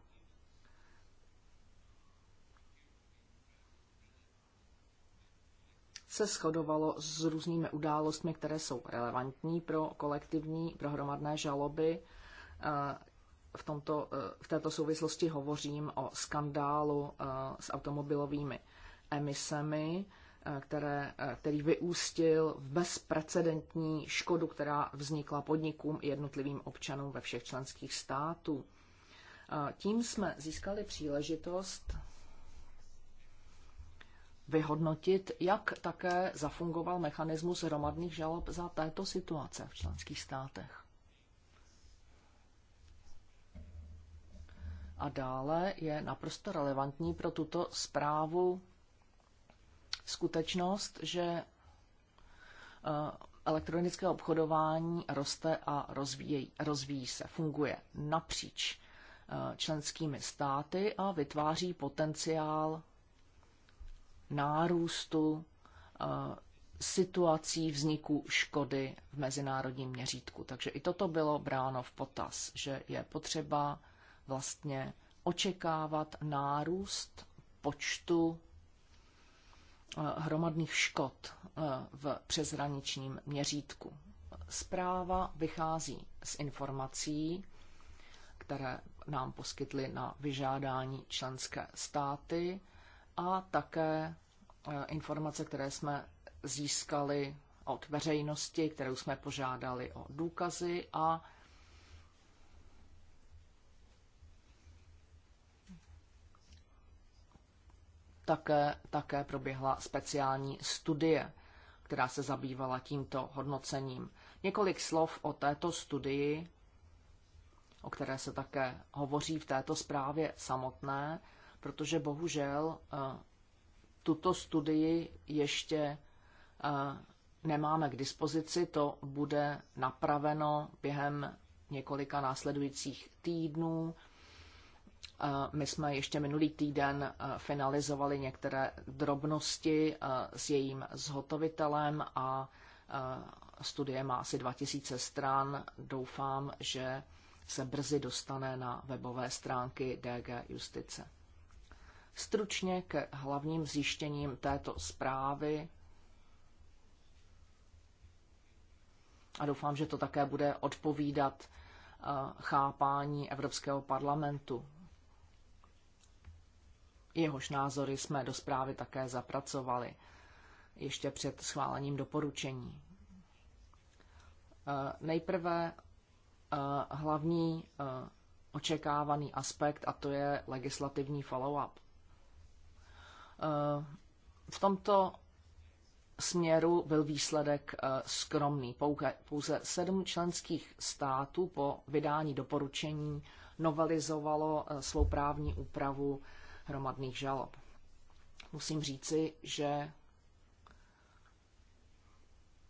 se shodovalo s různými událostmi, které jsou relevantní pro kolektivní, pro hromadné žaloby. E, v, tomto, e, v této souvislosti hovořím o skandálu e, s automobilovými emisemi, které, který vyústil v bezprecedentní škodu, která vznikla podnikům i jednotlivým občanům ve všech členských států. Tím jsme získali příležitost vyhodnotit, jak také zafungoval mechanismus hromadných žalob za této situace v členských státech. A dále je naprosto relevantní pro tuto zprávu skutečnost, že eh, elektronické obchodování roste a rozvíjí, rozvíjí se, funguje napříč eh, členskými státy a vytváří potenciál nárůstu eh, situací vzniku škody v mezinárodním měřítku. Takže i toto bylo bráno v potaz, že je potřeba vlastně očekávat nárůst počtu eh, hromadných škod eh, v přeshraničním měřítku. Zpráva vychází z informací, které nám poskytly na vyžádání členské státy a také Eh, informace, které jsme získali od veřejnosti, kterou jsme požádali o důkazy a také, také proběhla speciální studie, která se zabývala tímto hodnocením. Několik slov o této studii, o které se také hovoří v této zprávě samotné, protože bohužel eh, tuto studii ještě eh, nemáme k dispozici, to bude napraveno během několika následujících týdnů. Eh, my jsme ještě minulý týden eh, finalizovali některé drobnosti s jejím zhotovitelem a studie má asi 2000 stran. Doufám, že se brzy dostane na webové stránky DG Justice. Stručně k hlavním zjištěním této zprávy. A doufám, že to také bude odpovídat eh, chápání Evropského parlamentu. Jehož názory jsme do zprávy také zapracovali ještě před schválením doporučení. Eh, nejprve eh, hlavní očekávaný aspekt, a to je legislativní follow-up. Eh, v tomto směru byl výsledek eh, skromný. Pouze sedm členských států po vydání doporučení novelizovalo eh, svou právní úpravu hromadných žalob. Musím říci, že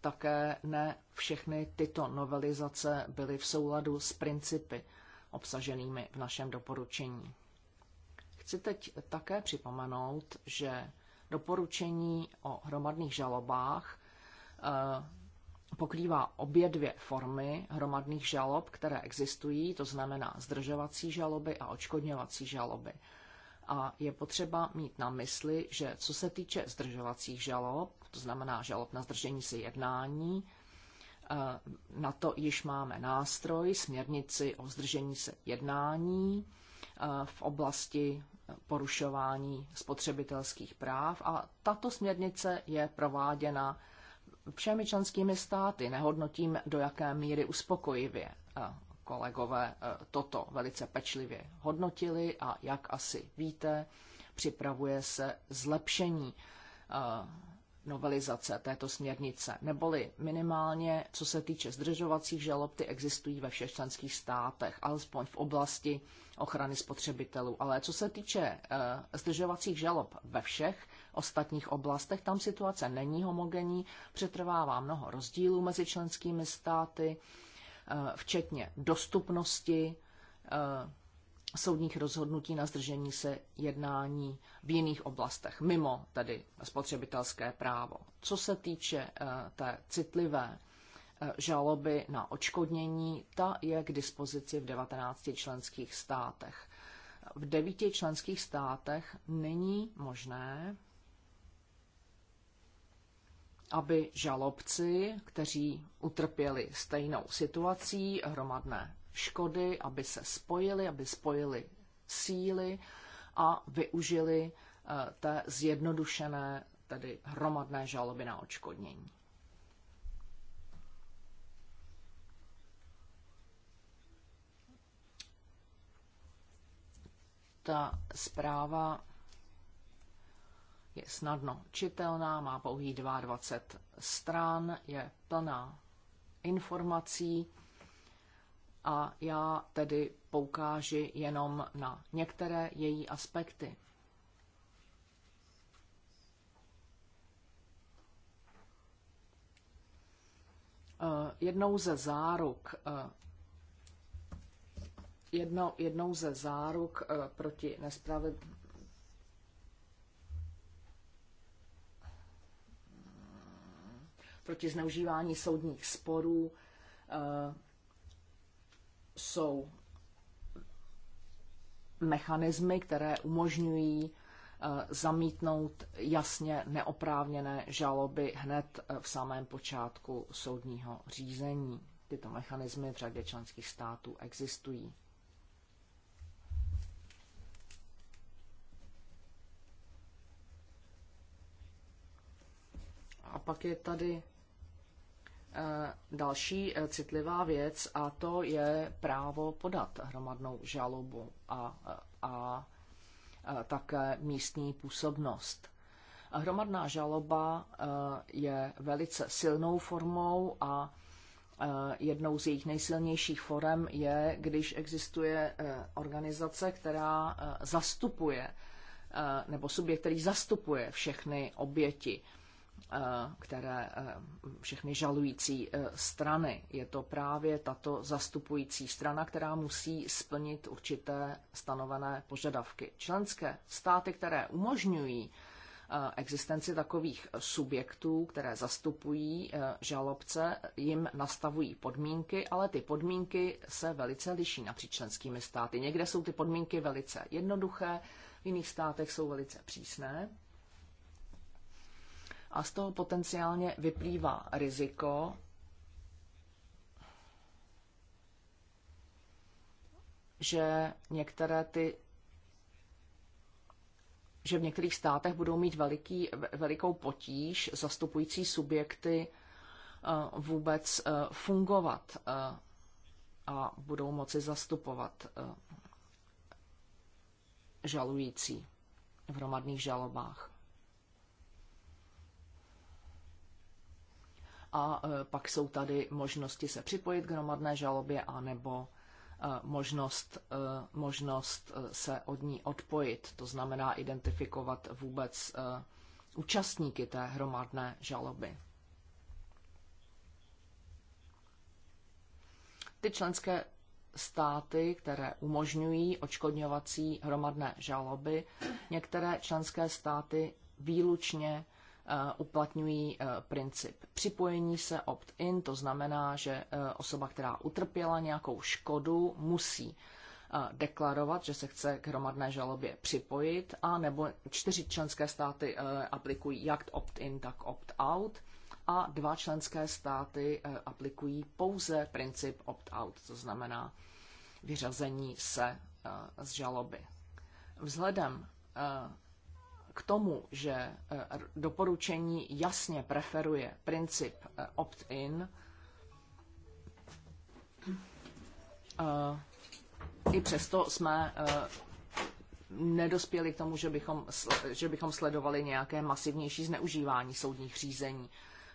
také ne všechny tyto novelizace byly v souladu s principy obsaženými v našem doporučení. Chci teď také připomenout, že doporučení o hromadných žalobách eh, pokrývá obě dvě formy hromadných žalob, které existují, to znamená zdržovací žaloby a očkodňovací žaloby. A je potřeba mít na mysli, že co se týče zdržovacích žalob, to znamená žalob na zdržení se jednání, eh, na to již máme nástroj, směrnici o zdržení se jednání eh, v oblasti porušování spotřebitelských práv a tato směrnice je prováděna všemi členskými státy. Nehodnotím, do jaké míry uspokojivě eh, kolegové eh, toto velice pečlivě hodnotili a jak asi víte, připravuje se zlepšení eh, novelizace této směrnice, neboli minimálně, co se týče zdržovacích žalob, ty existují ve všech členských státech, alespoň v oblasti ochrany spotřebitelů. Ale co se týče uh, zdržovacích žalob ve všech ostatních oblastech, tam situace není homogenní, přetrvává mnoho rozdílů mezi členskými státy, uh, včetně dostupnosti uh, soudních rozhodnutí na zdržení se jednání v jiných oblastech, mimo tedy spotřebitelské právo. Co se týče eh, té citlivé eh, žaloby na očkodnění, ta je k dispozici v 19 členských státech. V devíti členských státech není možné, aby žalobci, kteří utrpěli stejnou situací, hromadné škody, aby se spojili, aby spojili síly a využili eh, té zjednodušené, tedy hromadné žaloby na odškodnění. Ta zpráva je snadno čitelná, má pouhých 22 stran, je plná informací a já tedy poukáži jenom na některé její aspekty. Eh, jednou ze záruk eh, jedno, jednou ze záruk eh, proti nespravedlnosti, proti zneužívání soudních sporů jsou mechanismy, které umožňují eh, zamítnout jasně neoprávněné žaloby hned eh, v samém počátku soudního řízení. Tyto mechanismy v řadě členských států existují. A pak je tady Eh, další eh, citlivá věc a to je právo podat hromadnou žalobu a, a, a eh, také místní působnost. Hromadná žaloba je velice silnou formou a Jednou z jejich nejsilnějších forem je, když existuje organizace, která zastupuje, nebo subjekt, který zastupuje všechny oběti Eh, které eh, všechny žalující eh, strany. Je to právě tato zastupující strana, která musí splnit určité stanovené požadavky. Členské státy, které umožňují existenci takových subjektů, které zastupují žalobce, jim nastavují podmínky, ale ty podmínky se velice liší napříč členskými státy. Někde jsou ty podmínky velice jednoduché, v jiných státech jsou velice přísné a z toho potenciálně vyplývá riziko, že některé ty že v některých státech budou mít veliký, velikou potíž zastupující subjekty eh, vůbec eh, fungovat eh, a budou moci zastupovat žalující v hromadných žalobách. a e, pak jsou tady možnosti se připojit k hromadné žalobě anebo e, možnost, e, možnost se od ní odpojit, to znamená identifikovat vůbec účastníky té hromadné žaloby. Ty členské státy, které umožňují očkodňovací hromadné žaloby, některé členské státy výlučně Eh, uplatňují eh, princip připojení se opt-in, to znamená, že eh, osoba, která utrpěla nějakou škodu, musí deklarovat, že se chce k hromadné žalobě připojit, a nebo čtyři členské státy aplikují jak opt-in, tak opt-out a dva členské státy aplikují pouze princip opt-out, to znamená vyřazení se z žaloby. Vzhledem k tomu, že e, doporučení jasně preferuje princip e, opt-in, e, i přesto jsme nedospěli k tomu, že bychom, že bychom sledovali nějaké masivnější zneužívání soudních řízení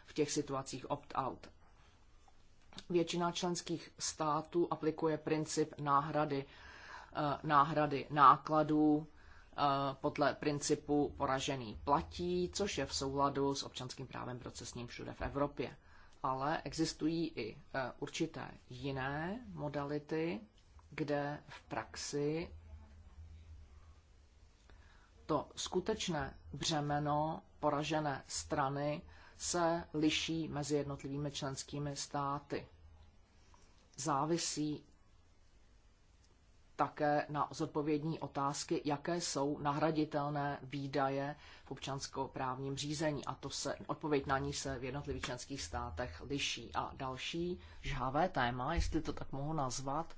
v těch situacích opt-out. Většina členských států aplikuje princip náhrady, náhrady nákladů Eh, podle principu poražený platí, což je v souladu s občanským právem procesním všude v Evropě. Ale existují i eh, určité jiné modality, kde v praxi to skutečné břemeno poražené strany se liší mezi jednotlivými členskými státy. Závisí také na zodpovědní otázky, jaké jsou nahraditelné výdaje v občanskoprávním řízení. A to se, odpověď na ní se v jednotlivých členských státech liší. A další žhavé téma, jestli to tak mohu nazvat,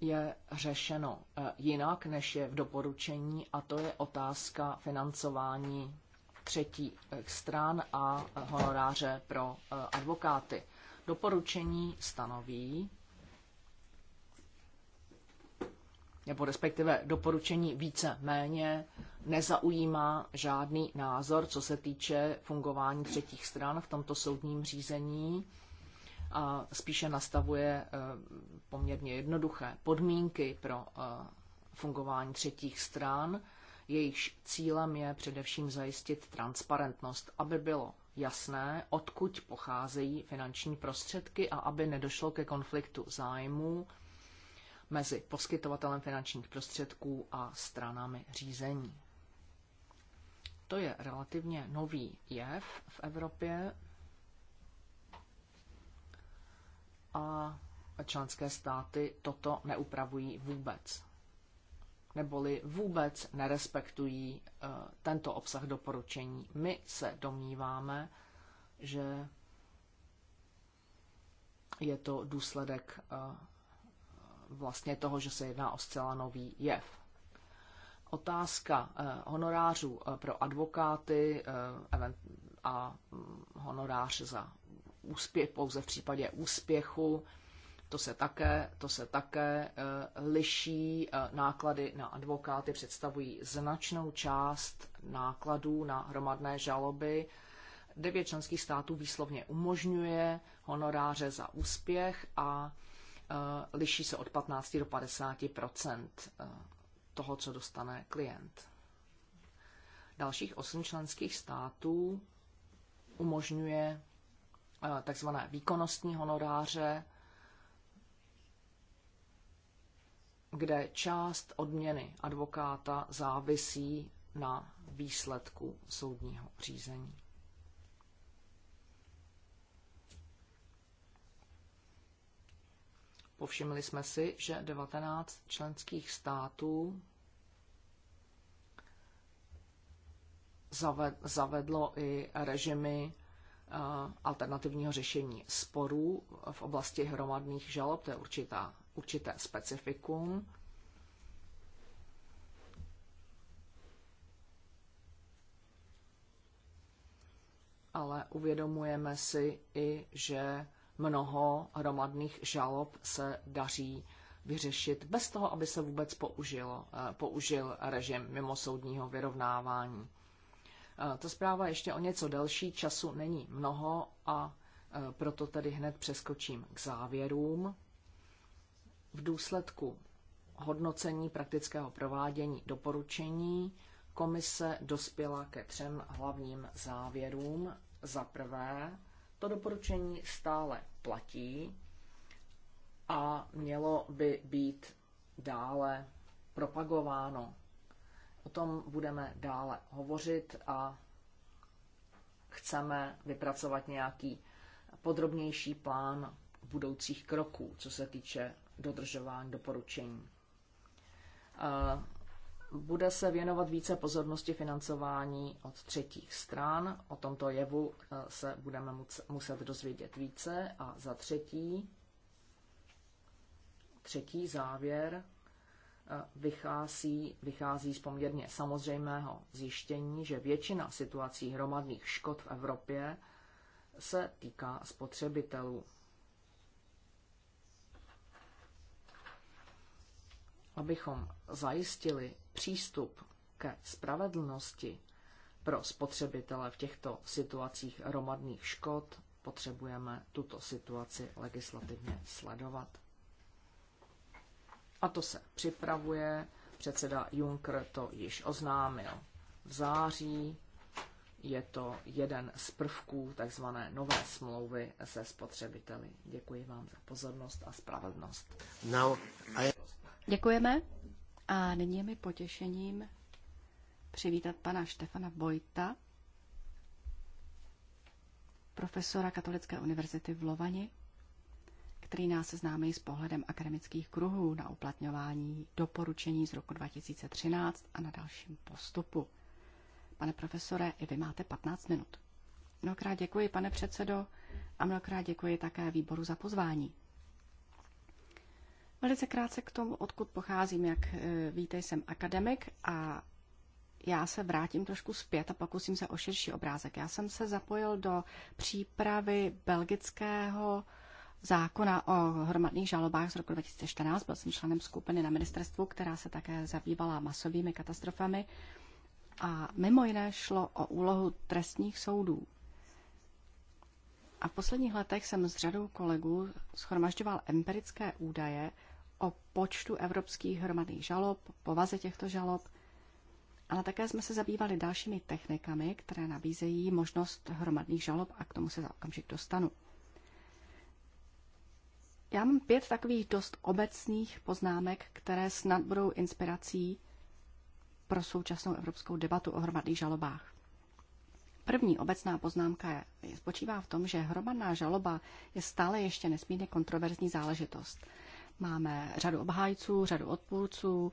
je řešeno eh, jinak, než je v doporučení, a to je otázka financování třetí eh, stran a eh, honoráře pro advokáty. Doporučení stanoví, nebo respektive doporučení více méně nezaujímá žádný názor, co se týče fungování třetích stran v tomto soudním řízení a spíše nastavuje eh, poměrně jednoduché podmínky pro eh, fungování třetích stran. Jejichž cílem je především zajistit transparentnost, aby bylo jasné, odkud pocházejí finanční prostředky a aby nedošlo ke konfliktu zájmů mezi poskytovatelem finančních prostředků a stranami řízení. To je relativně nový jev v Evropě a členské státy toto neupravují vůbec. Neboli vůbec nerespektují eh, tento obsah doporučení. My se domníváme, že je to důsledek eh, vlastně toho, že se jedná o zcela nový jev. Otázka eh, honorářů eh, pro advokáty eh, a mm, honorář za úspěch pouze v případě úspěchu. To se také, to se také liší. Náklady na advokáty představují značnou část nákladů na hromadné žaloby. Devět členských států výslovně umožňuje honoráře za úspěch a Eh, liší se od 15 do 50 eh, toho, co dostane klient. Dalších osm členských států umožňuje eh, takzvané výkonnostní honoráře, kde část odměny advokáta závisí na výsledku soudního řízení. Povšimli jsme si, že 19 členských států zavedlo i režimy eh, alternativního řešení sporů v oblasti hromadných žalob, to je určitá, určité specifikum. Ale uvědomujeme si i, že mnoho hromadných žalob se daří vyřešit bez toho, aby se vůbec použil, eh, použil režim mimosoudního vyrovnávání. Eh, ta zpráva ještě o něco delší, času není mnoho a eh, proto tedy hned přeskočím k závěrům. V důsledku hodnocení praktického provádění doporučení komise dospěla ke třem hlavním závěrům. Za prvé, to doporučení stále platí a mělo by být dále propagováno. O tom budeme dále hovořit a chceme vypracovat nějaký podrobnější plán budoucích kroků, co se týče dodržování doporučení. Eh, bude se věnovat více pozornosti financování od třetích stran. O tomto jevu eh, se budeme muset dozvědět více. A za třetí, třetí závěr eh, vychází, vychází z poměrně samozřejmého zjištění, že většina situací hromadných škod v Evropě se týká spotřebitelů. abychom zajistili přístup ke spravedlnosti pro spotřebitele v těchto situacích hromadných škod, potřebujeme tuto situaci legislativně sledovat. A to se připravuje. Předseda Juncker to již oznámil v září. Je to jeden z prvků tzv. nové smlouvy se spotřebiteli. Děkuji vám za pozornost a spravedlnost. Now I... Děkujeme a nyní je mi potěšením přivítat pana Štefana Bojta, profesora Katolické univerzity v Lovani, který nás seznámí s pohledem akademických kruhů na uplatňování doporučení z roku 2013 a na dalším postupu. Pane profesore, i vy máte 15 minut. Mnohokrát děkuji, pane předsedo, a mnohokrát děkuji také výboru za pozvání. Velice krátce k tomu, odkud pocházím. Jak e, víte, jsem akademik a já se vrátím trošku zpět a pokusím se o širší obrázek. Já jsem se zapojil do přípravy belgického zákona o hromadných žalobách z roku 2014. Byl jsem členem skupiny na ministerstvu, která se také zabývala masovými katastrofami. A mimo jiné šlo o úlohu trestních soudů. A v posledních letech jsem s řadou kolegů schromažďoval empirické údaje, o počtu evropských hromadných žalob, povaze těchto žalob, ale také jsme se zabývali dalšími technikami, které nabízejí možnost hromadných žalob a k tomu se za okamžik dostanu. Já mám pět takových dost obecných poznámek, které snad budou inspirací pro současnou evropskou debatu o hromadných žalobách. První obecná poznámka je, spočívá v tom, že hromadná žaloba je stále ještě nesmírně kontroverzní záležitost. Máme řadu obhájců, řadu odpůrců,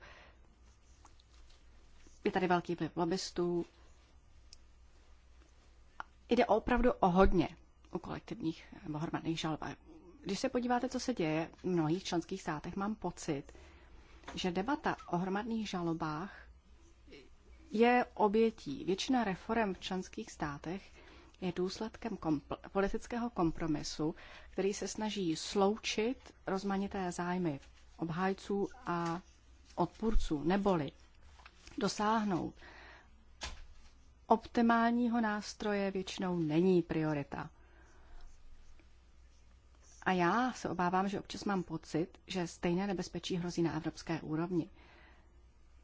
je tady velký vliv lobbystů. Jde opravdu o hodně u kolektivních nebo hromadných žalob. Když se podíváte, co se děje v mnohých členských státech, mám pocit, že debata o hromadných žalobách je obětí. Většina reform v členských státech je důsledkem kompl- politického kompromisu, který se snaží sloučit rozmanité zájmy obhájců a odpůrců, neboli dosáhnout optimálního nástroje většinou není priorita. A já se obávám, že občas mám pocit, že stejné nebezpečí hrozí na evropské úrovni.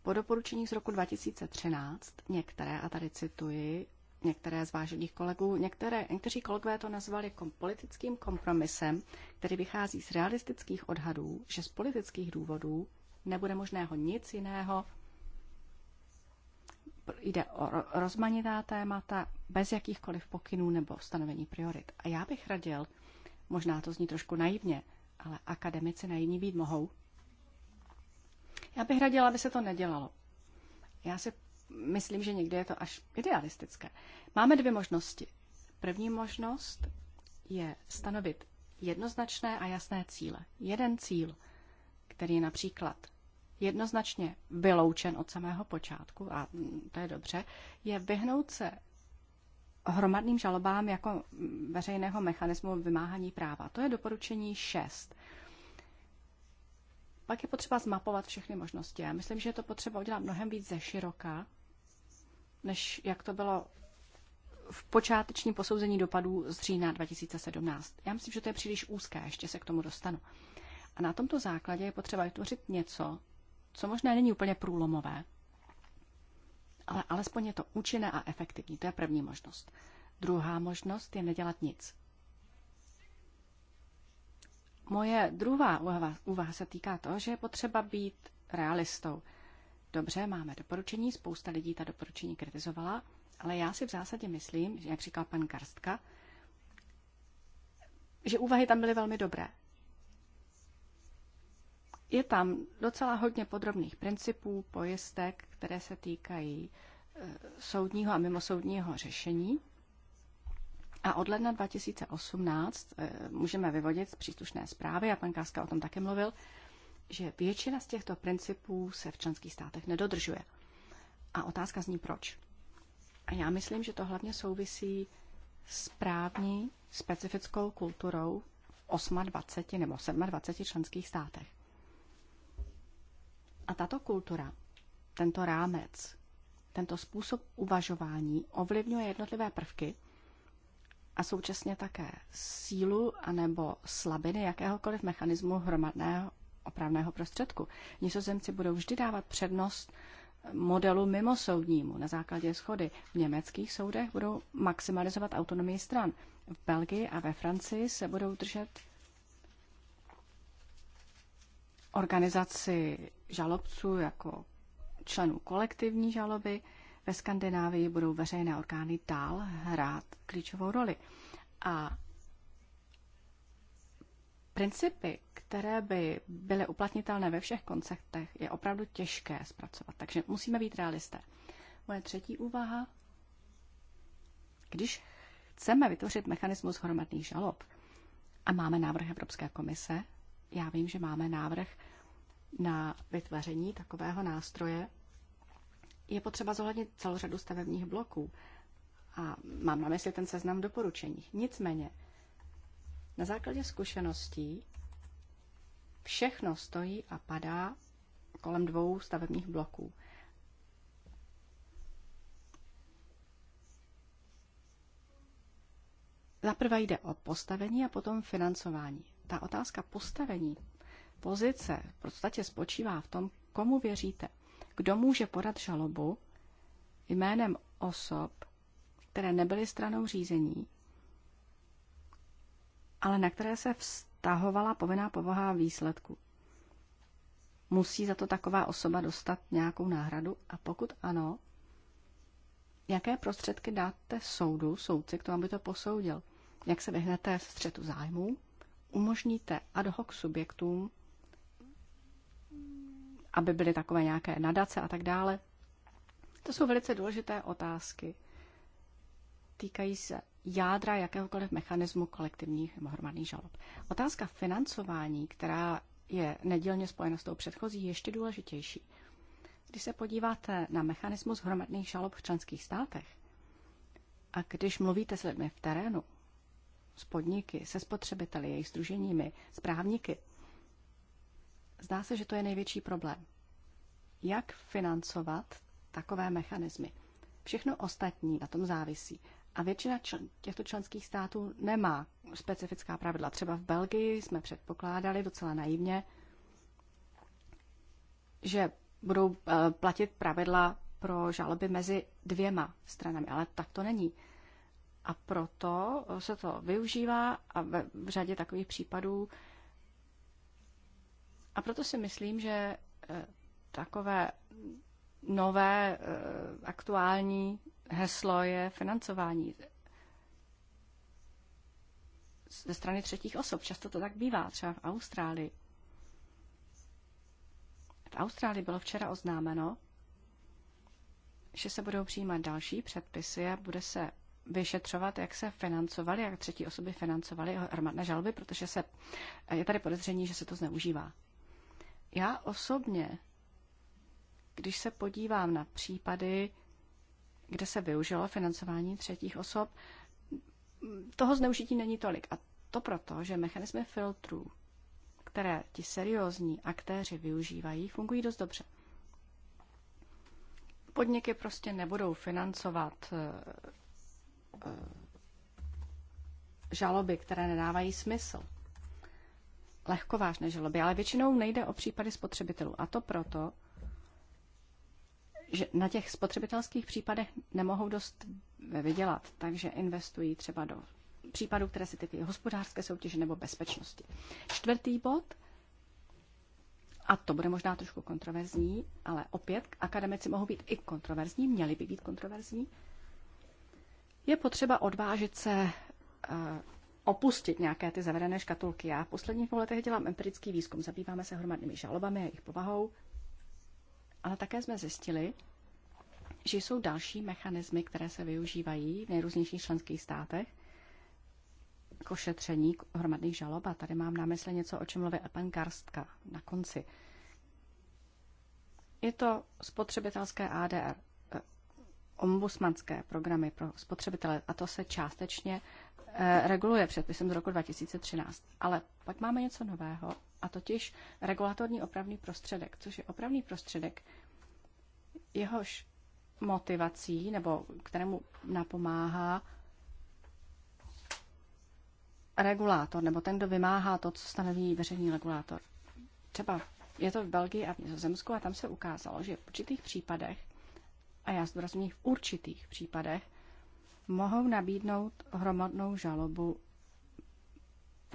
Po doporučení z roku 2013 některé, a tady cituji některé z vážených kolegů. Některé, někteří kolegové to nazvali kom, jako politickým kompromisem, který vychází z realistických odhadů, že z politických důvodů nebude možného nic jiného. Jde o rozmanitá témata bez jakýchkoliv pokynů nebo stanovení priorit. A já bych radil, možná to zní trošku naivně, ale akademici naivní být mohou. Já bych radila, aby se to nedělalo. Já si myslím, že někdy je to až idealistické. Máme dvě možnosti. První možnost je stanovit jednoznačné a jasné cíle. Jeden cíl, který je například jednoznačně vyloučen od samého počátku, a to je dobře, je vyhnout se hromadným žalobám jako veřejného mechanismu vymáhání práva. To je doporučení 6. Pak je potřeba zmapovat všechny možnosti. Já myslím, že je to potřeba udělat mnohem víc ze široka, než jak to bylo v počáteční posouzení dopadů z října 2017. Já myslím, že to je příliš úzké, ještě se k tomu dostanu. A na tomto základě je potřeba vytvořit něco, co možná není úplně průlomové, ale alespoň je to účinné a efektivní. To je první možnost. Druhá možnost je nedělat nic. Moje druhá úvaha, úvaha se týká toho, že je potřeba být realistou. Dobře, máme doporučení, spousta lidí ta doporučení kritizovala, ale já si v zásadě myslím, jak říkal pan Karstka, že úvahy tam byly velmi dobré. Je tam docela hodně podrobných principů, pojistek, které se týkají e, soudního a mimosoudního řešení. A od ledna 2018 e, můžeme vyvodit z příslušné zprávy, a pan Káska o tom také mluvil, že většina z těchto principů se v členských státech nedodržuje. A otázka zní proč. A já myslím, že to hlavně souvisí s právní specifickou kulturou v 28 nebo 27 členských státech. A tato kultura, tento rámec, tento způsob uvažování ovlivňuje jednotlivé prvky a současně také sílu anebo slabiny jakéhokoliv mechanismu hromadného opravného prostředku. Nizozemci budou vždy dávat přednost modelu mimosoudnímu na základě schody. V německých soudech budou maximalizovat autonomii stran. V Belgii a ve Francii se budou držet organizaci žalobců jako členů kolektivní žaloby. Ve Skandinávii budou veřejné orgány dál hrát klíčovou roli. A principy, které by byly uplatnitelné ve všech konceptech, je opravdu těžké zpracovat. Takže musíme být realisté. Moje třetí úvaha. Když chceme vytvořit mechanismus hromadných žalob a máme návrh Evropské komise, já vím, že máme návrh na vytvoření takového nástroje, je potřeba zohlednit celou řadu stavebních bloků. A mám na mysli ten seznam doporučení. Nicméně, na základě zkušeností všechno stojí a padá kolem dvou stavebních bloků. Zaprvé jde o postavení a potom financování. Ta otázka postavení pozice v podstatě spočívá v tom, komu věříte. Kdo může podat žalobu jménem osob, které nebyly stranou řízení ale na které se vztahovala povinná povaha výsledku. Musí za to taková osoba dostat nějakou náhradu a pokud ano, jaké prostředky dáte soudu, soudci k tomu, aby to posoudil? Jak se vyhnete střetu zájmů? Umožníte ad hoc subjektům, aby byly takové nějaké nadace a tak dále? To jsou velice důležité otázky týkají se jádra jakéhokoliv mechanismu kolektivních nebo hromadných žalob. Otázka financování, která je nedílně spojena s tou předchozí, je ještě důležitější. Když se podíváte na mechanismus hromadných žalob v členských státech a když mluvíte s lidmi v terénu, s podniky, se spotřebiteli, jejich združeními, s právníky, zdá se, že to je největší problém. Jak financovat takové mechanismy? Všechno ostatní na tom závisí. A většina čl- těchto členských států nemá specifická pravidla. Třeba v Belgii jsme předpokládali docela naivně, že budou eh, platit pravidla pro žaloby mezi dvěma stranami, ale tak to není. A proto se to využívá a ve, v řadě takových případů. A proto si myslím, že eh, takové nové eh, aktuální heslo je financování ze strany třetích osob. Často to tak bývá, třeba v Austrálii. V Austrálii bylo včera oznámeno, že se budou přijímat další předpisy a bude se vyšetřovat, jak se financovali, jak třetí osoby financovali hromadné žalby, protože se, je tady podezření, že se to zneužívá. Já osobně, když se podívám na případy, kde se využilo financování třetích osob, toho zneužití není tolik. A to proto, že mechanismy filtrů, které ti seriózní aktéři využívají, fungují dost dobře. Podniky prostě nebudou financovat eh, eh, žaloby, které nedávají smysl. Lehkovážné žaloby, ale většinou nejde o případy spotřebitelů. A to proto, že na těch spotřebitelských případech nemohou dost vydělat, takže investují třeba do případů, které se týkají hospodářské soutěže nebo bezpečnosti. Čtvrtý bod, a to bude možná trošku kontroverzní, ale opět akademici mohou být i kontroverzní, měli by být kontroverzní, je potřeba odvážit se eh, opustit nějaké ty zavedené škatulky. Já v posledních letech dělám empirický výzkum, zabýváme se hromadnými žalobami a jejich povahou, ale také jsme zjistili, že jsou další mechanismy, které se využívají v nejrůznějších členských státech k ošetření k hromadných žalob. A tady mám na mysli něco, o čem mluvil pan Karstka na konci. Je to spotřebitelské ADR, eh, ombudsmanské programy pro spotřebitele a to se částečně eh, reguluje předpisem z roku 2013. Ale pak máme něco nového a totiž regulatorní opravný prostředek, což je opravný prostředek, jehož motivací nebo kterému napomáhá regulátor nebo ten, kdo vymáhá to, co stanoví veřejný regulátor. Třeba je to v Belgii a v Nizozemsku a tam se ukázalo, že v určitých případech, a já zdůrazňuji v určitých případech, mohou nabídnout hromadnou žalobu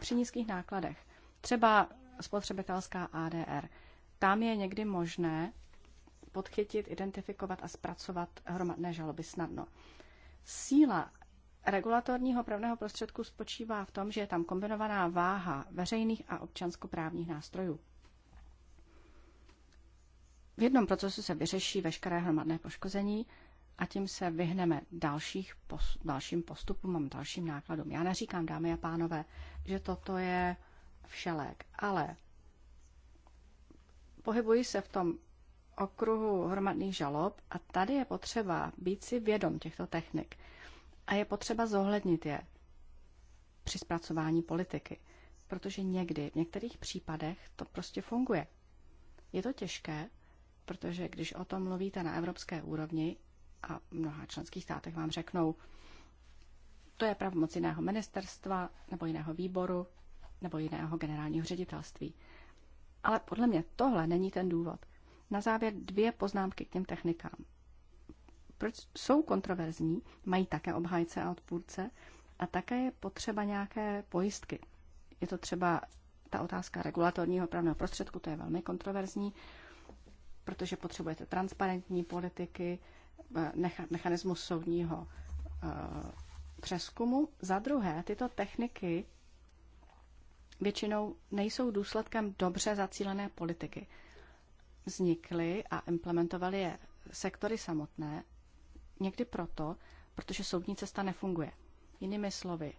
při nízkých nákladech. Třeba spotřebitelská ADR. Tam je někdy možné podchytit, identifikovat a zpracovat hromadné žaloby snadno. Síla regulatorního pravného prostředku spočívá v tom, že je tam kombinovaná váha veřejných a občanskoprávních nástrojů. V jednom procesu se vyřeší veškeré hromadné poškození a tím se vyhneme dalších pos, dalším postupům a dalším nákladům. Já neříkám, dámy a pánové, že toto je všelék, ale pohybuji se v tom okruhu hromadných žalob a tady je potřeba být si vědom těchto technik a je potřeba zohlednit je při zpracování politiky, protože někdy v některých případech to prostě funguje. Je to těžké, protože když o tom mluvíte na evropské úrovni a v mnoha členských státech vám řeknou, to je pravomoc jiného ministerstva nebo jiného výboru, nebo jiného generálního ředitelství. Ale podle mě tohle není ten důvod. Na závěr dvě poznámky k těm technikám. Proč jsou kontroverzní, mají také obhájce a odpůrce a také je potřeba nějaké pojistky. Je to třeba ta otázka regulatorního právního prostředku, to je velmi kontroverzní, protože potřebujete transparentní politiky, eh, mechanismus soudního eh, přeskumu. Za druhé, tyto techniky většinou nejsou důsledkem dobře zacílené politiky. Vznikly a implementovaly je sektory samotné, někdy proto, protože soudní cesta nefunguje. Jinými slovy,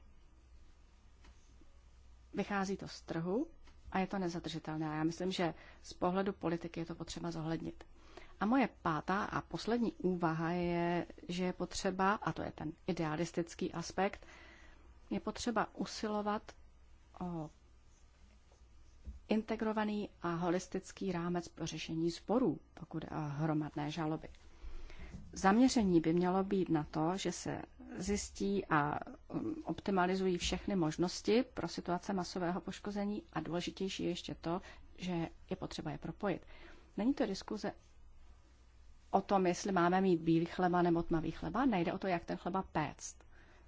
vychází to z trhu a je to nezadržitelné. A já myslím, že z pohledu politiky je to potřeba zohlednit. A moje pátá a poslední úvaha je, že je potřeba, a to je ten idealistický aspekt, je potřeba usilovat o integrovaný a holistický rámec pro řešení sporů, pokud a hromadné žaloby. Zaměření by mělo být na to, že se zjistí a um, optimalizují všechny možnosti pro situace masového poškození a důležitější je ještě to, že je potřeba je propojit. Není to diskuze o tom, jestli máme mít bílý chleba nebo tmavý chleba, nejde o to, jak ten chleba péct,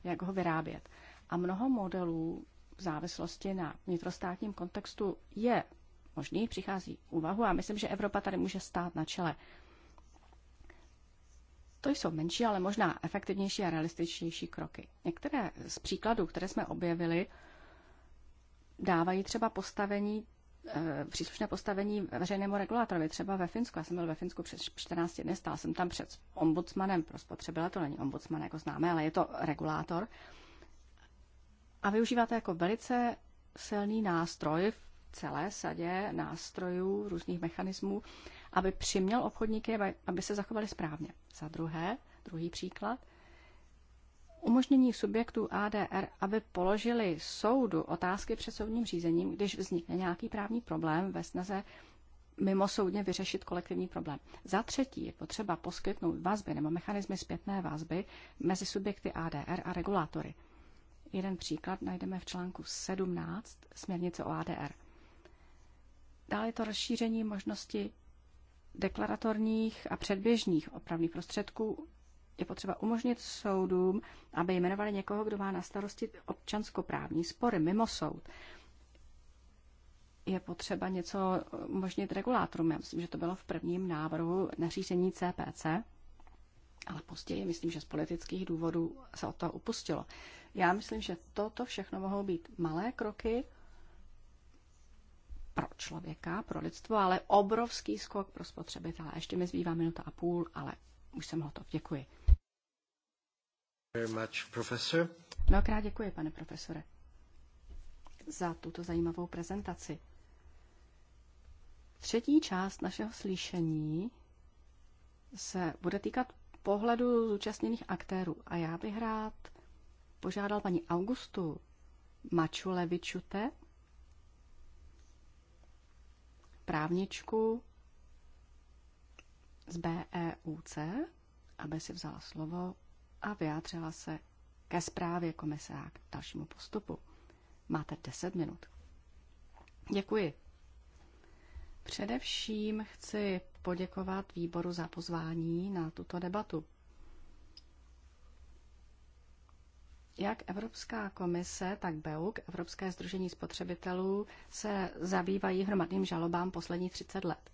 jak ho vyrábět. A mnoho modelů v závislosti na vnitrostátním kontextu je možný, přichází úvahu a myslím, že Evropa tady může stát na čele. To jsou menší, ale možná efektivnější a realističtější kroky. Některé z příkladů, které jsme objevili, dávají třeba postavení, eh, příslušné postavení veřejnému regulátorovi. Třeba ve Finsku, já jsem byl ve Finsku před 14 dny, stál jsem tam před ombudsmanem pro spotřebitele, to není ombudsman, jako známe, ale je to regulátor a využíváte jako velice silný nástroj v celé sadě nástrojů, různých mechanismů, aby přiměl obchodníky, aby se zachovali správně. Za druhé, druhý příklad, umožnění subjektů ADR, aby položili soudu otázky před soudním řízením, když vznikne nějaký právní problém ve snaze mimo soudně vyřešit kolektivní problém. Za třetí je potřeba poskytnout vazby nebo mechanizmy zpětné vazby mezi subjekty ADR a regulátory – Jeden příklad najdeme v článku 17 směrnice o ADR. Dále je to rozšíření možnosti deklaratorních a předběžných opravných prostředků je potřeba umožnit soudům, aby jmenovali někoho, kdo má na starosti občanskoprávní spory mimo soud. Je potřeba něco umožnit regulátorům. Já myslím, že to bylo v prvním návrhu nařízení CPC, ale později, myslím, že z politických důvodů se od toho upustilo. Já myslím, že toto všechno mohou být malé kroky pro člověka, pro lidstvo, ale obrovský skok pro spotřebitele. Ještě mi zbývá minuta a půl, ale už jsem hotov. Děkuji. Very much, professor. Mnohokrát děkuji, pane profesore, za tuto zajímavou prezentaci. Třetí část našeho slyšení se bude týkat pohledu zúčastněných aktérů. A já bych rád požádal paní Augustu Mačulevičute, právničku z BEUC, aby si vzala slovo a vyjádřila se ke zprávě a k dalšímu postupu. Máte 10 minut. Děkuji. Především chci poděkovat výboru za pozvání na tuto debatu. Jak Evropská komise, tak BEUK, Evropské združení spotřebitelů, se zabývají hromadným žalobám posledních 30 let.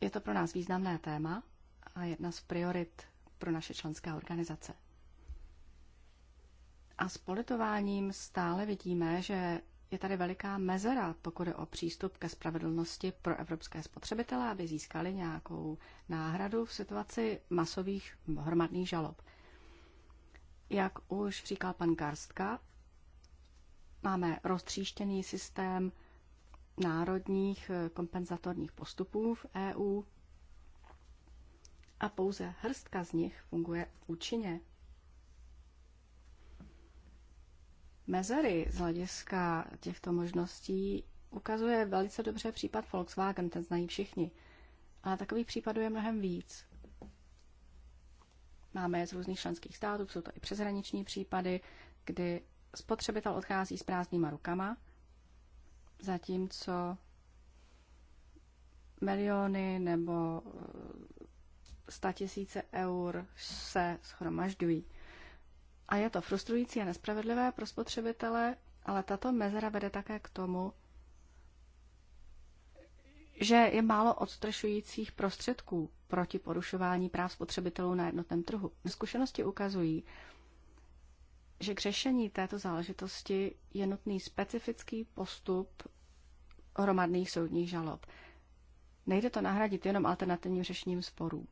Je to pro nás významné téma a jedna z priorit pro naše členské organizace. A s politováním stále vidíme, že je tady veliká mezera, pokud je o přístup ke spravedlnosti pro evropské spotřebitele, aby získali nějakou náhradu v situaci masových hromadných žalob. Jak už říkal pan Karstka, máme roztříštěný systém národních kompenzatorních postupů v EU a pouze hrstka z nich funguje účinně. mezery z hlediska těchto možností ukazuje velice dobře případ Volkswagen, ten znají všichni. Ale takových případů je mnohem víc. Máme je z různých členských států, jsou to i přeshraniční případy, kdy spotřebitel odchází s prázdnýma rukama, zatímco miliony nebo eh, statisíce eur se schromažďují. A je to frustrující a nespravedlivé pro spotřebitele, ale tato mezera vede také k tomu, že je málo odstrašujících prostředků proti porušování práv spotřebitelů na jednotném trhu. Zkušenosti ukazují, že k řešení této záležitosti je nutný specifický postup hromadných soudních žalob. Nejde to nahradit jenom alternativním řešením sporů.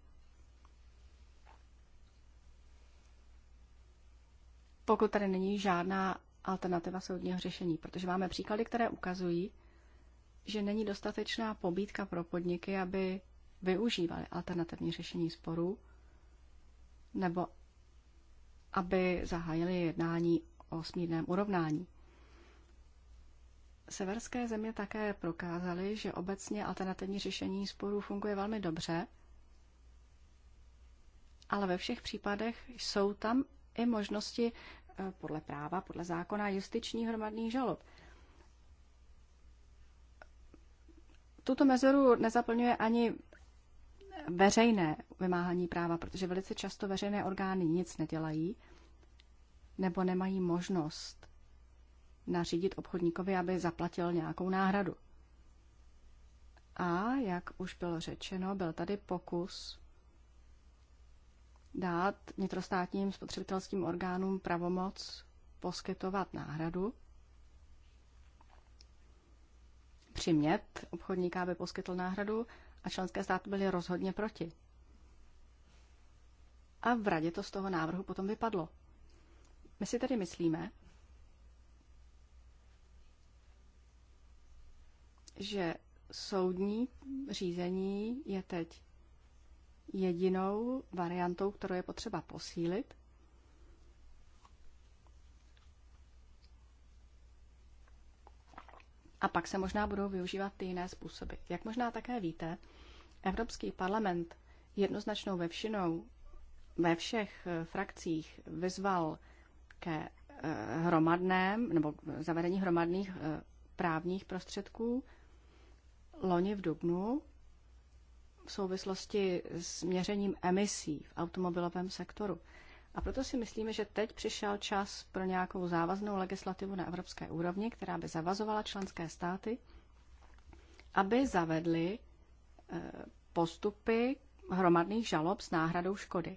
pokud tady není žádná alternativa soudního řešení, protože máme příklady, které ukazují, že není dostatečná pobídka pro podniky, aby využívali alternativní řešení sporů nebo aby zahájili jednání o smírném urovnání. Severské země také prokázaly, že obecně alternativní řešení sporů funguje velmi dobře, ale ve všech případech jsou tam i možnosti eh, podle práva, podle zákona justiční hromadný žalob. Tuto mezeru nezaplňuje ani veřejné vymáhání práva, protože velice často veřejné orgány nic nedělají nebo nemají možnost nařídit obchodníkovi, aby zaplatil nějakou náhradu. A, jak už bylo řečeno, byl tady pokus dát vnitrostátním spotřebitelským orgánům pravomoc poskytovat náhradu, přimět obchodníka, aby poskytl náhradu a členské státy byly rozhodně proti. A v radě to z toho návrhu potom vypadlo. My si tedy myslíme, že soudní řízení je teď jedinou variantou, kterou je potřeba posílit. A pak se možná budou využívat ty jiné způsoby. Jak možná také víte, Evropský parlament jednoznačnou vevšinou ve všech eh, frakcích vyzval ke eh, hromadném nebo zavedení hromadných eh, právních prostředků loni v Dubnu v souvislosti s měřením emisí v automobilovém sektoru. A proto si myslíme, že teď přišel čas pro nějakou závaznou legislativu na evropské úrovni, která by zavazovala členské státy, aby zavedly eh, postupy hromadných žalob s náhradou škody.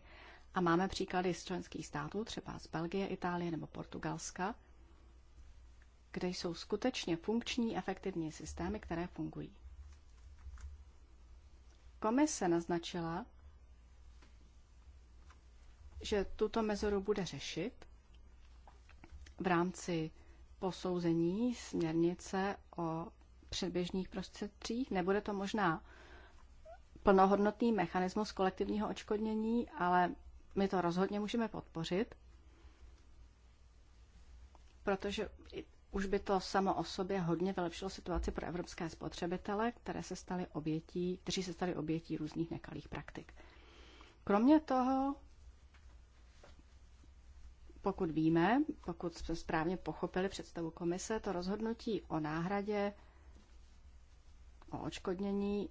A máme příklady z členských států, třeba z Belgie, Itálie nebo Portugalska, kde jsou skutečně funkční, efektivní systémy, které fungují. Komise naznačila, že tuto mezoru bude řešit v rámci posouzení směrnice o předběžných prostředcích. Nebude to možná plnohodnotný mechanismus kolektivního očkodnění, ale my to rozhodně můžeme podpořit, protože už by to samo o sobě hodně vylepšilo situaci pro evropské spotřebitele, které se staly obětí, kteří se stali obětí různých nekalých praktik. Kromě toho, pokud víme, pokud jsme správně pochopili představu komise, to rozhodnutí o náhradě, o očkodnění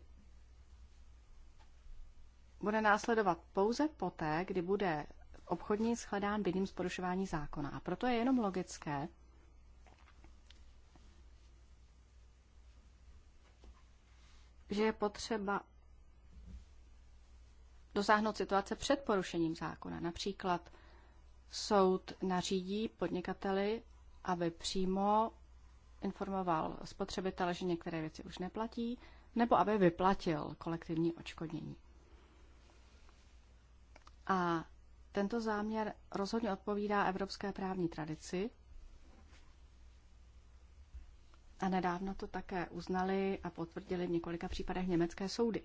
bude následovat pouze poté, kdy bude obchodní shledán vinným z porušování zákona. A proto je jenom logické, že je potřeba dosáhnout situace před porušením zákona. Například soud nařídí podnikateli, aby přímo informoval spotřebitele, že některé věci už neplatí, nebo aby vyplatil kolektivní očkodnění. A tento záměr rozhodně odpovídá evropské právní tradici a nedávno to také uznali a potvrdili v několika případech německé soudy.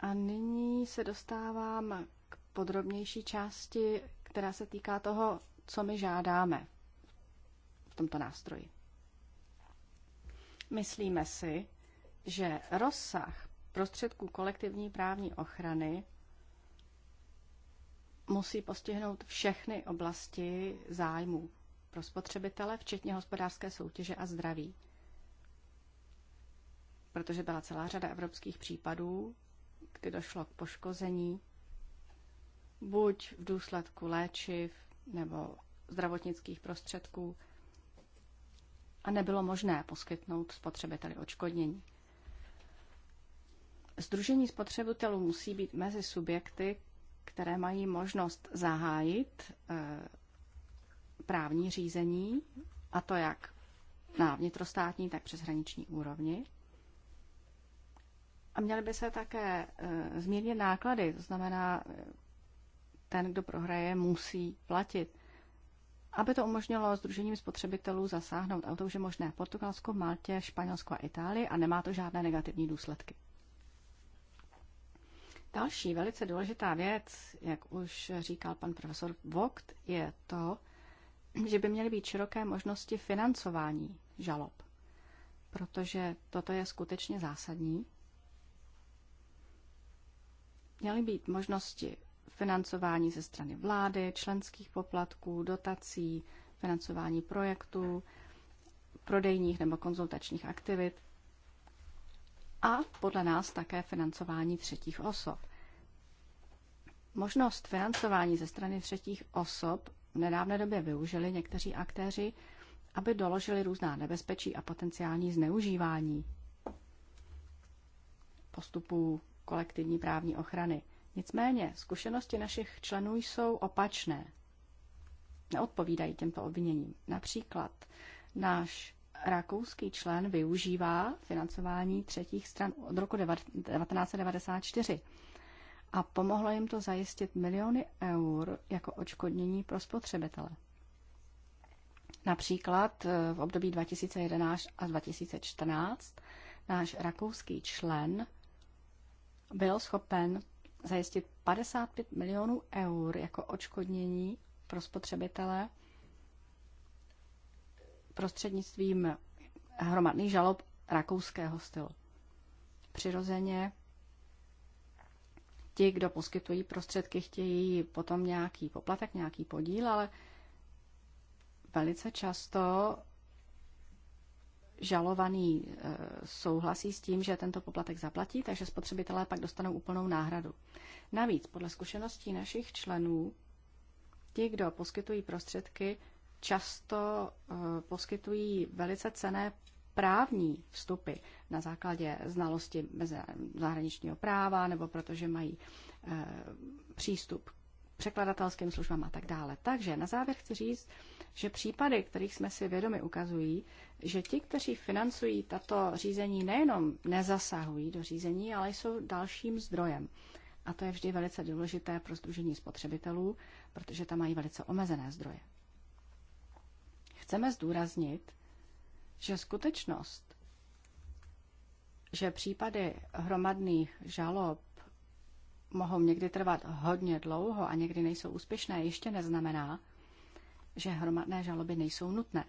A nyní se dostávám k podrobnější části, která se týká toho, co my žádáme v tomto nástroji. Myslíme si, že rozsah prostředků kolektivní právní ochrany musí postihnout všechny oblasti zájmů pro spotřebitele, včetně hospodářské soutěže a zdraví. Protože byla celá řada evropských případů, kdy došlo k poškození buď v důsledku léčiv nebo zdravotnických prostředků a nebylo možné poskytnout spotřebiteli odškodnění. Združení spotřebitelů musí být mezi subjekty, které mají možnost zahájit eh, správní řízení, a to jak na vnitrostátní, tak přeshraniční úrovni. A měly by se také e, zmírnit náklady, to znamená, e, ten, kdo prohraje, musí platit. Aby to umožnilo Združením spotřebitelů zasáhnout, a to už je možné v Portugalsku, Maltě, Španělsku a Itálii a nemá to žádné negativní důsledky. Další velice důležitá věc, jak už říkal pan profesor Vogt, je to, že by měly být široké možnosti financování žalob, protože toto je skutečně zásadní. Měly být možnosti financování ze strany vlády, členských poplatků, dotací, financování projektů, prodejních nebo konzultačních aktivit a podle nás také financování třetích osob. Možnost financování ze strany třetích osob v nedávné době využili někteří aktéři, aby doložili různá nebezpečí a potenciální zneužívání postupů kolektivní právní ochrany. Nicméně zkušenosti našich členů jsou opačné. Neodpovídají těmto obviněním. Například náš rakouský člen využívá financování třetích stran od roku 1994 a pomohlo jim to zajistit miliony eur jako očkodnění pro spotřebitele. Například eh, v období 2011 a 2014 náš rakouský člen byl schopen zajistit 55 milionů eur jako očkodnění pro spotřebitele prostřednictvím hromadných žalob rakouského stylu. Přirozeně ti, kdo poskytují prostředky, chtějí potom nějaký poplatek, nějaký podíl, ale velice často žalovaný eh, souhlasí s tím, že tento poplatek zaplatí, takže spotřebitelé pak dostanou úplnou náhradu. Navíc, podle zkušeností našich členů, ti, kdo poskytují prostředky, často eh, poskytují velice cené právní vstupy na základě znalosti zahraničního práva nebo protože mají e, přístup k překladatelským službám a tak dále. Takže na závěr chci říct, že případy, kterých jsme si vědomi, ukazují, že ti, kteří financují tato řízení, nejenom nezasahují do řízení, ale jsou dalším zdrojem. A to je vždy velice důležité pro Združení spotřebitelů, protože tam mají velice omezené zdroje. Chceme zdůraznit, že skutečnost, že případy hromadných žalob mohou někdy trvat hodně dlouho a někdy nejsou úspěšné, ještě neznamená, že hromadné žaloby nejsou nutné.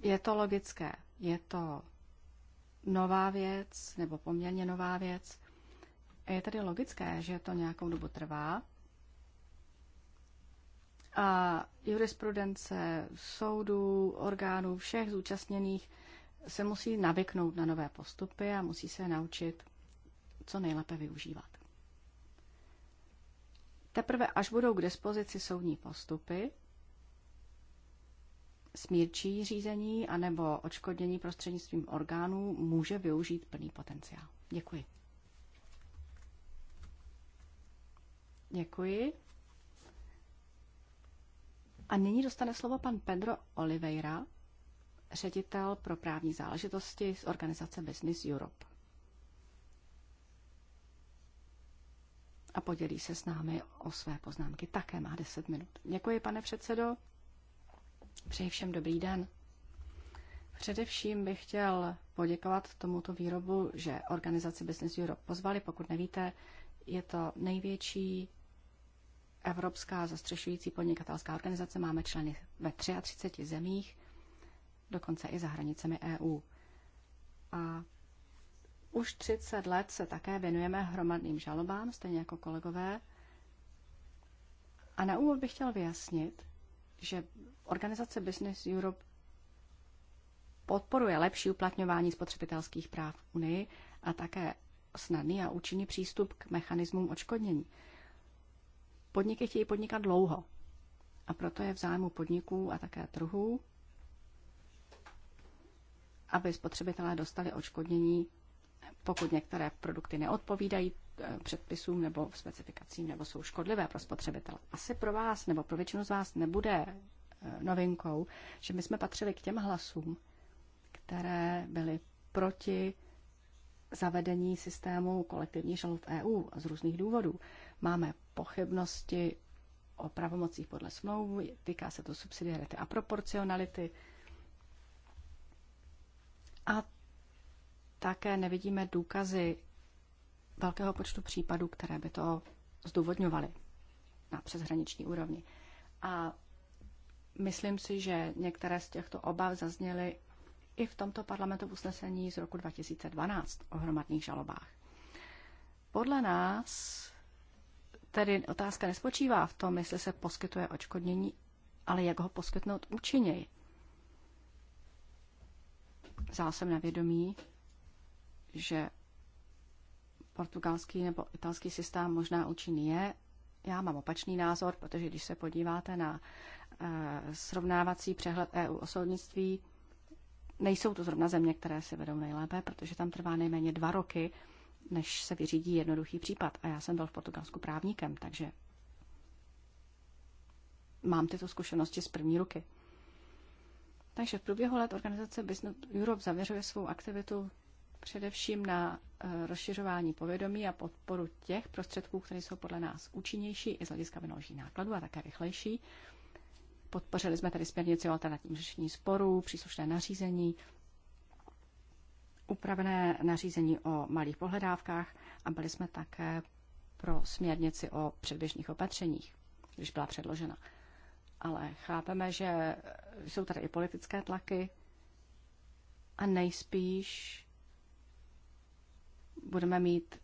Je to logické, je to nová věc nebo poměrně nová věc. Je tedy logické, že to nějakou dobu trvá, a jurisprudence soudů, orgánů, všech zúčastněných se musí navyknout na nové postupy a musí se naučit co nejlépe využívat. Teprve až budou k dispozici soudní postupy, smírčí řízení anebo odškodnění prostřednictvím orgánů může využít plný potenciál. Děkuji. Děkuji. A nyní dostane slovo pan Pedro Oliveira, ředitel pro právní záležitosti z organizace Business Europe. A podělí se s námi o své poznámky. Také má 10 minut. Děkuji, pane předsedo. Přeji všem dobrý den. Především bych chtěl poděkovat tomuto výrobu, že organizaci Business Europe pozvali. Pokud nevíte, je to největší Evropská zastřešující podnikatelská organizace, máme členy ve 33 zemích, dokonce i za hranicemi EU. A už 30 let se také věnujeme hromadným žalobám, stejně jako kolegové. A na úvod bych chtěl vyjasnit, že organizace Business Europe podporuje lepší uplatňování spotřebitelských práv v Unii a také snadný a účinný přístup k mechanismům odškodnění. Podniky chtějí podnikat dlouho a proto je v zájmu podniků a také trhů, aby spotřebitelé dostali odškodnění, pokud některé produkty neodpovídají eh, předpisům nebo specifikacím nebo jsou škodlivé pro spotřebitele. Asi pro vás nebo pro většinu z vás nebude eh, novinkou, že my jsme patřili k těm hlasům, které byly proti zavedení systému kolektivní žalob EU z různých důvodů. Máme pochybnosti o pravomocích podle smlouvu, týká se to subsidiarity a proporcionality. A také nevidíme důkazy velkého počtu případů, které by to zdůvodňovaly na přeshraniční úrovni. A myslím si, že některé z těchto obav zazněly i v tomto parlamentu v usnesení z roku 2012 o hromadných žalobách. Podle nás Tedy otázka nespočívá v tom, jestli se poskytuje očkodnění, ale jak ho poskytnout účinněji. Vzal jsem na vědomí, že portugalský nebo italský systém možná účinný je. Já mám opačný názor, protože když se podíváte na e, srovnávací přehled EU o soudnictví, nejsou to zrovna země, které si vedou nejlépe, protože tam trvá nejméně dva roky, než se vyřídí jednoduchý případ. A já jsem byl v Portugalsku právníkem, takže mám tyto zkušenosti z první ruky. Takže v průběhu let organizace Business Europe zaměřuje svou aktivitu především na eh, rozšiřování povědomí a podporu těch prostředků, které jsou podle nás účinnější i z hlediska vynaložení nákladu a také rychlejší. Podpořili jsme tedy směrnici o alternativním řešení sporů, příslušné nařízení upravené nařízení o malých pohledávkách a byli jsme také pro směrnici o předběžných opatřeních, když byla předložena. Ale chápeme, že jsou tady i politické tlaky a nejspíš budeme mít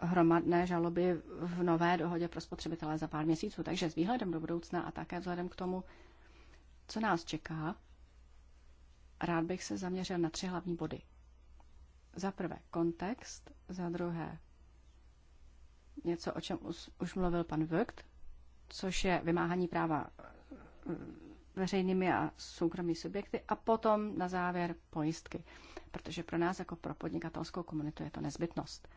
hromadné žaloby v nové dohodě pro spotřebitele za pár měsíců. Takže s výhledem do budoucna a také vzhledem k tomu, co nás čeká, rád bych se zaměřil na tři hlavní body. Za prvé kontext, za druhé něco, o čem už, už mluvil pan Vögt, což je vymáhání práva eh, veřejnými a soukromými subjekty a potom na závěr pojistky, protože pro nás jako pro podnikatelskou komunitu je to nezbytnost.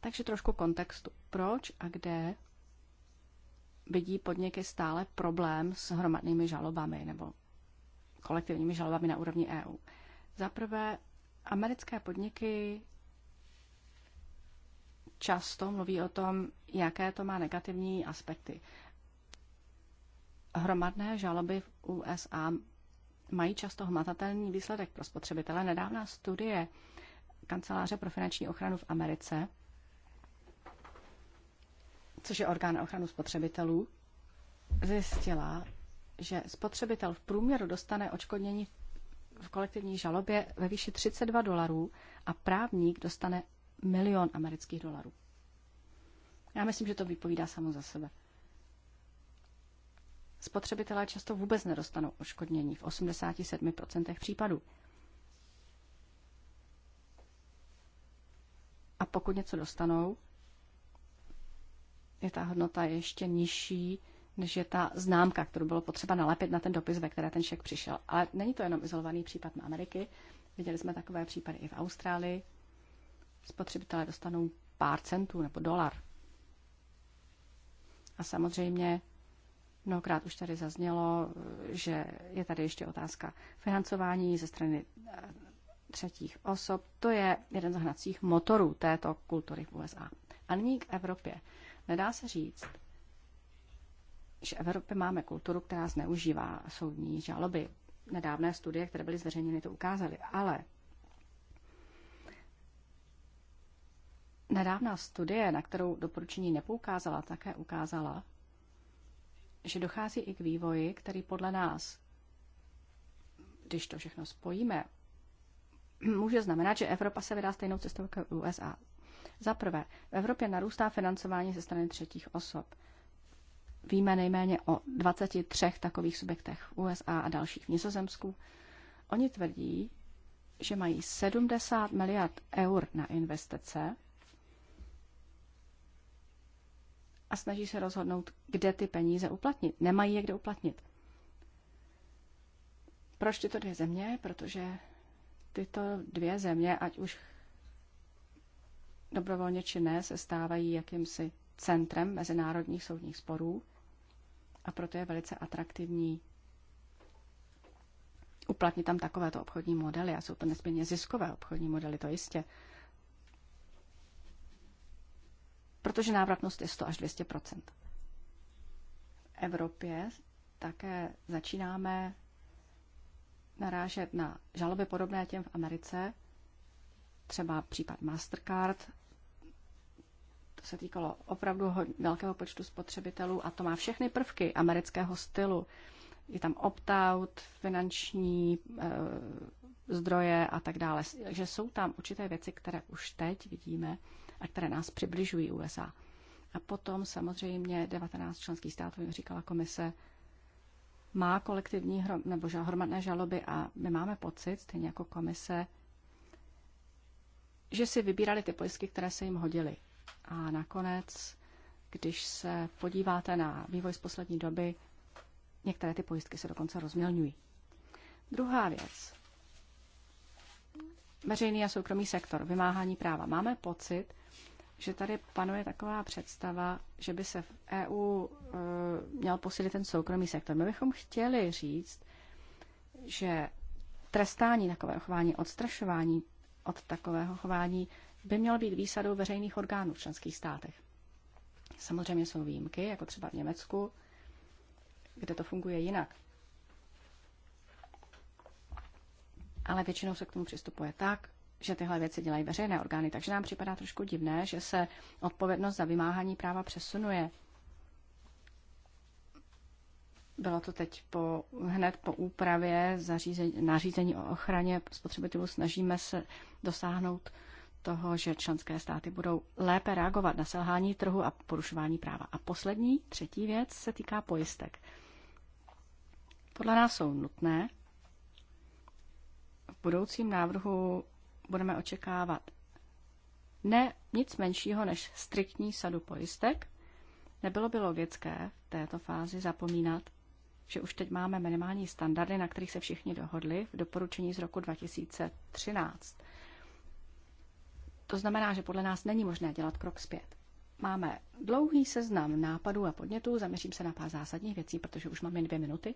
Takže trošku kontextu. Proč a kde vidí podniky stále problém s hromadnými žalobami nebo kolektivními žalobami na úrovni EU? Za prvé Americké podniky často mluví o tom, jaké to má negativní aspekty. Hromadné žaloby v USA mají často hmatatelný výsledek pro spotřebitele. Nedávná studie Kanceláře pro finanční ochranu v Americe, což je orgán ochranu spotřebitelů, zjistila, že spotřebitel v průměru dostane očkodnění v v kolektivní žalobě ve výši 32 dolarů a právník dostane milion amerických dolarů. Já myslím, že to vypovídá samo za sebe. Spotřebitelé často vůbec nedostanou oškodnění v 87% případů. A pokud něco dostanou, je ta hodnota ještě nižší než je ta známka, kterou bylo potřeba nalepit na ten dopis, ve které ten šek přišel. Ale není to jenom izolovaný případ na Ameriky. Viděli jsme takové případy i v Austrálii. Spotřebitelé dostanou pár centů nebo dolar. A samozřejmě Mnohokrát už tady zaznělo, že je tady ještě otázka financování ze strany eh, třetích osob. To je jeden z hnacích motorů této kultury v USA. A nyní k Evropě. Nedá se říct, že v Evropě máme kulturu, která zneužívá soudní žaloby. Nedávné studie, které byly zveřejněny, to ukázaly. Ale nedávná studie, na kterou doporučení nepoukázala, také ukázala, že dochází i k vývoji, který podle nás, když to všechno spojíme, může znamenat, že Evropa se vydá stejnou cestou jako USA. Za prvé, v Evropě narůstá financování ze strany třetích osob – Víme nejméně o 23 takových subjektech v USA a dalších v Nizozemsku. Oni tvrdí, že mají 70 miliard eur na investice a snaží se rozhodnout, kde ty peníze uplatnit. Nemají je kde uplatnit. Proč tyto dvě země? Protože tyto dvě země, ať už dobrovolně či ne, se stávají jakýmsi centrem mezinárodních soudních sporů a proto je velice atraktivní uplatnit tam takovéto obchodní modely a jsou to nesmírně ziskové obchodní modely, to jistě. Protože návratnost je 100 až 200 V Evropě také začínáme narážet na žaloby podobné těm v Americe, třeba případ Mastercard to se týkalo opravdu velkého počtu spotřebitelů a to má všechny prvky amerického stylu. Je tam opt-out, finanční e, zdroje a tak dále. Takže jsou tam určité věci, které už teď vidíme a které nás přibližují USA. A potom samozřejmě 19 členských států, jak říkala komise, má kolektivní hrom, nebo hromadné žaloby a my máme pocit, stejně jako komise, že si vybírali ty pojistky, které se jim hodily. A nakonec, když se podíváte na vývoj z poslední doby, některé ty pojistky se dokonce rozmělňují. Druhá věc. Veřejný a soukromý sektor, vymáhání práva. Máme pocit, že tady panuje taková představa, že by se v EU e, měl posílit ten soukromý sektor. My bychom chtěli říct, že trestání takového chování, odstrašování od takového chování by měl být výsadou veřejných orgánů v členských státech. Samozřejmě jsou výjimky, jako třeba v Německu, kde to funguje jinak. Ale většinou se k tomu přistupuje tak, že tyhle věci dělají veřejné orgány, takže nám připadá trošku divné, že se odpovědnost za vymáhání práva přesunuje. Bylo to teď po, hned po úpravě zařízení, nařízení o ochraně spotřebitelů. Snažíme se dosáhnout toho, že členské státy budou lépe reagovat na selhání trhu a porušování práva. A poslední, třetí věc se týká pojistek. Podle nás jsou nutné. V budoucím návrhu budeme očekávat ne nic menšího než striktní sadu pojistek. Nebylo by logické v této fázi zapomínat, že už teď máme minimální standardy, na kterých se všichni dohodli v doporučení z roku 2013 to znamená, že podle nás není možné dělat krok zpět. Máme dlouhý seznam nápadů a podnětů, zaměřím se na pár zásadních věcí, protože už mám jen dvě minuty.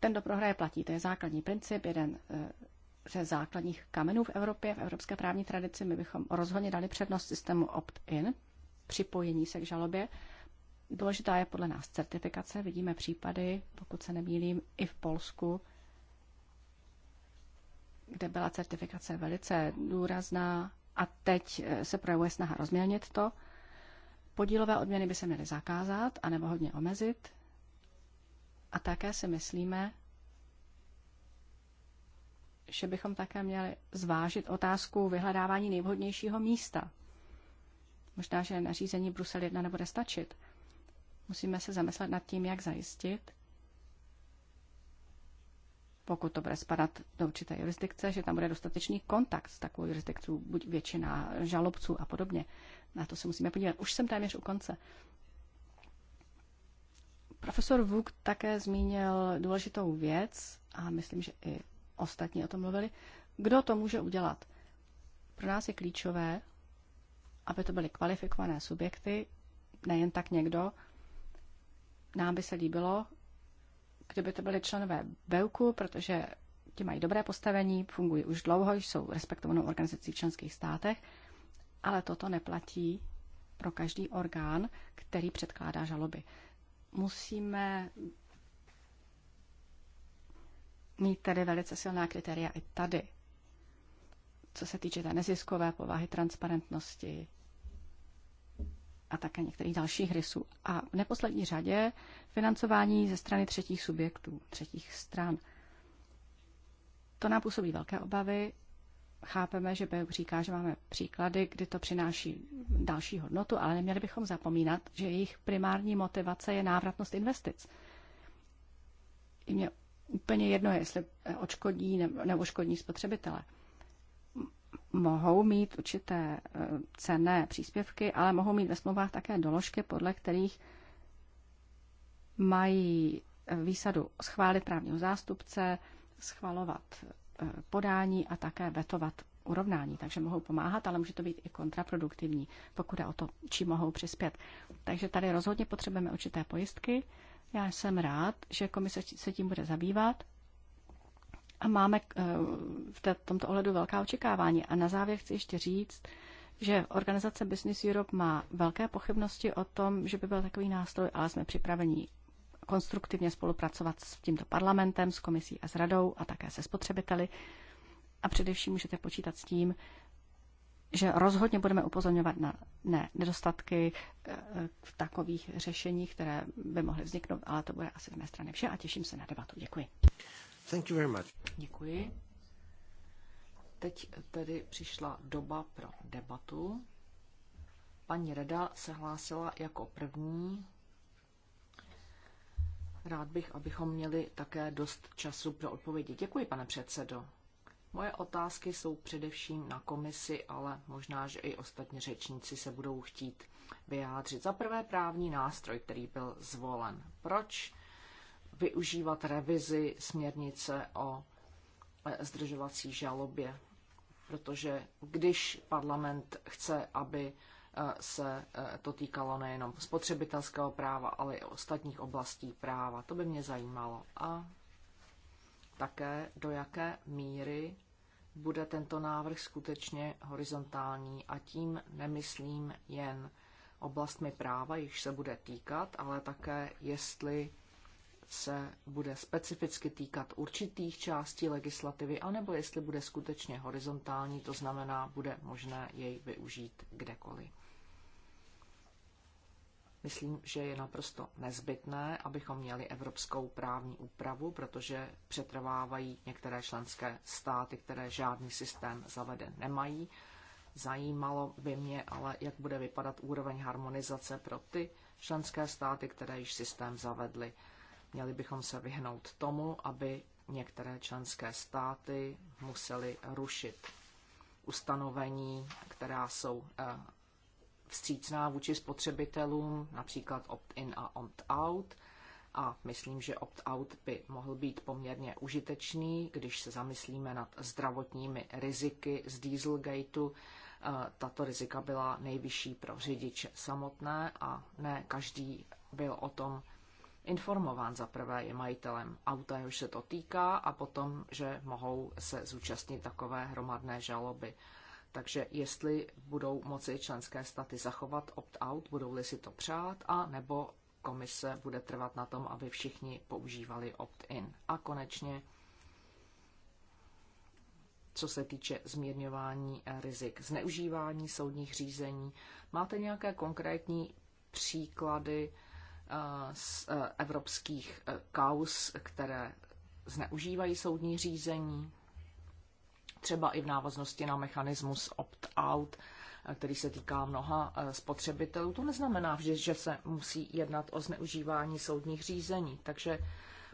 Ten, kdo prohraje, platí. To je základní princip, jeden eh, ze základních kamenů v Evropě, v evropské právní tradici. My bychom rozhodně dali přednost systému opt-in, připojení se k žalobě. Důležitá je podle nás certifikace. Vidíme případy, pokud se nemýlím, i v Polsku, kde byla certifikace velice důrazná a teď eh, se projevuje snaha rozmělnit to. Podílové odměny by se měly zakázat anebo hodně omezit. A také si myslíme, že bychom také měli zvážit otázku vyhledávání nejvhodnějšího místa. Možná, že nařízení Brusel 1 nebude stačit. Musíme se zamyslet nad tím, jak zajistit, pokud to bude spadat do určité jurisdikce, že tam bude dostatečný kontakt s takovou jurisdikcí, buď většina žalobců a podobně. Na to se musíme podívat. Už jsem téměř u konce. Profesor Vuk také zmínil důležitou věc, a myslím, že i ostatní o tom mluvili, kdo to může udělat. Pro nás je klíčové, aby to byly kvalifikované subjekty, nejen tak někdo. Nám by se líbilo, kdyby to byly členové Belku, protože ti mají dobré postavení, fungují už dlouho, jsou respektovanou organizací v členských státech, ale toto neplatí pro každý orgán, který předkládá žaloby. Musíme mít tedy velice silná kritéria i tady, co se týče té neziskové povahy, transparentnosti, a také některých dalších rysů. A v neposlední řadě financování ze strany třetích subjektů, třetích stran. To nám působí velké obavy. Chápeme, že BEUK říká, že máme příklady, kdy to přináší další hodnotu, ale neměli bychom zapomínat, že jejich primární motivace je návratnost investic. I mě úplně jedno, jestli očkodí nebo škodní spotřebitele mohou mít určité eh, cenné příspěvky, ale mohou mít ve smlouvách také doložky, podle kterých mají eh, výsadu schválit právního zástupce, schvalovat eh, podání a také vetovat urovnání. Takže mohou pomáhat, ale může to být i kontraproduktivní, pokud je o to, či mohou přispět. Takže tady rozhodně potřebujeme určité pojistky. Já jsem rád, že komise se tím bude zabývat a máme eh, v tomto ohledu velká očekávání. A na závěr chci ještě říct, že organizace Business Europe má velké pochybnosti o tom, že by byl takový nástroj, ale jsme připraveni konstruktivně spolupracovat s tímto parlamentem, s komisí a s radou a také se spotřebiteli. A především můžete počítat s tím, že rozhodně budeme upozorňovat na ne, nedostatky eh, v takových řešeních, které by mohly vzniknout, ale to bude asi z mé strany vše a těším se na debatu. Děkuji. Thank you very much. Děkuji. Teď tedy přišla doba pro debatu. Paní Reda se hlásila jako první. Rád bych, abychom měli také dost času pro odpovědi. Děkuji, pane předsedo. Moje otázky jsou především na komisi, ale možná, že i ostatní řečníci se budou chtít vyjádřit. Za prvé právní nástroj, který byl zvolen. Proč využívat revizi směrnice o e, zdržovací žalobě. Protože když parlament chce, aby e, se e, to týkalo nejenom spotřebitelského práva, ale i ostatních oblastí práva. To by mě zajímalo. A také do jaké míry bude tento návrh skutečně horizontální a tím nemyslím jen oblastmi práva, jich se bude týkat, ale také jestli se bude specificky týkat určitých částí legislativy, anebo jestli bude skutečně horizontální, to znamená, bude možné jej využít kdekoliv. Myslím, že je naprosto nezbytné, abychom měli evropskou právní úpravu, protože přetrvávají některé členské státy, které žádný systém zaveden nemají. Zajímalo by mě ale, jak bude vypadat úroveň harmonizace pro ty členské státy, které již systém zavedly. Měli bychom se vyhnout tomu, aby některé členské státy musely rušit ustanovení, která jsou eh, vstřícná vůči spotřebitelům, například opt-in a opt-out. A myslím, že opt-out by mohl být poměrně užitečný, když se zamyslíme nad zdravotními riziky z Dieselgateu. Eh, tato rizika byla nejvyšší pro řidiče samotné a ne každý byl o tom informován za prvé je majitelem auta, jehož se to týká, a potom, že mohou se zúčastnit takové hromadné žaloby. Takže jestli budou moci členské státy zachovat opt-out, budou-li si to přát, a nebo komise bude trvat na tom, aby všichni používali opt-in. A konečně, co se týče zmírňování rizik zneužívání soudních řízení, máte nějaké konkrétní příklady z eh, evropských eh, kaus, které zneužívají soudní řízení, třeba i v návaznosti na mechanismus opt-out, eh, který se týká mnoha spotřebitelů. To neznamená vždy, že se musí jednat o zneužívání soudních řízení. Takže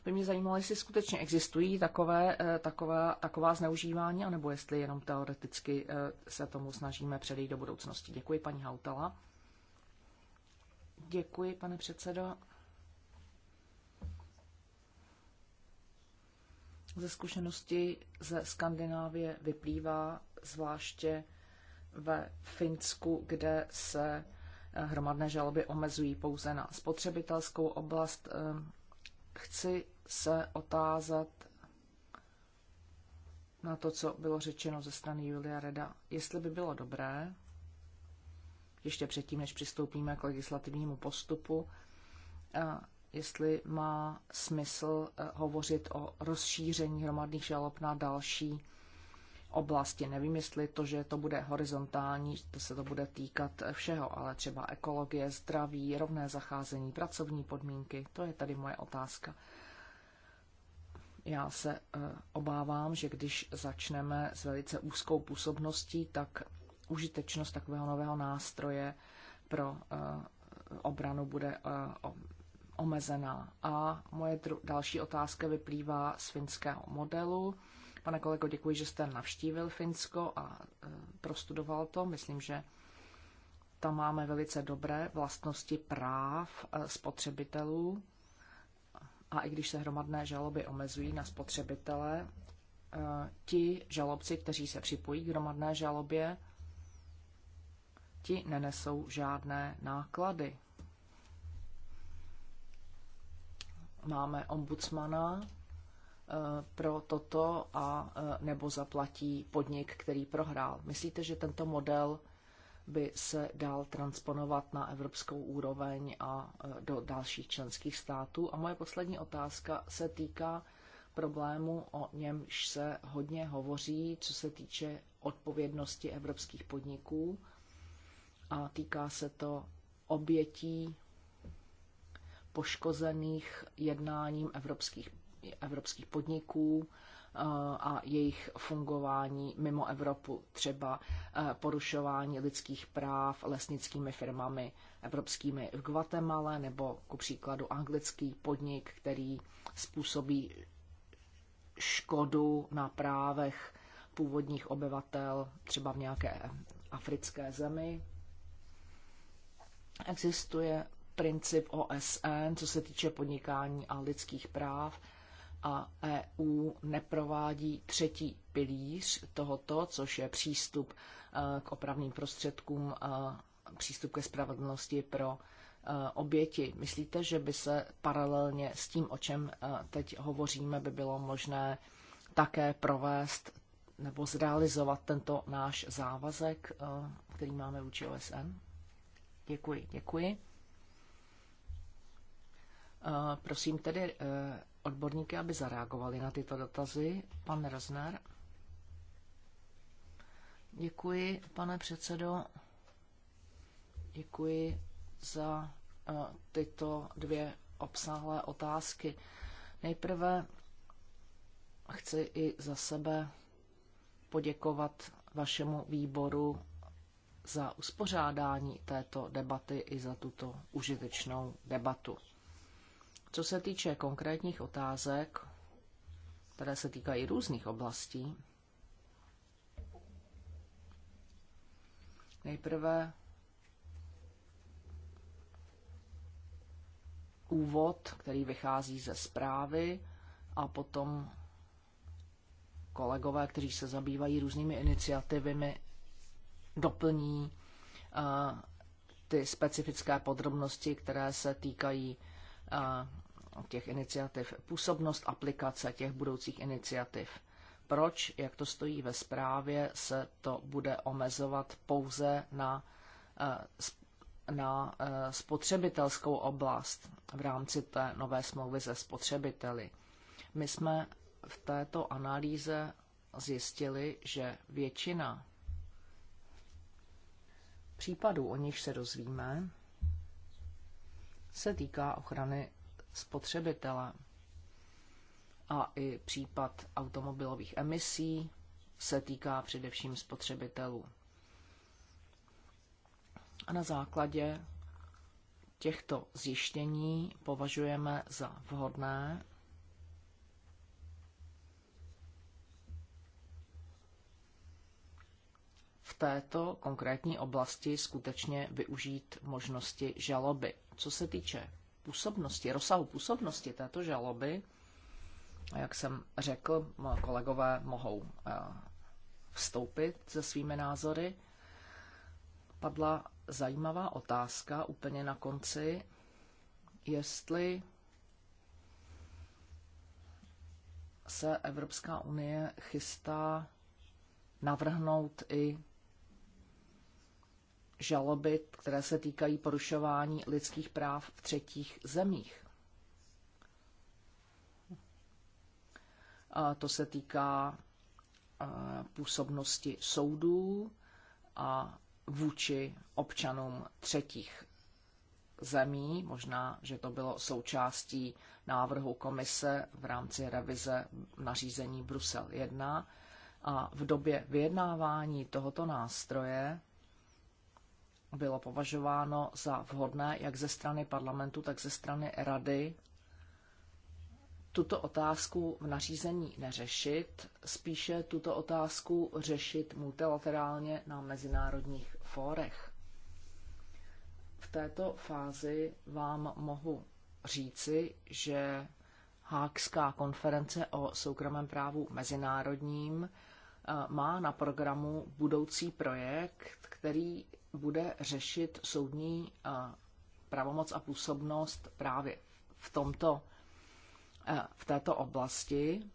by mě zajímalo, jestli skutečně existují takové, taková, taková zneužívání, anebo jestli jenom teoreticky se tomu snažíme předejít do budoucnosti. Děkuji, paní Hautala. Děkuji, pane předsedo. Ze zkušenosti ze Skandinávie vyplývá zvláště ve Finsku, kde se eh, hromadné žaloby omezují pouze na spotřebitelskou oblast. Eh, chci se otázat na to, co bylo řečeno ze strany Julia Reda, jestli by bylo dobré, ještě předtím, než přistoupíme k legislativnímu postupu, jestli má smysl eh, hovořit o rozšíření hromadných žalob na další oblasti. Nevím, jestli to, že to bude horizontální, to se to bude týkat eh, všeho, ale třeba ekologie, zdraví, rovné zacházení, pracovní podmínky, to je tady moje otázka. Já se eh, obávám, že když začneme s velice úzkou působností, tak užitečnost takového nového nástroje pro eh, obranu bude eh, omezená. A moje další otázka vyplývá z finského modelu. Pane kolego, děkuji, že jste navštívil Finsko a eh, prostudoval to. Myslím, že tam máme velice dobré vlastnosti práv spotřebitelů. A i když se hromadné žaloby omezují na spotřebitele, ti žalobci, kteří se připojí k hromadné žalobě, ti nenesou žádné náklady. Máme ombudsmana eh, pro toto a eh, nebo zaplatí podnik, který prohrál. Myslíte, že tento model by se dal transponovat na evropskou úroveň a eh, do dalších členských států? A moje poslední otázka se týká problému, o němž se hodně hovoří, co se týče odpovědnosti evropských podniků a týká se to obětí poškozených jednáním evropských, evropských podniků eh, a jejich fungování mimo Evropu, třeba eh, porušování lidských práv lesnickými firmami evropskými v Guatemala nebo ku příkladu anglický podnik, který způsobí škodu na právech původních obyvatel třeba v nějaké africké zemi Existuje princip OSN, co se týče podnikání a lidských práv, a EU neprovádí třetí pilíř tohoto, což je přístup e, k opravným prostředkům, e, přístup ke spravedlnosti pro e, oběti. Myslíte, že by se paralelně s tím, o čem teď hovoříme, by bylo možné také provést nebo zrealizovat tento náš závazek, který máme vůči OSN? Děkuji, děkuji. Eh, prosím tedy eh, odborníky, aby zareagovali na tyto dotazy. Pan Rozner. Děkuji, pane předsedo. Děkuji za eh, tyto dvě obsáhlé otázky. Nejprve chci i za sebe poděkovat vašemu výboru za uspořádání této debaty i za tuto užitečnou debatu. Co se týče konkrétních otázek, které se týkají různých oblastí, nejprve úvod, který vychází ze zprávy, a potom kolegové, kteří se zabývají různými iniciativami doplní eh, ty specifické podrobnosti, které se týkají eh, těch iniciativ, působnost aplikace těch budoucích iniciativ. Proč, jak to stojí ve zprávě, se to bude omezovat pouze na, eh, na spotřebitelskou oblast v rámci té nové smlouvy ze spotřebiteli? My jsme v této analýze zjistili, že většina případů, o nichž se dozvíme, se týká ochrany spotřebitele. A i případ automobilových emisí se týká především spotřebitelů. A na základě těchto zjištění považujeme za vhodné této konkrétní oblasti skutečně využít možnosti žaloby. Co se týče působnosti, rozsahu působnosti této žaloby, jak jsem řekl, kolegové mohou eh, vstoupit se svými názory. Padla zajímavá otázka úplně na konci, jestli se Evropská unie chystá navrhnout i žaloby, které se týkají porušování lidských práv v třetích zemích. A to se týká působnosti soudů a vůči občanům třetích zemí. Možná, že to bylo součástí návrhu komise v rámci revize nařízení Brusel 1. A v době vyjednávání tohoto nástroje bylo považováno za vhodné jak ze strany parlamentu, tak ze strany rady tuto otázku v nařízení neřešit, spíše tuto otázku řešit multilaterálně na mezinárodních fórech. V této fázi vám mohu říci, že Hákská konference o soukromém právu mezinárodním eh, má na programu budoucí projekt, který bude řešit soudní eh, pravomoc a působnost právě v tomto, eh, v této oblasti.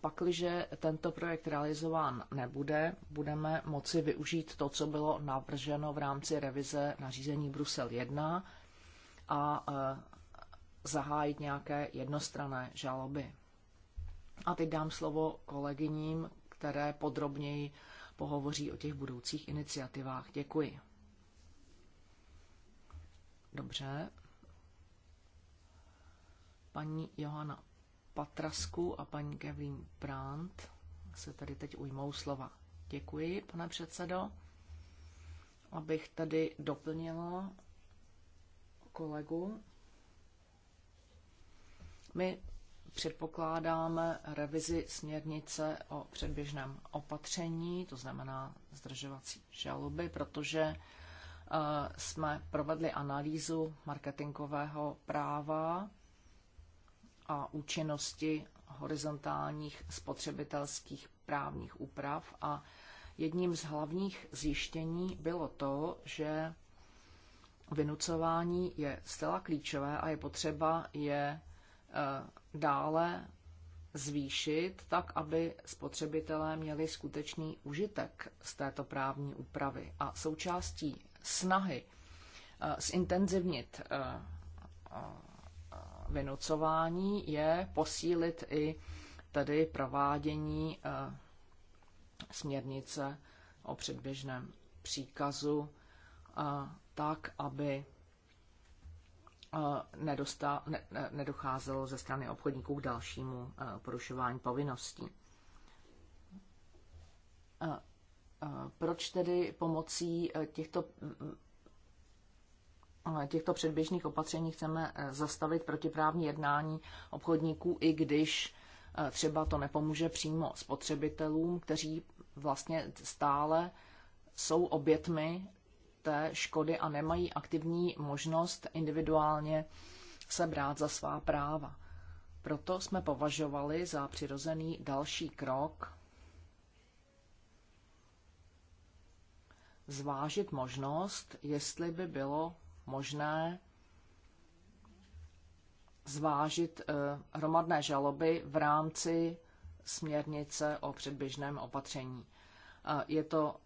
Pakliže tento projekt realizován nebude, budeme moci využít to, co bylo navrženo v rámci revize nařízení Brusel 1 a eh, zahájit nějaké jednostrané žaloby. A teď dám slovo kolegyním, které podrobněji pohovoří o těch budoucích iniciativách. Děkuji. Dobře. Paní Johana Patrasku a paní Kevin Brandt se tady teď ujmou slova. Děkuji, pane předsedo. Abych tady doplnila kolegu. My předpokládáme revizi směrnice o předběžném opatření, to znamená zdržovací žaloby, protože e, jsme provedli analýzu marketingového práva a účinnosti horizontálních spotřebitelských právních úprav a jedním z hlavních zjištění bylo to, že vynucování je zcela klíčové a je potřeba je Eh, dále zvýšit tak, aby spotřebitelé měli skutečný užitek z této právní úpravy. A součástí snahy eh, zintenzivnit eh, vynucování je posílit i tedy provádění směrnice o předběžném příkazu tak, aby nedostal, ne, nedocházelo ze strany obchodníků k dalšímu eh, porušování povinností. Proč tedy pomocí eh, těchto, mm, eh, těchto předběžných opatření chceme zastavit protiprávní jednání obchodníků, i když třeba to nepomůže přímo spotřebitelům, kteří vlastně stále jsou obětmi té škody a nemají aktivní možnost individuálně se brát za svá práva. Proto jsme považovali za přirozený další krok zvážit možnost, jestli by bylo možné zvážit eh, hromadné žaloby v rámci směrnice o předběžném opatření. Eh, je to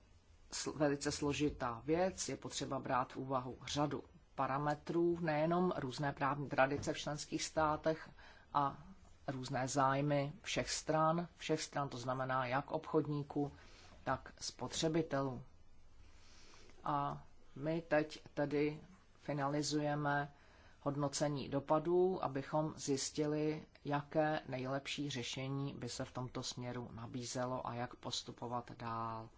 velice složitá věc, je potřeba brát v úvahu řadu parametrů, nejenom různé právní tradice v členských státech a různé zájmy všech stran, všech stran, to znamená jak obchodníků, tak spotřebitelů. A my teď tedy finalizujeme hodnocení dopadů, abychom zjistili, jaké nejlepší řešení by se v tomto směru nabízelo a jak postupovat dál.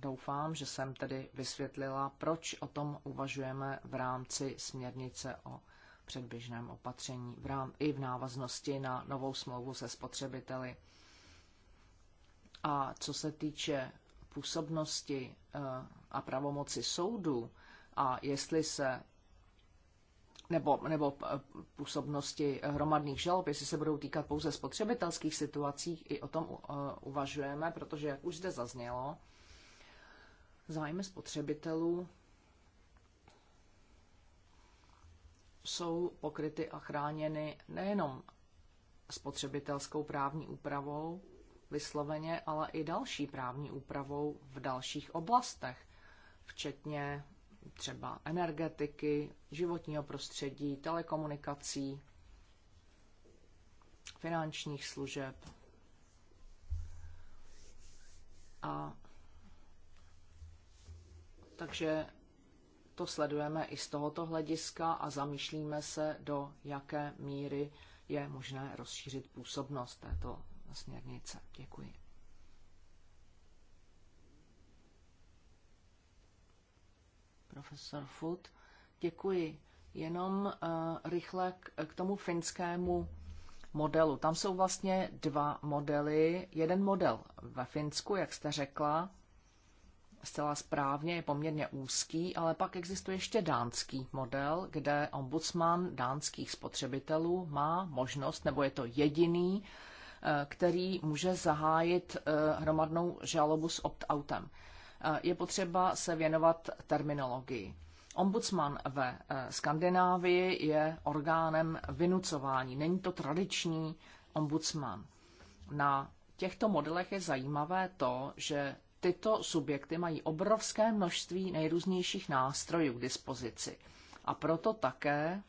Doufám, že jsem tedy vysvětlila, proč o tom uvažujeme v rámci směrnice o předběžném opatření v rám, i v návaznosti na novou smlouvu se spotřebiteli. A co se týče působnosti eh, a pravomoci soudu a jestli se nebo, nebo eh, působnosti hromadných žalob, jestli se budou týkat pouze spotřebitelských situací, i o tom eh, uvažujeme, protože, jak už zde zaznělo, zájmy spotřebitelů jsou pokryty a chráněny nejenom spotřebitelskou právní úpravou vysloveně, ale i další právní úpravou v dalších oblastech, včetně třeba energetiky, životního prostředí, telekomunikací, finančních služeb a takže to sledujeme i z tohoto hlediska a zamýšlíme se, do jaké míry je možné rozšířit působnost této směrnice. Děkuji. Profesor Food, děkuji. Jenom uh, rychle k, k tomu finskému modelu. Tam jsou vlastně dva modely. Jeden model ve Finsku, jak jste řekla, zcela správně, je poměrně úzký, ale pak existuje ještě dánský model, kde ombudsman dánských spotřebitelů má možnost, nebo je to jediný, eh, který může zahájit eh, hromadnou žalobu s opt-outem. Eh, je potřeba se věnovat terminologii. Ombudsman ve Skandinávii je orgánem vynucování. Není to tradiční ombudsman. Na těchto modelech je zajímavé to, že tyto subjekty mají obrovské množství nejrůznějších nástrojů k dispozici. A proto také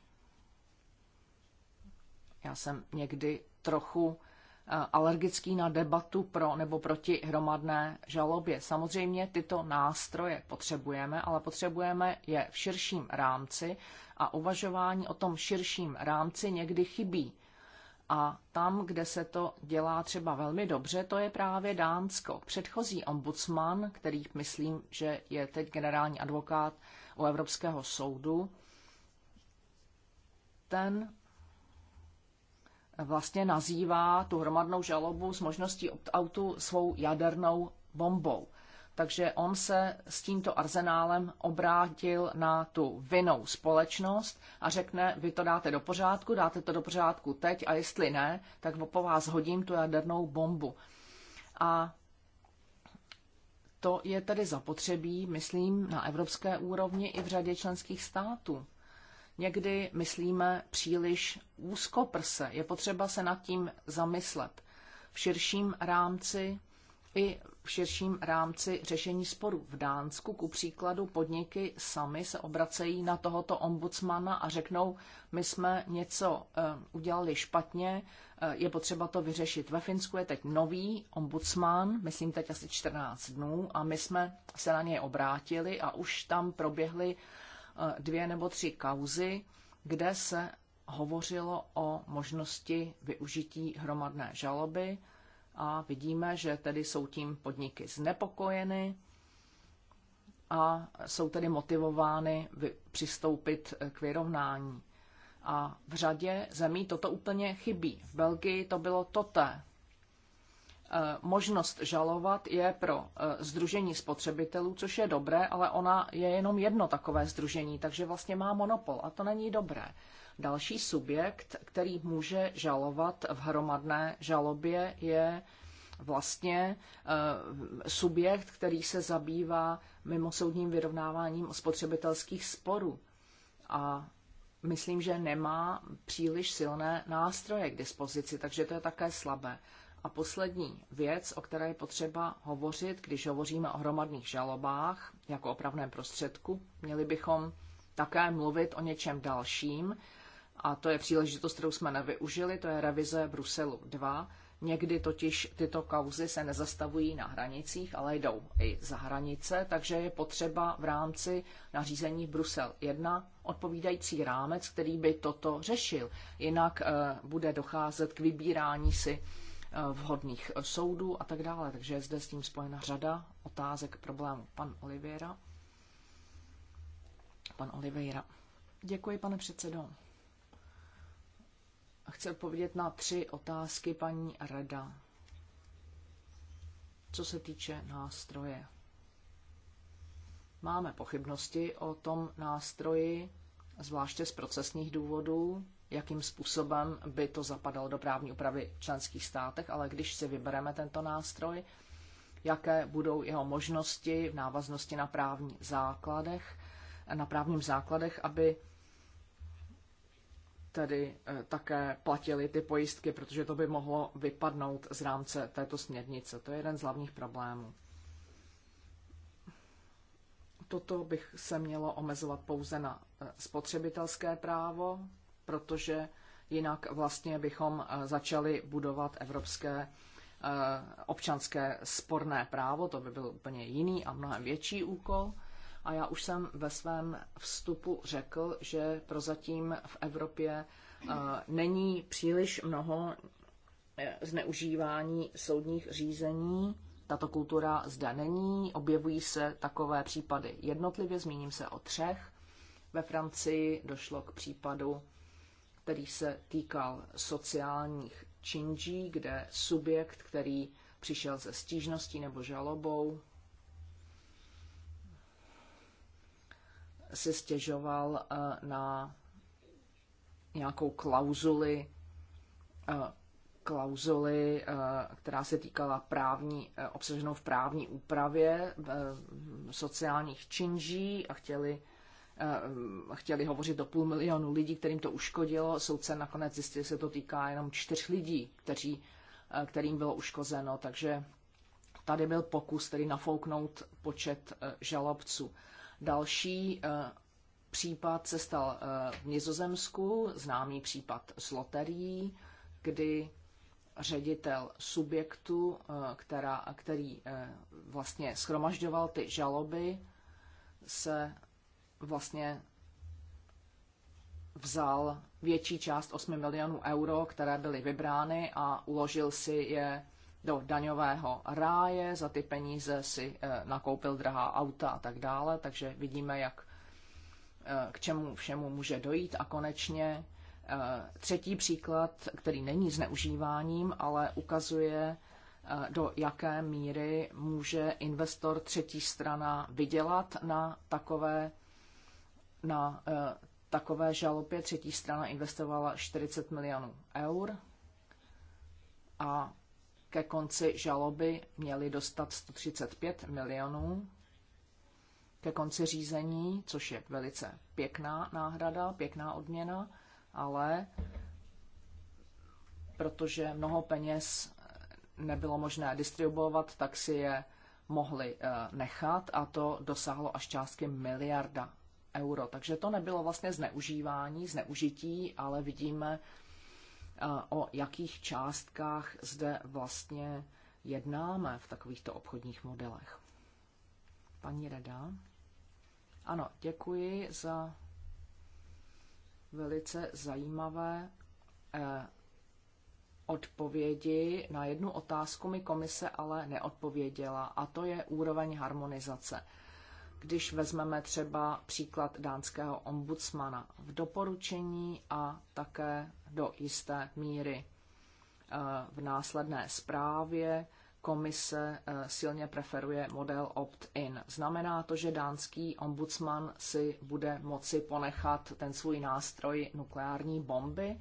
já jsem někdy trochu eh, alergický na debatu pro nebo proti hromadné žalobě. Samozřejmě tyto nástroje potřebujeme, ale potřebujeme je v širším rámci a uvažování o tom širším rámci někdy chybí. A tam, kde se to dělá třeba velmi dobře, to je právě Dánsko. Předchozí ombudsman, který myslím, že je teď generální advokát u Evropského soudu, ten vlastně nazývá tu hromadnou žalobu s možností opt-outu svou jadernou bombou. Takže on se s tímto arzenálem obrátil na tu vinnou společnost a řekne, vy to dáte do pořádku, dáte to do pořádku teď a jestli ne, tak po vás hodím tu jadernou bombu. A to je tedy zapotřebí, myslím, na evropské úrovni i v řadě členských států. Někdy myslíme příliš úzkoprse. Je potřeba se nad tím zamyslet v širším rámci i v širším rámci řešení sporů. V Dánsku, ku příkladu, podniky sami se obracejí na tohoto ombudsmana a řeknou, my jsme něco eh, udělali špatně, eh, je potřeba to vyřešit. Ve Finsku je teď nový ombudsman, myslím teď asi 14 dnů, a my jsme se na něj obrátili a už tam proběhly eh, dvě nebo tři kauzy, kde se hovořilo o možnosti využití hromadné žaloby, a vidíme, že tedy jsou tím podniky znepokojeny a jsou tedy motivovány přistoupit k vyrovnání. A v řadě zemí toto úplně chybí. V Belgii to bylo toté. E, možnost žalovat je pro e, združení spotřebitelů, což je dobré, ale ona je jenom jedno takové združení, takže vlastně má monopol a to není dobré. Další subjekt, který může žalovat v hromadné žalobě, je vlastně eh, subjekt, který se zabývá mimosoudním vyrovnáváním spotřebitelských sporů. A myslím, že nemá příliš silné nástroje k dispozici, takže to je také slabé. A poslední věc, o které je potřeba hovořit, když hovoříme o hromadných žalobách jako opravném prostředku, měli bychom také mluvit o něčem dalším, a to je příležitost, kterou jsme nevyužili, to je revize Bruselu 2. Někdy totiž tyto kauzy se nezastavují na hranicích, ale jdou i za hranice, takže je potřeba v rámci nařízení Brusel 1 odpovídající rámec, který by toto řešil. Jinak eh, bude docházet k vybírání si eh, vhodných soudů a tak dále. Takže je zde s tím spojena řada otázek problémů. Pan Oliveira. Pan Oliveira. Děkuji, pane předsedo. Chci odpovědět na tři otázky paní Rada, co se týče nástroje. Máme pochybnosti o tom nástroji, zvláště z procesních důvodů, jakým způsobem by to zapadalo do právní úpravy v členských státech, ale když si vybereme tento nástroj, jaké budou jeho možnosti v návaznosti na právní základech, na právním základech, aby tedy eh, také platili ty pojistky, protože to by mohlo vypadnout z rámce této směrnice. To je jeden z hlavních problémů. Toto bych se mělo omezovat pouze na eh, spotřebitelské právo, protože jinak vlastně bychom eh, začali budovat evropské občanské sporné právo, to by byl úplně jiný a mnohem větší úkol. A já už jsem ve svém vstupu řekl, že prozatím v Evropě eh, není příliš mnoho eh, zneužívání soudních řízení. Tato kultura zde není, objevují se takové případy jednotlivě, zmíním se o třech. Ve Francii došlo k případu, který se týkal sociálních činží, kde subjekt, který přišel se stížností nebo žalobou, si stěžoval eh, na nějakou klauzuli, eh, klauzuli, eh, která se týkala právní, obsaženou v právní úpravě sociálních činží a chtěli, chtěli hovořit do půl milionu lidí, kterým to uškodilo. Soudce nakonec zjistil, že se to týká jenom čtyř lidí, kteří, kterým bylo uškozeno. Takže tady byl pokus tedy nafouknout počet žalobců. Další eh, případ se stal eh, v Nizozemsku, známý případ s loterií, kdy ředitel subjektu, eh, která, který vlastně schromažďoval ty žaloby, se vlastně vzal větší část 8 milionů euro, které byly vybrány a uložil si je do daňového ráje, za ty peníze si eh, nakoupil drahá auta a tak dále, takže vidíme, jak eh, k čemu všemu může dojít. A konečně eh, třetí příklad, který není zneužíváním, ale ukazuje, do jaké míry může investor třetí strana vydělat na takové, na takové žalopě Třetí strana investovala 40 milionů eur a ke konci žaloby měli dostat 135 milionů ke konci řízení, což je velice pěkná náhrada, pěkná odměna, ale protože mnoho peněz nebylo možné distribuovat, tak si je mohli eh, nechat a to dosáhlo až částky miliarda euro. Takže to nebylo vlastně zneužívání, zneužití, ale vidíme, Eh, o jakých částkách zde vlastně jednáme v takovýchto obchodních modelech. Paní Reda. Ano, děkuji za velice zajímavé eh, odpovědi. Na jednu otázku mi komise ale neodpověděla, a to je úroveň harmonizace když vezmeme třeba příklad dánského ombudsmana v doporučení a také do jisté míry eh, v následné zprávě komise eh, silně preferuje model opt-in. Znamená to, že dánský ombudsman si bude moci ponechat ten svůj nástroj nukleární bomby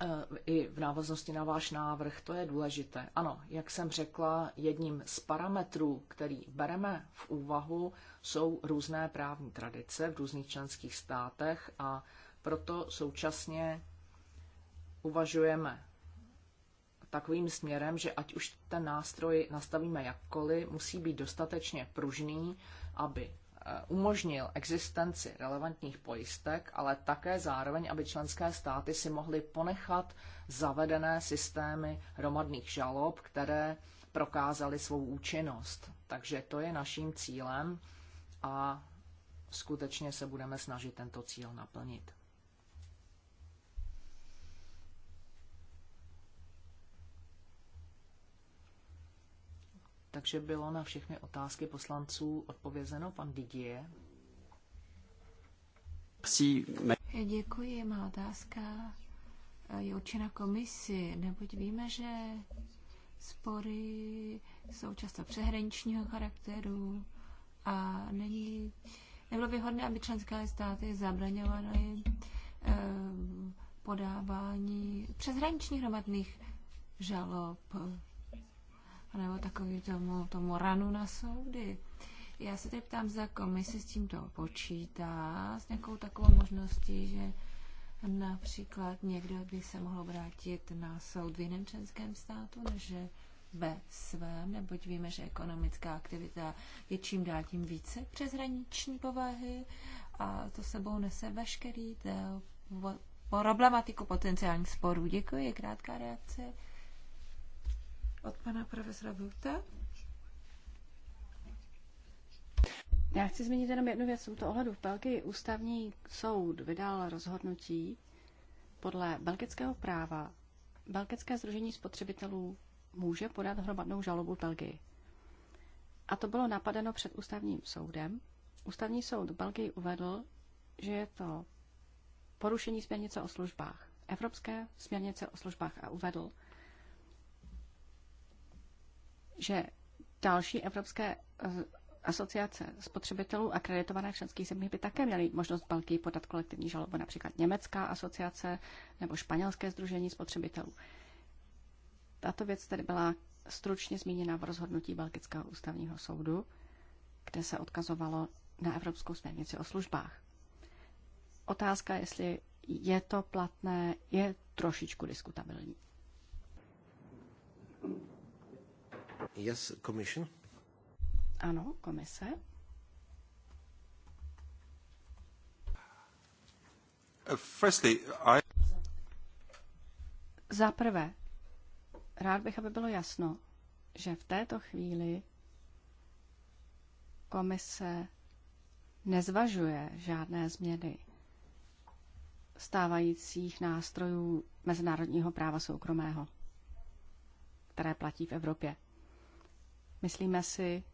Eh, i v návaznosti na váš návrh, to je důležité. Ano, jak jsem řekla, jedním z parametrů, který bereme v úvahu, jsou různé právní tradice v různých členských státech a proto současně uvažujeme takovým směrem, že ať už ten nástroj nastavíme jakkoliv, musí být dostatečně pružný, aby Eh, umožnil existenci relevantních pojistek, ale také zároveň, aby členské státy si mohly ponechat zavedené systémy hromadných žalob, které prokázaly svou účinnost. Takže to je naším cílem a skutečně se budeme snažit tento cíl naplnit. Takže bylo na všechny otázky poslanců odpovězeno pan Didier. Děkuji, má otázka je určena komisi, neboť víme, že spory jsou často přehraničního charakteru a není, nebylo by hodné, aby členské státy zabraňovaly eh, podávání přeshraničních hromadných žalob nebo takový tomu, tomu ranu na soudy. Já se teď ptám, za komise s tímto počítá, s nějakou takovou možností, že například někdo by se mohl vrátit na soud v jiném členském státu, než ve svém, neboť víme, že ekonomická aktivita je čím dál tím více přeshraniční povahy a to sebou nese veškerý po problematiku potenciálních sporů. Děkuji, krátká reakce od pana profesora Vlta. Já chci zmínit jenom jednu věc v tomto ohledu. V Belgii ústavní soud vydal rozhodnutí podle belgického práva. Belgické združení spotřebitelů může podat hromadnou žalobu v Belgii. A to bylo napadeno před ústavním soudem. Ústavní soud v Belgii uvedl, že je to porušení směrnice o službách, Evropské směrnice o službách a uvedl, že další evropské eh, asociace spotřebitelů akreditované v členských zemích by také měly možnost banky podat kolektivní žalobu, například Německá asociace nebo Španělské sdružení spotřebitelů. Tato věc tedy byla stručně zmíněna v rozhodnutí Belgického ústavního soudu, kde se odkazovalo na Evropskou směrnici o službách. Otázka, jestli je to platné, je trošičku diskutabilní. Yes, commission. Ano, komise. Uh, firstly, I... Za prvé, rád bych, aby bylo jasno, že v této chvíli komise nezvažuje žádné změny stávajících nástrojů mezinárodního práva soukromého, které platí v Evropě. Myslíme si,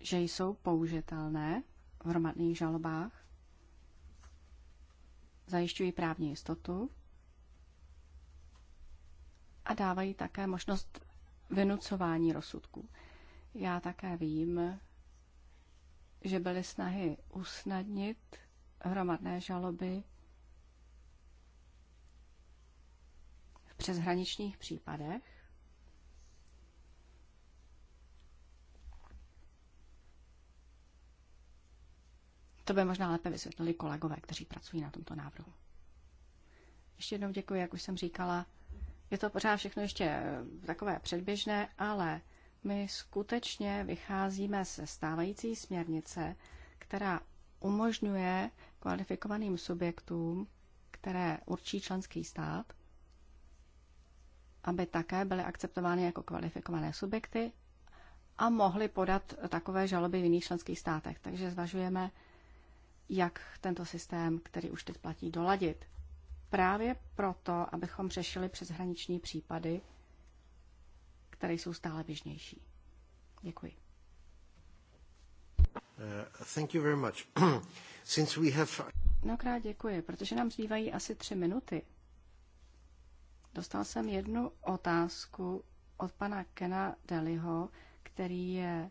že jsou použitelné v hromadných žalobách, zajišťují právní jistotu a dávají také možnost vynucování rozsudků. Já také vím, že byly snahy usnadnit hromadné žaloby přeshraničních případech To by možná lépe vysvětlili kolegové, kteří pracují na tomto návrhu. Ještě jednou děkuji, jak už jsem říkala. Je to pořád všechno ještě eh, takové předběžné, ale my skutečně vycházíme ze stávající směrnice, která umožňuje kvalifikovaným subjektům, které určí členský stát, aby také byly akceptovány jako kvalifikované subjekty a mohly podat takové žaloby v jiných členských státech. Takže zvažujeme, jak tento systém, který už teď platí, doladit. Právě proto, abychom řešili přeshraniční případy, které jsou stále běžnější. Děkuji. Uh, thank you very much. Since we have... Mnohokrát děkuji, protože nám zbývají asi tři minuty. Dostal jsem jednu otázku od pana Kena Deliho, který je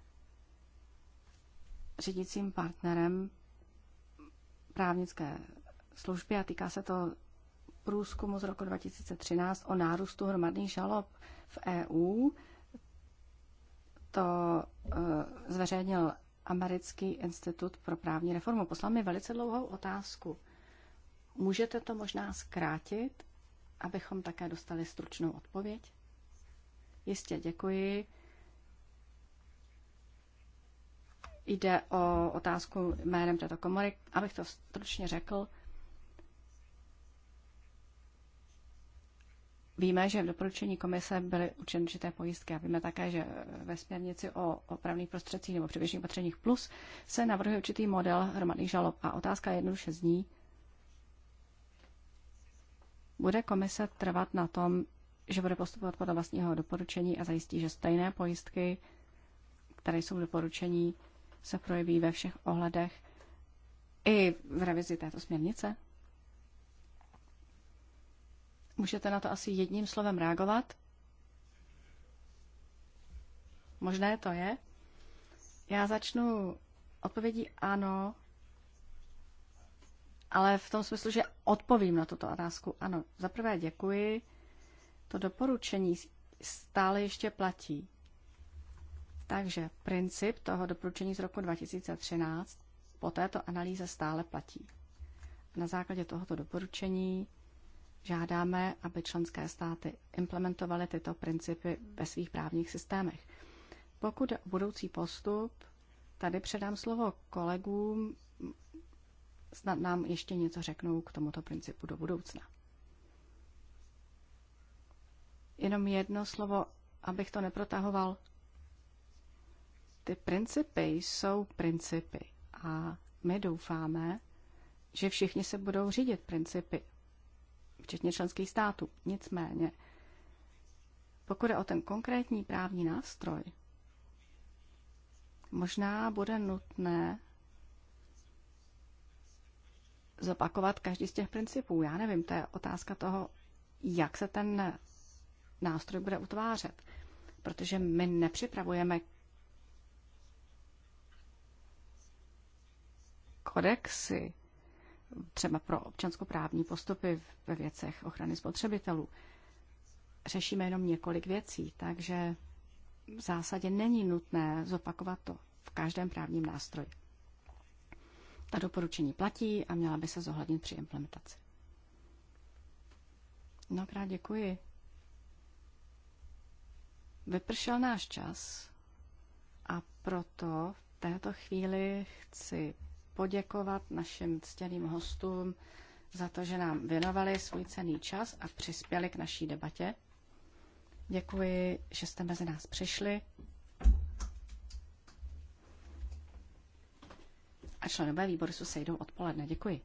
řídícím partnerem právnické služby a týká se to průzkumu z roku 2013 o nárůstu hromadných žalob v EU. To eh, zveřejnil Americký institut pro právní reformu. Poslal mi velice dlouhou otázku. Můžete to možná zkrátit? abychom také dostali stručnou odpověď? Jistě, děkuji. Jde o otázku jménem této komory. Abych to stručně řekl, Víme, že v doporučení komise byly učeny určité pojistky a víme také, že ve směrnici o opravných prostředcích nebo předběžných opatřeních plus se navrhuje určitý model hromadných žalob a otázka jednoduše zní, bude komise trvat na tom, že bude postupovat podle vlastního doporučení a zajistí, že stejné pojistky, které jsou v doporučení, se projeví ve všech ohledech i v revizi této směrnice? Můžete na to asi jedním slovem reagovat? Možné to je? Já začnu odpovědí ano, ale v tom smyslu, že odpovím na tuto otázku. Ano, za prvé děkuji. To doporučení stále ještě platí. Takže princip toho doporučení z roku 2013 po této analýze stále platí. Na základě tohoto doporučení žádáme, aby členské státy implementovaly tyto principy ve svých právních systémech. Pokud budoucí postup, tady předám slovo kolegům, snad nám ještě něco řeknou k tomuto principu do budoucna. Jenom jedno slovo, abych to neprotahoval. Ty principy jsou principy a my doufáme, že všichni se budou řídit principy, včetně členských států. Nicméně, pokud je o ten konkrétní právní nástroj, možná bude nutné zopakovat každý z těch principů. Já nevím, to je otázka toho, jak se ten nástroj bude utvářet. Protože my nepřipravujeme kodexy třeba pro občanskoprávní postupy ve věcech ochrany spotřebitelů. Řešíme jenom několik věcí, takže v zásadě není nutné zopakovat to v každém právním nástroji. Ta doporučení platí a měla by se zohlednit při implementaci. Mnohokrát děkuji. Vypršel náš čas a proto v této chvíli chci poděkovat našim ctěným hostům za to, že nám věnovali svůj cený čas a přispěli k naší debatě. Děkuji, že jste mezi nás přišli. a členové výboru se sejdou odpoledne. Děkuji.